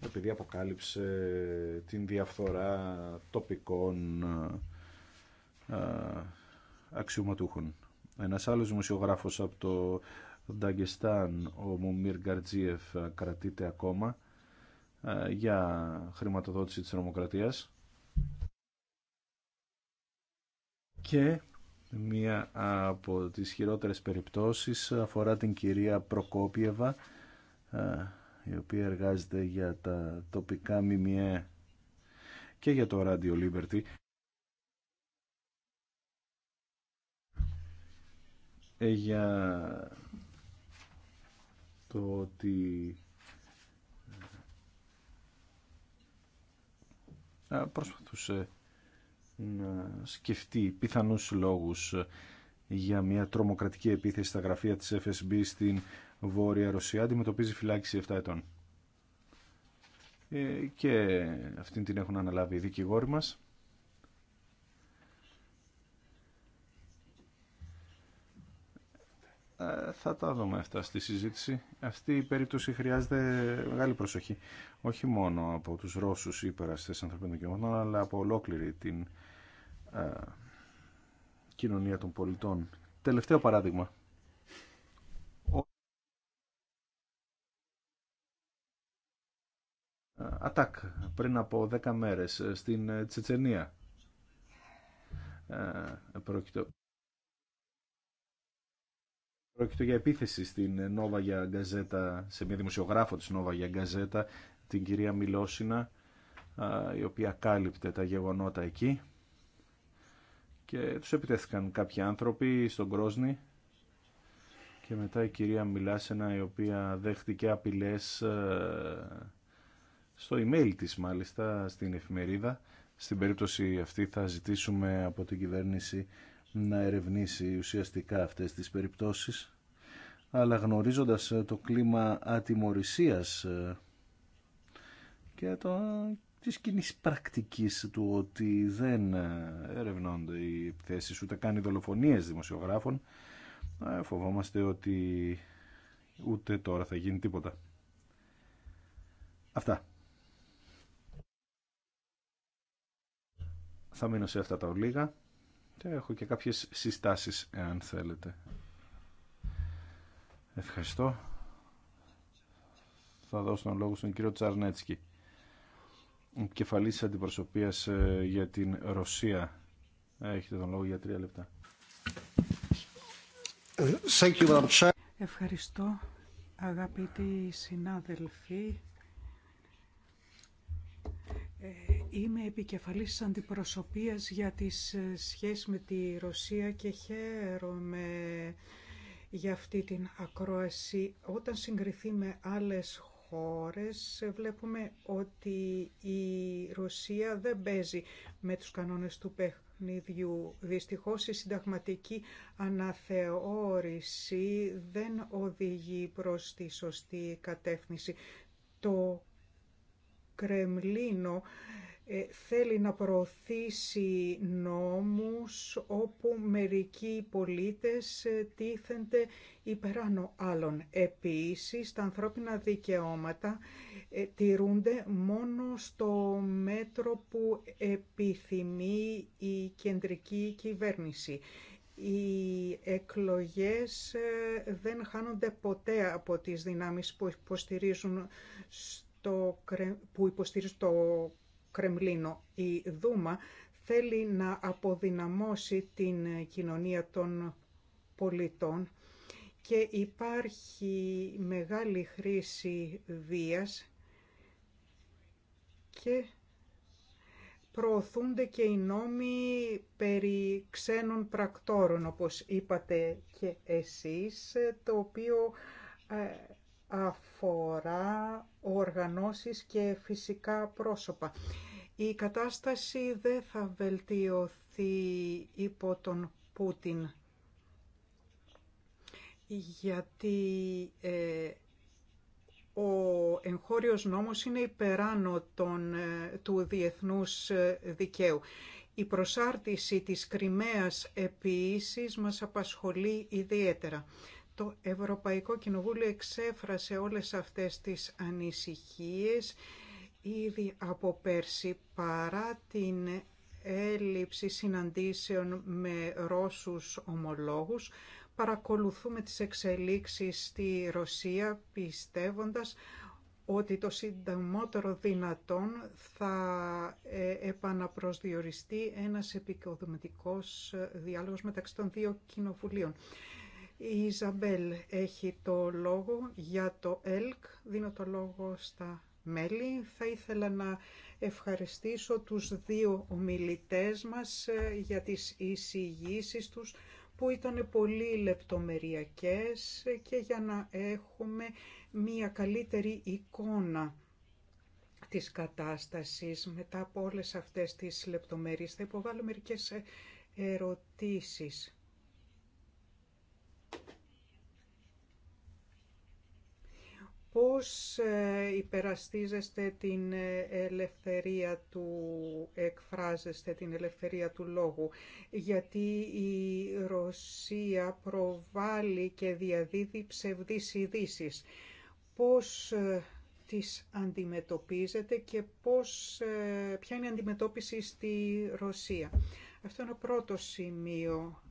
επειδή αποκάλυψε την διαφθορά τοπικών ε, ε, αξιωματούχων. Ένας άλλος δημοσιογράφος από το Νταγκεστάν, ο Μουμίρ Γκαρτζίεφ, κρατείται ακόμα για χρηματοδότηση της νομοκρατίας. Και Μία από τις χειρότερες περιπτώσεις αφορά την κυρία Προκόπιεβα, ε, η οποία εργάζεται για τα τοπικά ΜΜΕ και για το Radio Liberty. Ε, για το ότι ε, προσπαθούσε σκεφτεί πιθανούς λόγους για μια τρομοκρατική επίθεση στα γραφεία της FSB στην Βόρεια Ρωσία αντιμετωπίζει φυλάκιση 7 ετών. Ε, και αυτήν την έχουν αναλάβει οι δικηγόροι μας. Ε, θα τα δούμε αυτά στη συζήτηση. Αυτή η περίπτωση χρειάζεται μεγάλη προσοχή. Όχι μόνο από τους Ρώσους υπεραστές ανθρωπίνων δικαιωμάτων, αλλά από ολόκληρη την ε, κοινωνία των πολιτών. Τελευταίο παράδειγμα. Ε, ΑΤΑΚ πριν από 10 μέρες ε, στην Τσετσενία. Πρόκειτο... για επίθεση στην Νόβα για Γκαζέτα, σε μια δημοσιογράφο της Νόβα για Γκαζέτα, την κυρία Μιλόσινα, η οποία κάλυπτε τα γεγονότα εκεί και τους επιτέθηκαν κάποιοι άνθρωποι στον Κρόσνη και μετά η κυρία Μιλάσενα η οποία δέχτηκε απειλές ε, στο email της μάλιστα στην εφημερίδα. Στην περίπτωση αυτή θα ζητήσουμε από την κυβέρνηση να ερευνήσει ουσιαστικά αυτές τις περιπτώσεις αλλά γνωρίζοντας το κλίμα ατιμορρησίας ε, και το της κοινή πρακτικής του ότι δεν ε, ερευνώνται οι επιθέσεις ούτε κάνει οι δολοφονίες δημοσιογράφων ε, φοβόμαστε ότι ούτε τώρα θα γίνει τίποτα. Αυτά. Θα μείνω σε αυτά τα ολίγα και έχω και κάποιες συστάσεις εάν θέλετε. Ευχαριστώ. Θα δώσω τον λόγο στον κύριο Τσαρνέτσκι κεφαλής αντιπροσωπείας ε, για την Ρωσία. Ε, έχετε τον λόγο για τρία λεπτά. Ευχαριστώ αγαπητοί συνάδελφοι. Ε, είμαι επικεφαλής αντιπροσωπείας για τις σχέσεις με τη Ρωσία και χαίρομαι για αυτή την ακρόαση. Όταν συγκριθεί με άλλες χώρες βλέπουμε ότι η Ρωσία δεν παίζει με τους κανόνες του παιχνιδιού. Δυστυχώς η συνταγματική αναθεώρηση δεν οδηγεί προς τη σωστή κατεύθυνση. Το Κρεμλίνο ε, θέλει να προωθήσει νόμους όπου μερικοί πολίτες ε, τίθενται υπεράνω άλλων. Επίσης, τα ανθρώπινα δικαιώματα ε, τηρούνται μόνο στο μέτρο που επιθυμεί η κεντρική κυβέρνηση. Οι εκλογές δεν χάνονται ποτέ από τις δυνάμεις που υποστηρίζουν, στο, που υποστηρίζουν το Κρεμλίνο. Η Δούμα θέλει να αποδυναμώσει την κοινωνία των πολιτών και υπάρχει μεγάλη χρήση βίας και προωθούνται και οι νόμοι περί ξένων πρακτόρων, όπως είπατε και εσείς, το οποίο ε, αφορά οργανώσεις και φυσικά πρόσωπα. Η κατάσταση δεν θα βελτιωθεί υπό τον Πούτιν γιατί ε, ο εγχώριος νόμος είναι υπεράνω των, ε, του διεθνούς ε, δικαίου. Η προσάρτηση της Κρυμαίας επίσης μας απασχολεί ιδιαίτερα. Το Ευρωπαϊκό Κοινοβούλιο εξέφρασε όλες αυτές τις ανησυχίες ήδη από πέρσι παρά την έλλειψη συναντήσεων με Ρώσους ομολόγους. Παρακολουθούμε τις εξελίξεις στη Ρωσία πιστεύοντας ότι το συντομότερο δυνατόν θα ε, επαναπροσδιοριστεί ένας επικοδομητικός ε, διάλογος μεταξύ των δύο κοινοβουλίων. Η Ιζαμπέλ έχει το λόγο για το ΕΛΚ. Δίνω το λόγο στα μέλη. Θα ήθελα να ευχαριστήσω τους δύο ομιλητές μας ε, για τις εισηγήσει τους που ήταν πολύ λεπτομεριακές ε, και για να έχουμε μία καλύτερη εικόνα της κατάστασης μετά από όλες αυτές τις λεπτομέρειες. Θα υποβάλω μερικές ε, ερωτήσεις. πώς ε, υπεραστίζεστε την ε, ελευθερία του, εκφράζεστε την ελευθερία του λόγου, γιατί η Ρωσία προβάλλει και διαδίδει ψευδείς ειδήσει. Πώς ε, τις αντιμετωπίζετε και πώς, ποια είναι η αντιμετώπιση στη Ρωσία. Αυτό είναι το πρώτο σημείο.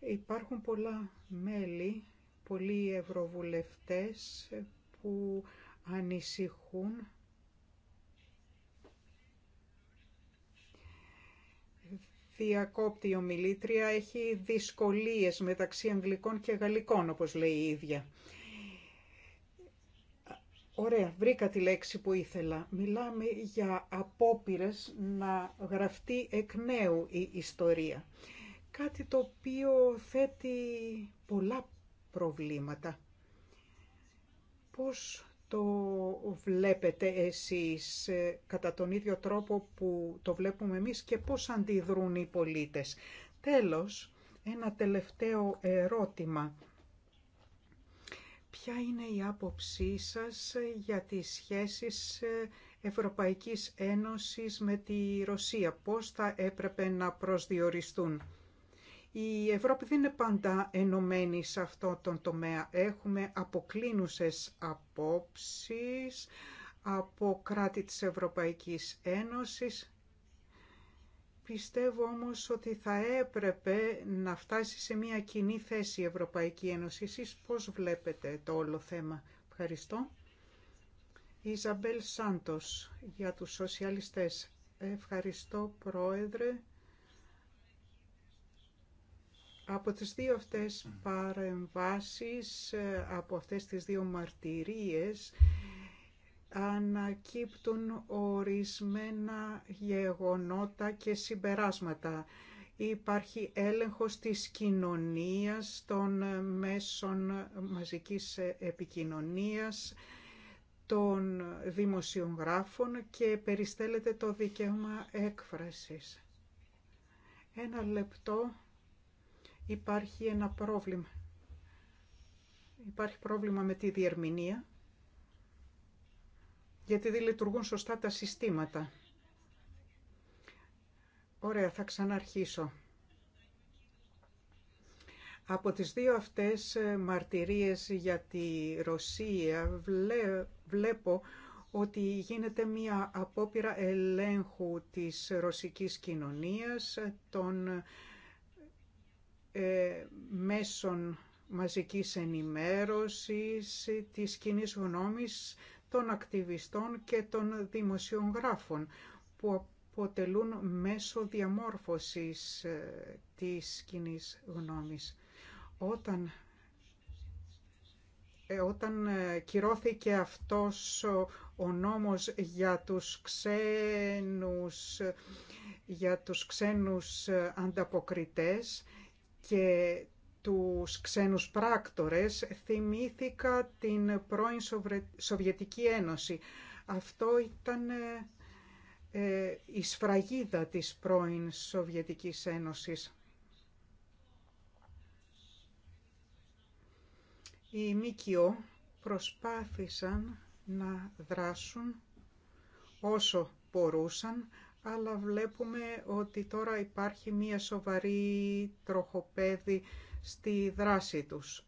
Υπάρχουν πολλά μέλη, πολλοί ευρωβουλευτές που ανησυχούν διακόπτει η ομιλήτρια, έχει δυσκολίες μεταξύ Αγγλικών και Γαλλικών, όπως λέει η ίδια. Ωραία, βρήκα τη λέξη που ήθελα. Μιλάμε για απόπειρες να γραφτεί εκ νέου η ιστορία. Κάτι το οποίο θέτει πολλά προβλήματα. Πώς το βλέπετε εσείς ε, κατά τον ίδιο τρόπο που το βλέπουμε εμείς και πώς αντιδρούν οι πολίτες. Τέλος, ένα τελευταίο ερώτημα. Ποια είναι η άποψή σας για τις σχέσεις ε, Ευρωπαϊκής Ένωσης με τη Ρωσία. Πώς θα έπρεπε να προσδιοριστούν. Η Ευρώπη δεν είναι πάντα ενωμένη σε αυτό τον τομέα. Έχουμε αποκλίνουσες απόψεις από κράτη της Ευρωπαϊκής Ένωσης. Πιστεύω όμως ότι θα έπρεπε να φτάσει σε μια κοινή θέση η Ευρωπαϊκή Ένωση. Εσείς πώς βλέπετε το όλο θέμα. Ευχαριστώ. Ιζαμπέλ Σάντος για τους σοσιαλιστές. Ευχαριστώ Πρόεδρε. Από τις δύο αυτές παρεμβάσεις, ε, από αυτές τις δύο μαρτυρίες, ανακύπτουν ορισμένα γεγονότα και συμπεράσματα. Υπάρχει έλεγχος της κοινωνίας, των ε, μέσων μαζικής ε, επικοινωνίας, των δημοσιογράφων και περιστέλλεται το δικαίωμα έκφρασης. Ένα λεπτό υπάρχει ένα πρόβλημα. Υπάρχει πρόβλημα με τη διερμηνία, γιατί δεν λειτουργούν σωστά τα συστήματα. Ωραία, θα ξαναρχίσω. Από τις δύο αυτές ε, μαρτυρίες για τη Ρωσία βλέπω ότι γίνεται μία απόπειρα ελέγχου της ρωσικής κοινωνίας, των ε, μέσων μαζικής ενημέρωσης, της κοινή γνώμης των ακτιβιστών και των δημοσιογράφων που αποτελούν μέσο διαμόρφωσης ε, της κοινή γνώμης. Όταν, ε, όταν ε, κυρώθηκε αυτός ο νόμος για τους ξένους, για τους ξένους ανταποκριτές, και τους ξένους πράκτορες θυμήθηκα την πρώην Σοβιετική Ένωση. Αυτό ήταν ε, ε, η σφραγίδα της πρώην Σοβιετικής Ένωσης. Οι ΜΚΟ προσπάθησαν να δράσουν όσο μπορούσαν αλλά βλέπουμε ότι τώρα υπάρχει μία σοβαρή τροχοπέδη στη δράση τους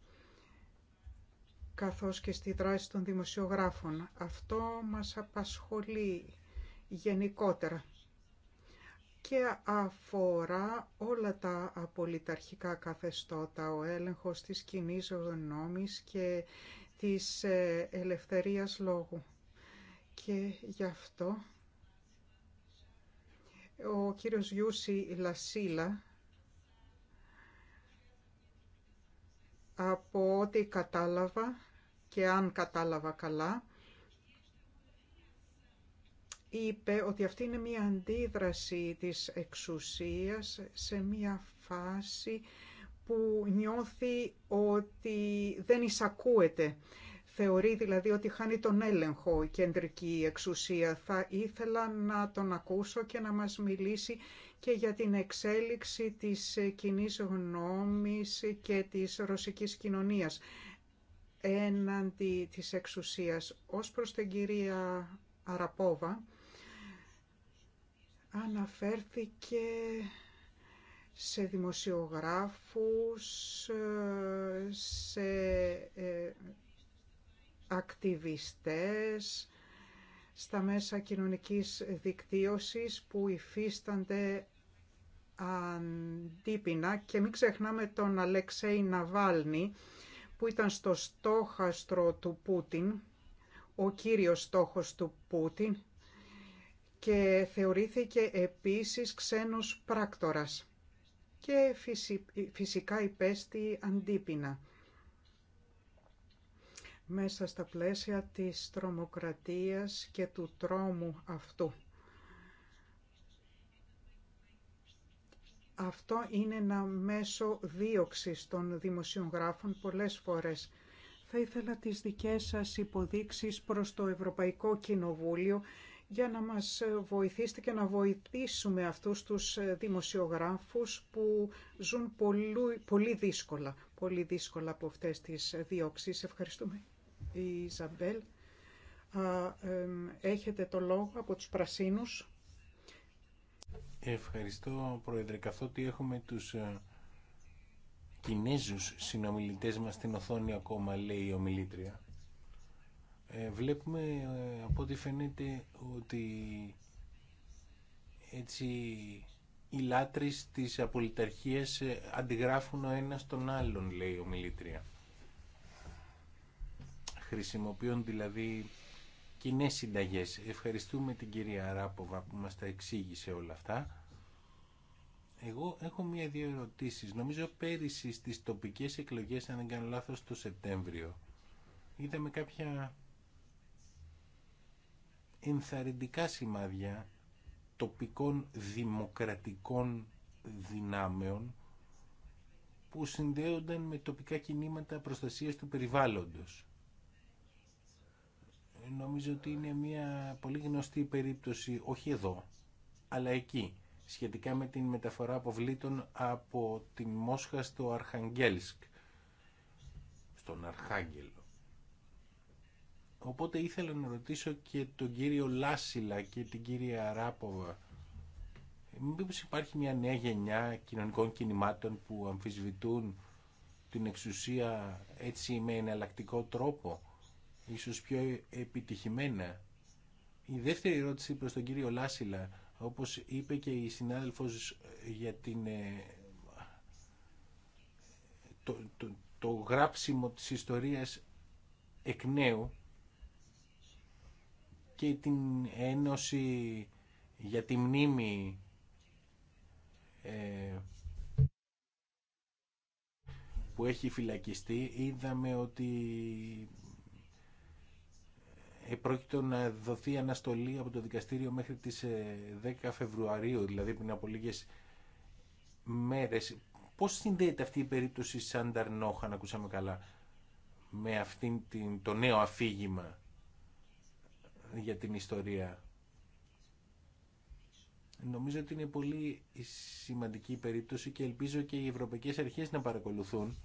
καθώς και στη δράση των δημοσιογράφων. Αυτό μας απασχολεί γενικότερα και αφορά όλα τα απολυταρχικά καθεστώτα, ο έλεγχος της κοινή γνώμη και της ε, ελευθερίας λόγου. Και γι' αυτό ο κύριος Γιούση Λασίλα από ό,τι κατάλαβα και αν κατάλαβα καλά είπε ότι αυτή είναι μία αντίδραση της εξουσίας σε μία φάση που νιώθει ότι δεν εισακούεται Θεωρεί δηλαδή ότι χάνει τον έλεγχο η κεντρική εξουσία. Θα ήθελα να τον ακούσω και να μας μιλήσει και για την εξέλιξη της κοινή γνώμης και της ρωσικής κοινωνίας έναντι της εξουσίας. Ως προς την κυρία Αραπόβα, αναφέρθηκε σε δημοσιογράφους, σε ε, ακτιβιστές στα μέσα κοινωνικής δικτύωσης που υφίστανται αντίπεινα και μην ξεχνάμε τον Αλεξέη Ναβάλνη που ήταν στο στόχαστρο του Πούτιν, ο κύριος στόχος του Πούτιν και θεωρήθηκε επίσης ξένος πράκτορας και φυσικά υπέστη αντίπεινα μέσα στα πλαίσια της τρομοκρατίας και του τρόμου αυτού. Αυτό είναι ένα μέσο δίωξης των δημοσιογράφων πολλές φορές. Θα ήθελα τις δικές σας υποδείξεις προς το Ευρωπαϊκό Κοινοβούλιο για να μας βοηθήσετε και να βοηθήσουμε αυτούς τους δημοσιογράφους που ζουν πολύ, πολύ δύσκολα, πολύ δύσκολα από αυτές τις διώξεις. Ευχαριστούμε. Ιζαμπέλ. Έχετε το λόγο από τους Πρασίνους. Ευχαριστώ, Πρόεδρε, καθότι έχουμε τους ε, Κινέζους συνομιλητές μας στην οθόνη ακόμα, λέει η ομιλήτρια. Ε, βλέπουμε, ε, από ό,τι φαίνεται, ότι έτσι οι λάτρεις της απολυταρχίας αντιγράφουν ο ένας τον άλλον, λέει η ομιλήτρια χρησιμοποιούν δηλαδή κοινέ συνταγέ. Ευχαριστούμε την κυρία Ράποβα που μας τα εξήγησε όλα αυτά. Εγώ έχω μία-δύο ερωτήσεις. Νομίζω πέρυσι στις τοπικές εκλογές, αν δεν κάνω λάθος, το Σεπτέμβριο, είδαμε κάποια ενθαρρυντικά σημάδια τοπικών δημοκρατικών δυνάμεων που συνδέονταν με τοπικά κινήματα προστασίας του περιβάλλοντος νομίζω ότι είναι μια πολύ γνωστή περίπτωση, όχι εδώ, αλλά εκεί, σχετικά με την μεταφορά αποβλήτων από τη Μόσχα στο Αρχαγγέλσκ, στον Αρχάγγελο. Οπότε ήθελα να ρωτήσω και τον κύριο Λάσιλα και την κυρία Ράποβα μήπως υπάρχει μια νέα γενιά κοινωνικών κινημάτων που αμφισβητούν την εξουσία έτσι με εναλλακτικό τρόπο ίσως πιο επιτυχημένα. Η δεύτερη ερώτηση προς τον κύριο Λάσιλα, όπως είπε και η συνάδελφος για την, ε, το, το, το γράψιμο της ιστορίας εκ νέου και την ένωση για τη μνήμη ε, που έχει φυλακιστεί είδαμε ότι ε, πρόκειται να δοθεί αναστολή από το δικαστήριο μέχρι τις 10 ε, Φεβρουαρίου, δηλαδή πριν από λίγες μέρες. Πώς συνδέεται αυτή η περίπτωση σαν Ταρνόχα, αν ακούσαμε καλά, με αυτήν την, το νέο αφήγημα για την ιστορία. Νομίζω ότι είναι πολύ σημαντική η περίπτωση και ελπίζω και οι ευρωπαϊκές αρχές να παρακολουθούν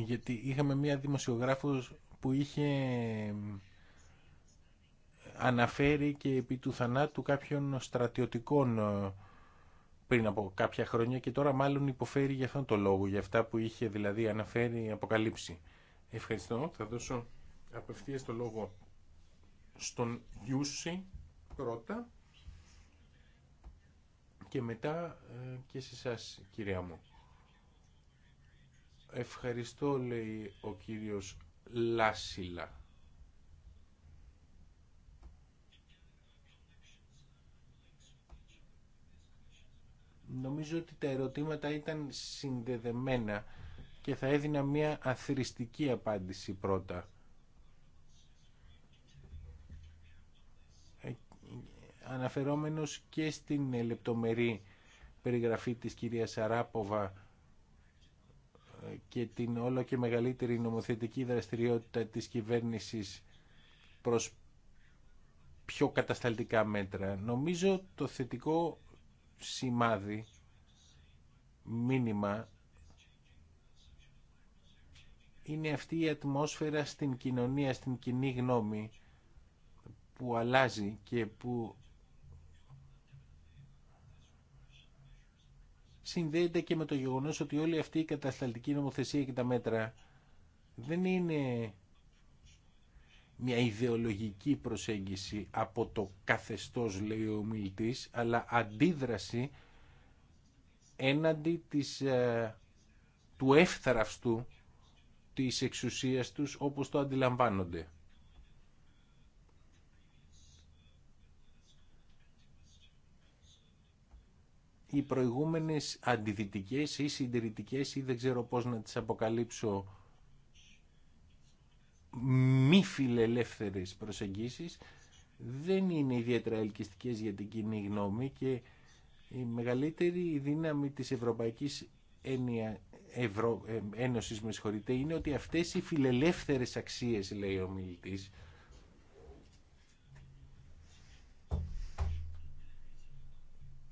γιατί είχαμε μία δημοσιογράφος που είχε αναφέρει και επί του θανάτου κάποιων στρατιωτικών ε, πριν από κάποια χρόνια και τώρα μάλλον υποφέρει για αυτόν τον λόγο, για αυτά που είχε δηλαδή αναφέρει αποκαλύψει. Ευχαριστώ. Θα δώσω απευθείας το λόγο στον Γιούση πρώτα και μετά ε, και σε εσάς κυρία μου. Ευχαριστώ λέει ο κύριος Λάσιλα. Νομίζω ότι τα ερωτήματα ήταν συνδεδεμένα και θα έδινα μια αθρηστική απάντηση πρώτα. Ε, αναφερόμενος και στην λεπτομερή περιγραφή της κυρίας Σαράποβα και την όλο και μεγαλύτερη νομοθετική δραστηριότητα της κυβέρνησης προς πιο κατασταλτικά μέτρα. Νομίζω το θετικό σημάδι, μήνυμα, είναι αυτή η ατμόσφαιρα στην κοινωνία, στην κοινή γνώμη που αλλάζει και που συνδέεται και με το γεγονός ότι όλη αυτή η κατασταλτική νομοθεσία και τα μέτρα δεν είναι μια ιδεολογική προσέγγιση από το καθεστώς λέει ο μιλητής αλλά αντίδραση έναντι της, ε, του εύθραυστου της εξουσίας τους όπως το αντιλαμβάνονται. οι προηγούμενες αντιδυτικές ή συντηρητικές ή δεν ξέρω πώς να τις αποκαλύψω μη φιλελεύθερες προσεγγίσεις δεν είναι ιδιαίτερα ελκυστικές για την κοινή γνώμη και η μεγαλύτερη δύναμη της Ευρωπαϊκής Ένια, Ευρω... Ε, Ένωσης με είναι ότι αυτές οι φιλελεύθερες αξίες λέει ο μιλητής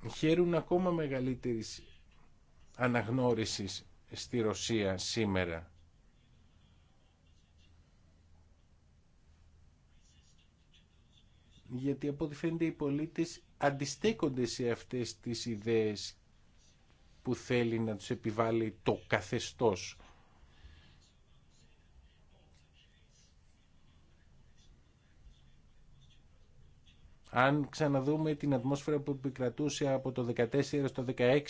χαίρουν ακόμα μεγαλύτερης αναγνώρισης στη Ρωσία σήμερα. Γιατί από ό,τι φαίνεται οι πολίτες αντιστέκονται σε αυτές τις ιδέες που θέλει να τους επιβάλλει το καθεστώς. Αν ξαναδούμε την ατμόσφαιρα που επικρατούσε από το 14 στο 16,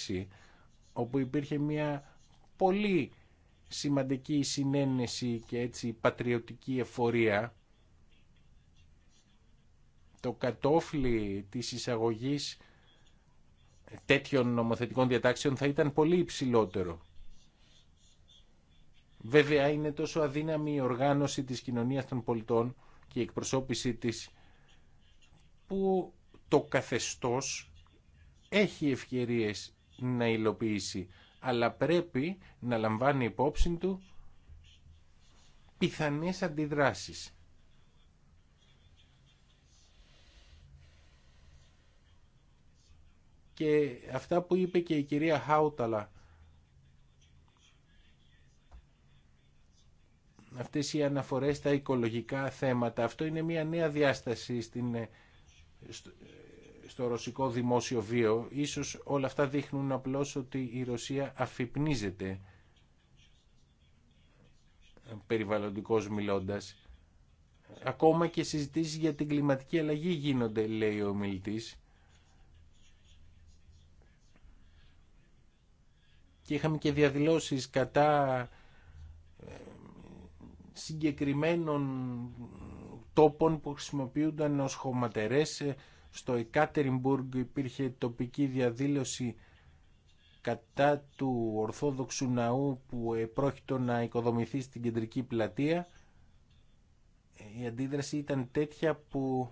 όπου υπήρχε μια πολύ σημαντική συνένεση και έτσι πατριωτική εφορία, το κατόφλι της εισαγωγής τέτοιων νομοθετικών διατάξεων θα ήταν πολύ υψηλότερο. Βέβαια είναι τόσο αδύναμη η οργάνωση της κοινωνίας των πολιτών και η εκπροσώπηση της που το καθεστώς έχει ευκαιρίες να υλοποιήσει, αλλά πρέπει να λαμβάνει υπόψη του πιθανές αντιδράσεις. Και αυτά που είπε και η κυρία Χάουταλα, αυτές οι αναφορές στα οικολογικά θέματα, αυτό είναι μια νέα διάσταση στην στο ρωσικό δημόσιο βίο. Ίσως όλα αυτά δείχνουν απλώς ότι η Ρωσία αφυπνίζεται περιβαλλοντικός μιλώντας. Ακόμα και συζητήσεις για την κλιματική αλλαγή γίνονται, λέει ο μιλητής. Και είχαμε και διαδηλώσεις κατά ε, συγκεκριμένων τόπων που χρησιμοποιούνταν ως χωματερές. Ε, Στο Εκάτεριμπουργκ υπήρχε τοπική διαδήλωση κατά του Ορθόδοξου Ναού που επρόκειτο να οικοδομηθεί στην κεντρική πλατεία. Ε, η αντίδραση ήταν τέτοια που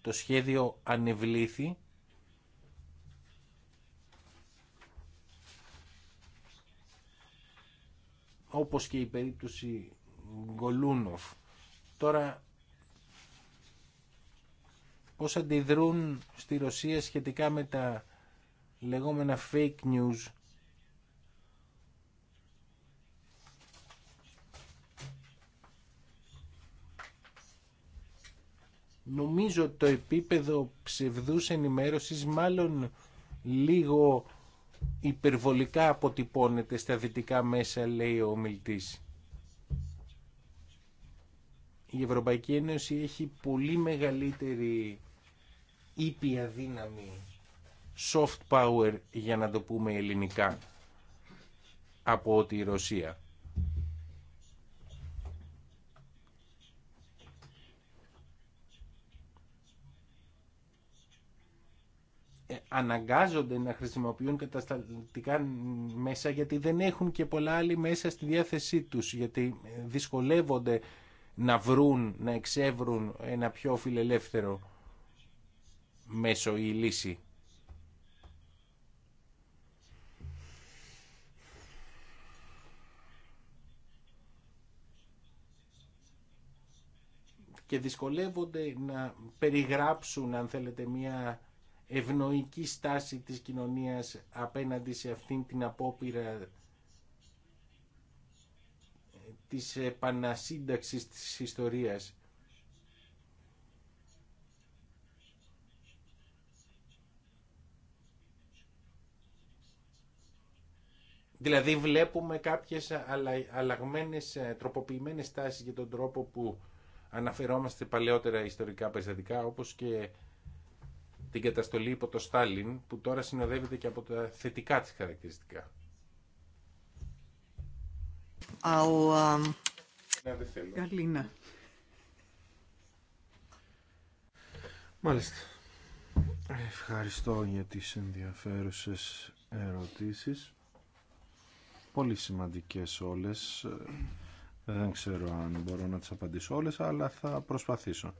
το σχέδιο ανεβλήθη όπως και η περίπτωση Γκολούνοφ. Τώρα, πώς αντιδρούν στη Ρωσία σχετικά με τα λεγόμενα fake news νομίζω το επίπεδο ψευδούς ενημέρωσης μάλλον λίγο υπερβολικά αποτυπώνεται στα δυτικά μέσα λέει ο μιλτής η Ευρωπαϊκή Ένωση έχει πολύ μεγαλύτερη ήπια δύναμη soft power για να το πούμε ελληνικά από ότι η Ρωσία. Ε, αναγκάζονται να χρησιμοποιούν κατασταλτικά μέσα γιατί δεν έχουν και πολλά άλλη μέσα στη διάθεσή τους γιατί ε, δυσκολεύονται να βρουν, να εξεύρουν ένα πιο φιλελεύθερο μέσο ή λύση. και δυσκολεύονται να περιγράψουν, αν θέλετε, μια ευνοϊκή στάση της κοινωνίας απέναντι σε αυτήν την απόπειρα της επανασύνταξης της ιστορίας. Δηλαδή βλέπουμε κάποιες αλλαγμένες, ε, τροποποιημένες τάσεις για τον τρόπο που αναφερόμαστε παλαιότερα ιστορικά περιστατικά, όπως και την καταστολή υπό το Στάλιν, που τώρα συνοδεύεται και από τα θετικά της χαρακτηριστικά. Um, ναι, ναι. Μάλιστα. Ευχαριστώ για τις ενδιαφέρουσες ερωτήσεις. Πολύ σημαντικές όλες. Δεν ξέρω αν μπορώ να τις απαντήσω όλες, αλλά θα προσπαθήσω.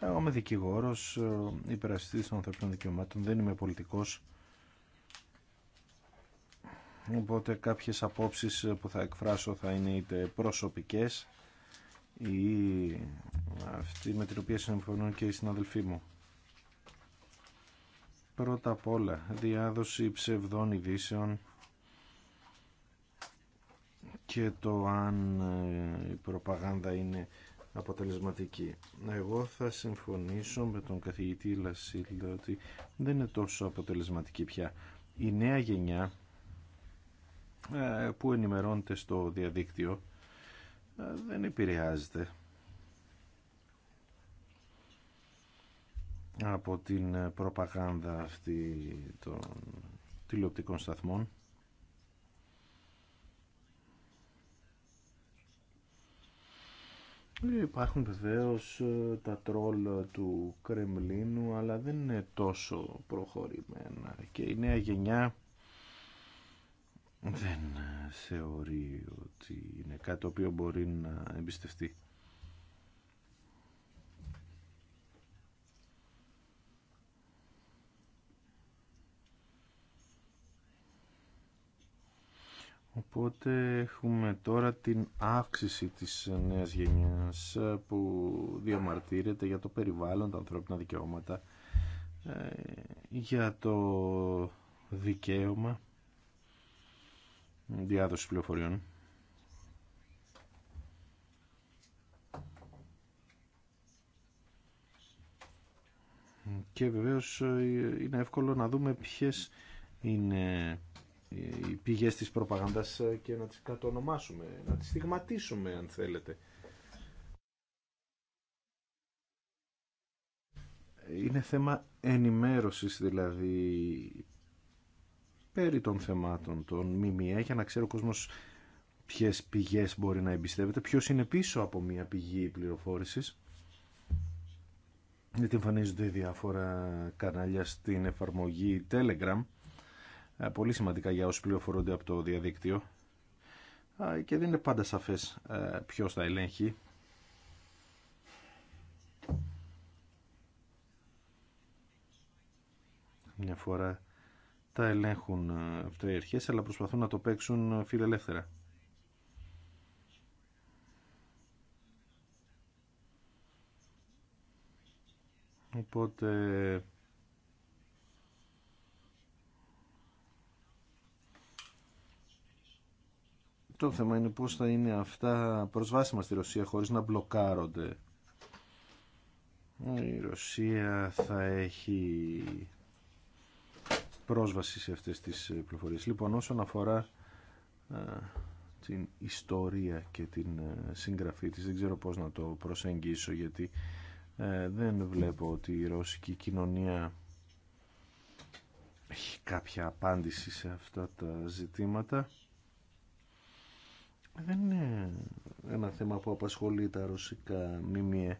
Εγώ είμαι δικηγόρος, ε, υπερασιστής των ανθρωπίνων δικαιωμάτων, δεν είμαι πολιτικός. Οπότε κάποιες απόψεις που θα εκφράσω θα είναι είτε προσωπικές ή αυτή με την οποία συμφωνούν και οι συναδελφοί μου. Πρώτα απ' όλα, διάδοση ψευδών ειδήσεων και το αν ε, η προπαγάνδα είναι αποτελεσματική. Εγώ θα συμφωνήσω με τον καθηγητή Λασίλδα ότι δεν είναι τόσο αποτελεσματική πια. Η νέα γενιά ε, που ενημερώνεται στο διαδίκτυο ε, δεν επηρεάζεται από την προπαγάνδα αυτή των τηλεοπτικών σταθμών. Υπάρχουν βεβαίω ε, τα τρόλ του Κρεμλίνου, αλλά δεν είναι τόσο προχωρημένα και η νέα γενιά δεν θεωρεί ότι είναι κάτι το οποίο μπορεί να εμπιστευτεί. Οπότε έχουμε τώρα την αύξηση της νέας γενιάς που διαμαρτύρεται για το περιβάλλον, τα ανθρώπινα δικαιώματα, ε, για το δικαίωμα διάδοση πληροφοριών. Και βεβαίως ε, είναι εύκολο να δούμε ποιες είναι οι πηγές της προπαγάνδας ε, και να τις κατονομάσουμε, να τις στιγματίσουμε αν θέλετε. Είναι θέμα ενημέρωσης δηλαδή περί των θεμάτων των ΜΜΕ για να ξέρει ο κόσμος ποιες πηγές μπορεί να εμπιστεύεται, ποιο είναι πίσω από μια πηγή πληροφόρηση. Γιατί εμφανίζονται διάφορα κανάλια στην εφαρμογή Telegram, ε, πολύ σημαντικά για όσους πληροφορούνται από το διαδίκτυο και δεν είναι πάντα σαφές ε, ποιος τα ελέγχει. Μια φορά τα ελέγχουν αυτές οι αρχές, αλλά προσπαθούν να το παίξουν ε, φιλελεύθερα. Οπότε... Το θέμα είναι πώς θα είναι αυτά προσβάσιμα στη Ρωσία χωρίς να μπλοκάρονται. Η Ρωσία θα έχει πρόσβαση σε αυτές τις ε, πληροφορίες. Λοιπόν, όσον αφορά ε, την ιστορία και την ε, συγγραφή της, δεν ξέρω πώς να το προσεγγίσω γιατί δεν βλέπω ότι η ρώσικη κοινωνία έχει κάποια απάντηση σε αυτά τα ζητήματα. Δεν είναι ένα θέμα που απασχολεί τα ρωσικά μημιέ.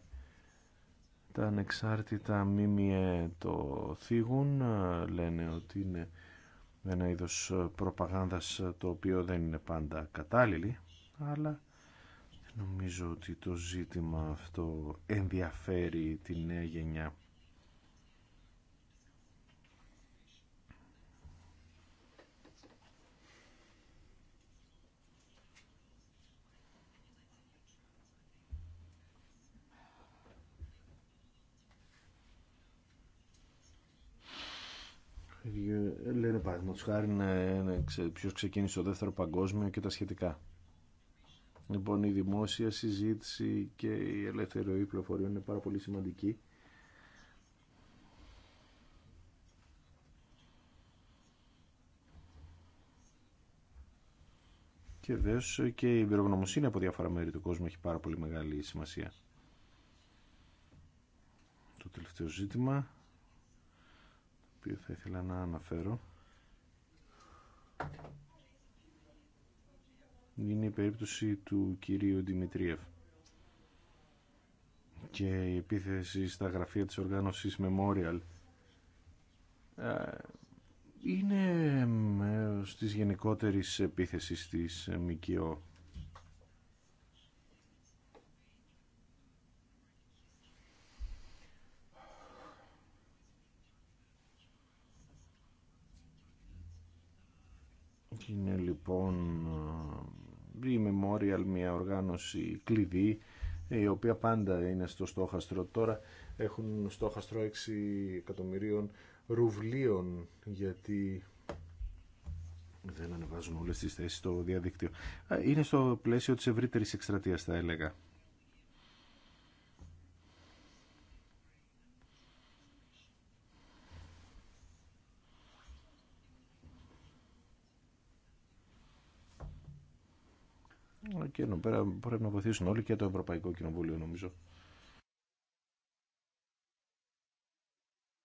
Τα ανεξάρτητα μίμιε το θίγουν, ε, λένε ότι είναι ένα είδος ε, προπαγάνδας ε, το οποίο δεν είναι πάντα κατάλληλη, αλλά νομίζω ότι το ζήτημα αυτό ενδιαφέρει τη νέα γενιά. λένε τους χάρη ναι, ναι, ποιος ξεκίνησε το δεύτερο παγκόσμιο και τα σχετικά. Λοιπόν, η δημόσια συζήτηση και η ελεύθερη ροή πληροφοριών είναι πάρα πολύ σημαντική. Και βέβαια και η εμπειρογνωμοσύνη από διάφορα μέρη του κόσμου έχει πάρα πολύ μεγάλη σημασία. Το τελευταίο ζήτημα οποίο θα ήθελα να αναφέρω είναι η περίπτωση του κυρίου Δημητρίευ και η επίθεση στα γραφεία της οργάνωσης Memorial ε, είναι στις γενικότερες επίθεσεις επίθεσης της ΜΚΟ Είναι λοιπόν ε, η Memorial μια οργάνωση κλειδί η οποία πάντα είναι στο στόχαστρο. Τώρα έχουν στόχαστρο 6 εκατομμυρίων ρουβλίων γιατί δεν ανεβάζουν όλες τις θέσεις στο διαδίκτυο. Ε, είναι στο πλαίσιο της ευρύτερης εκστρατείας θα έλεγα. και εδώ πρέπει να βοηθήσουν όλοι και το Ευρωπαϊκό Κοινοβούλιο νομίζω.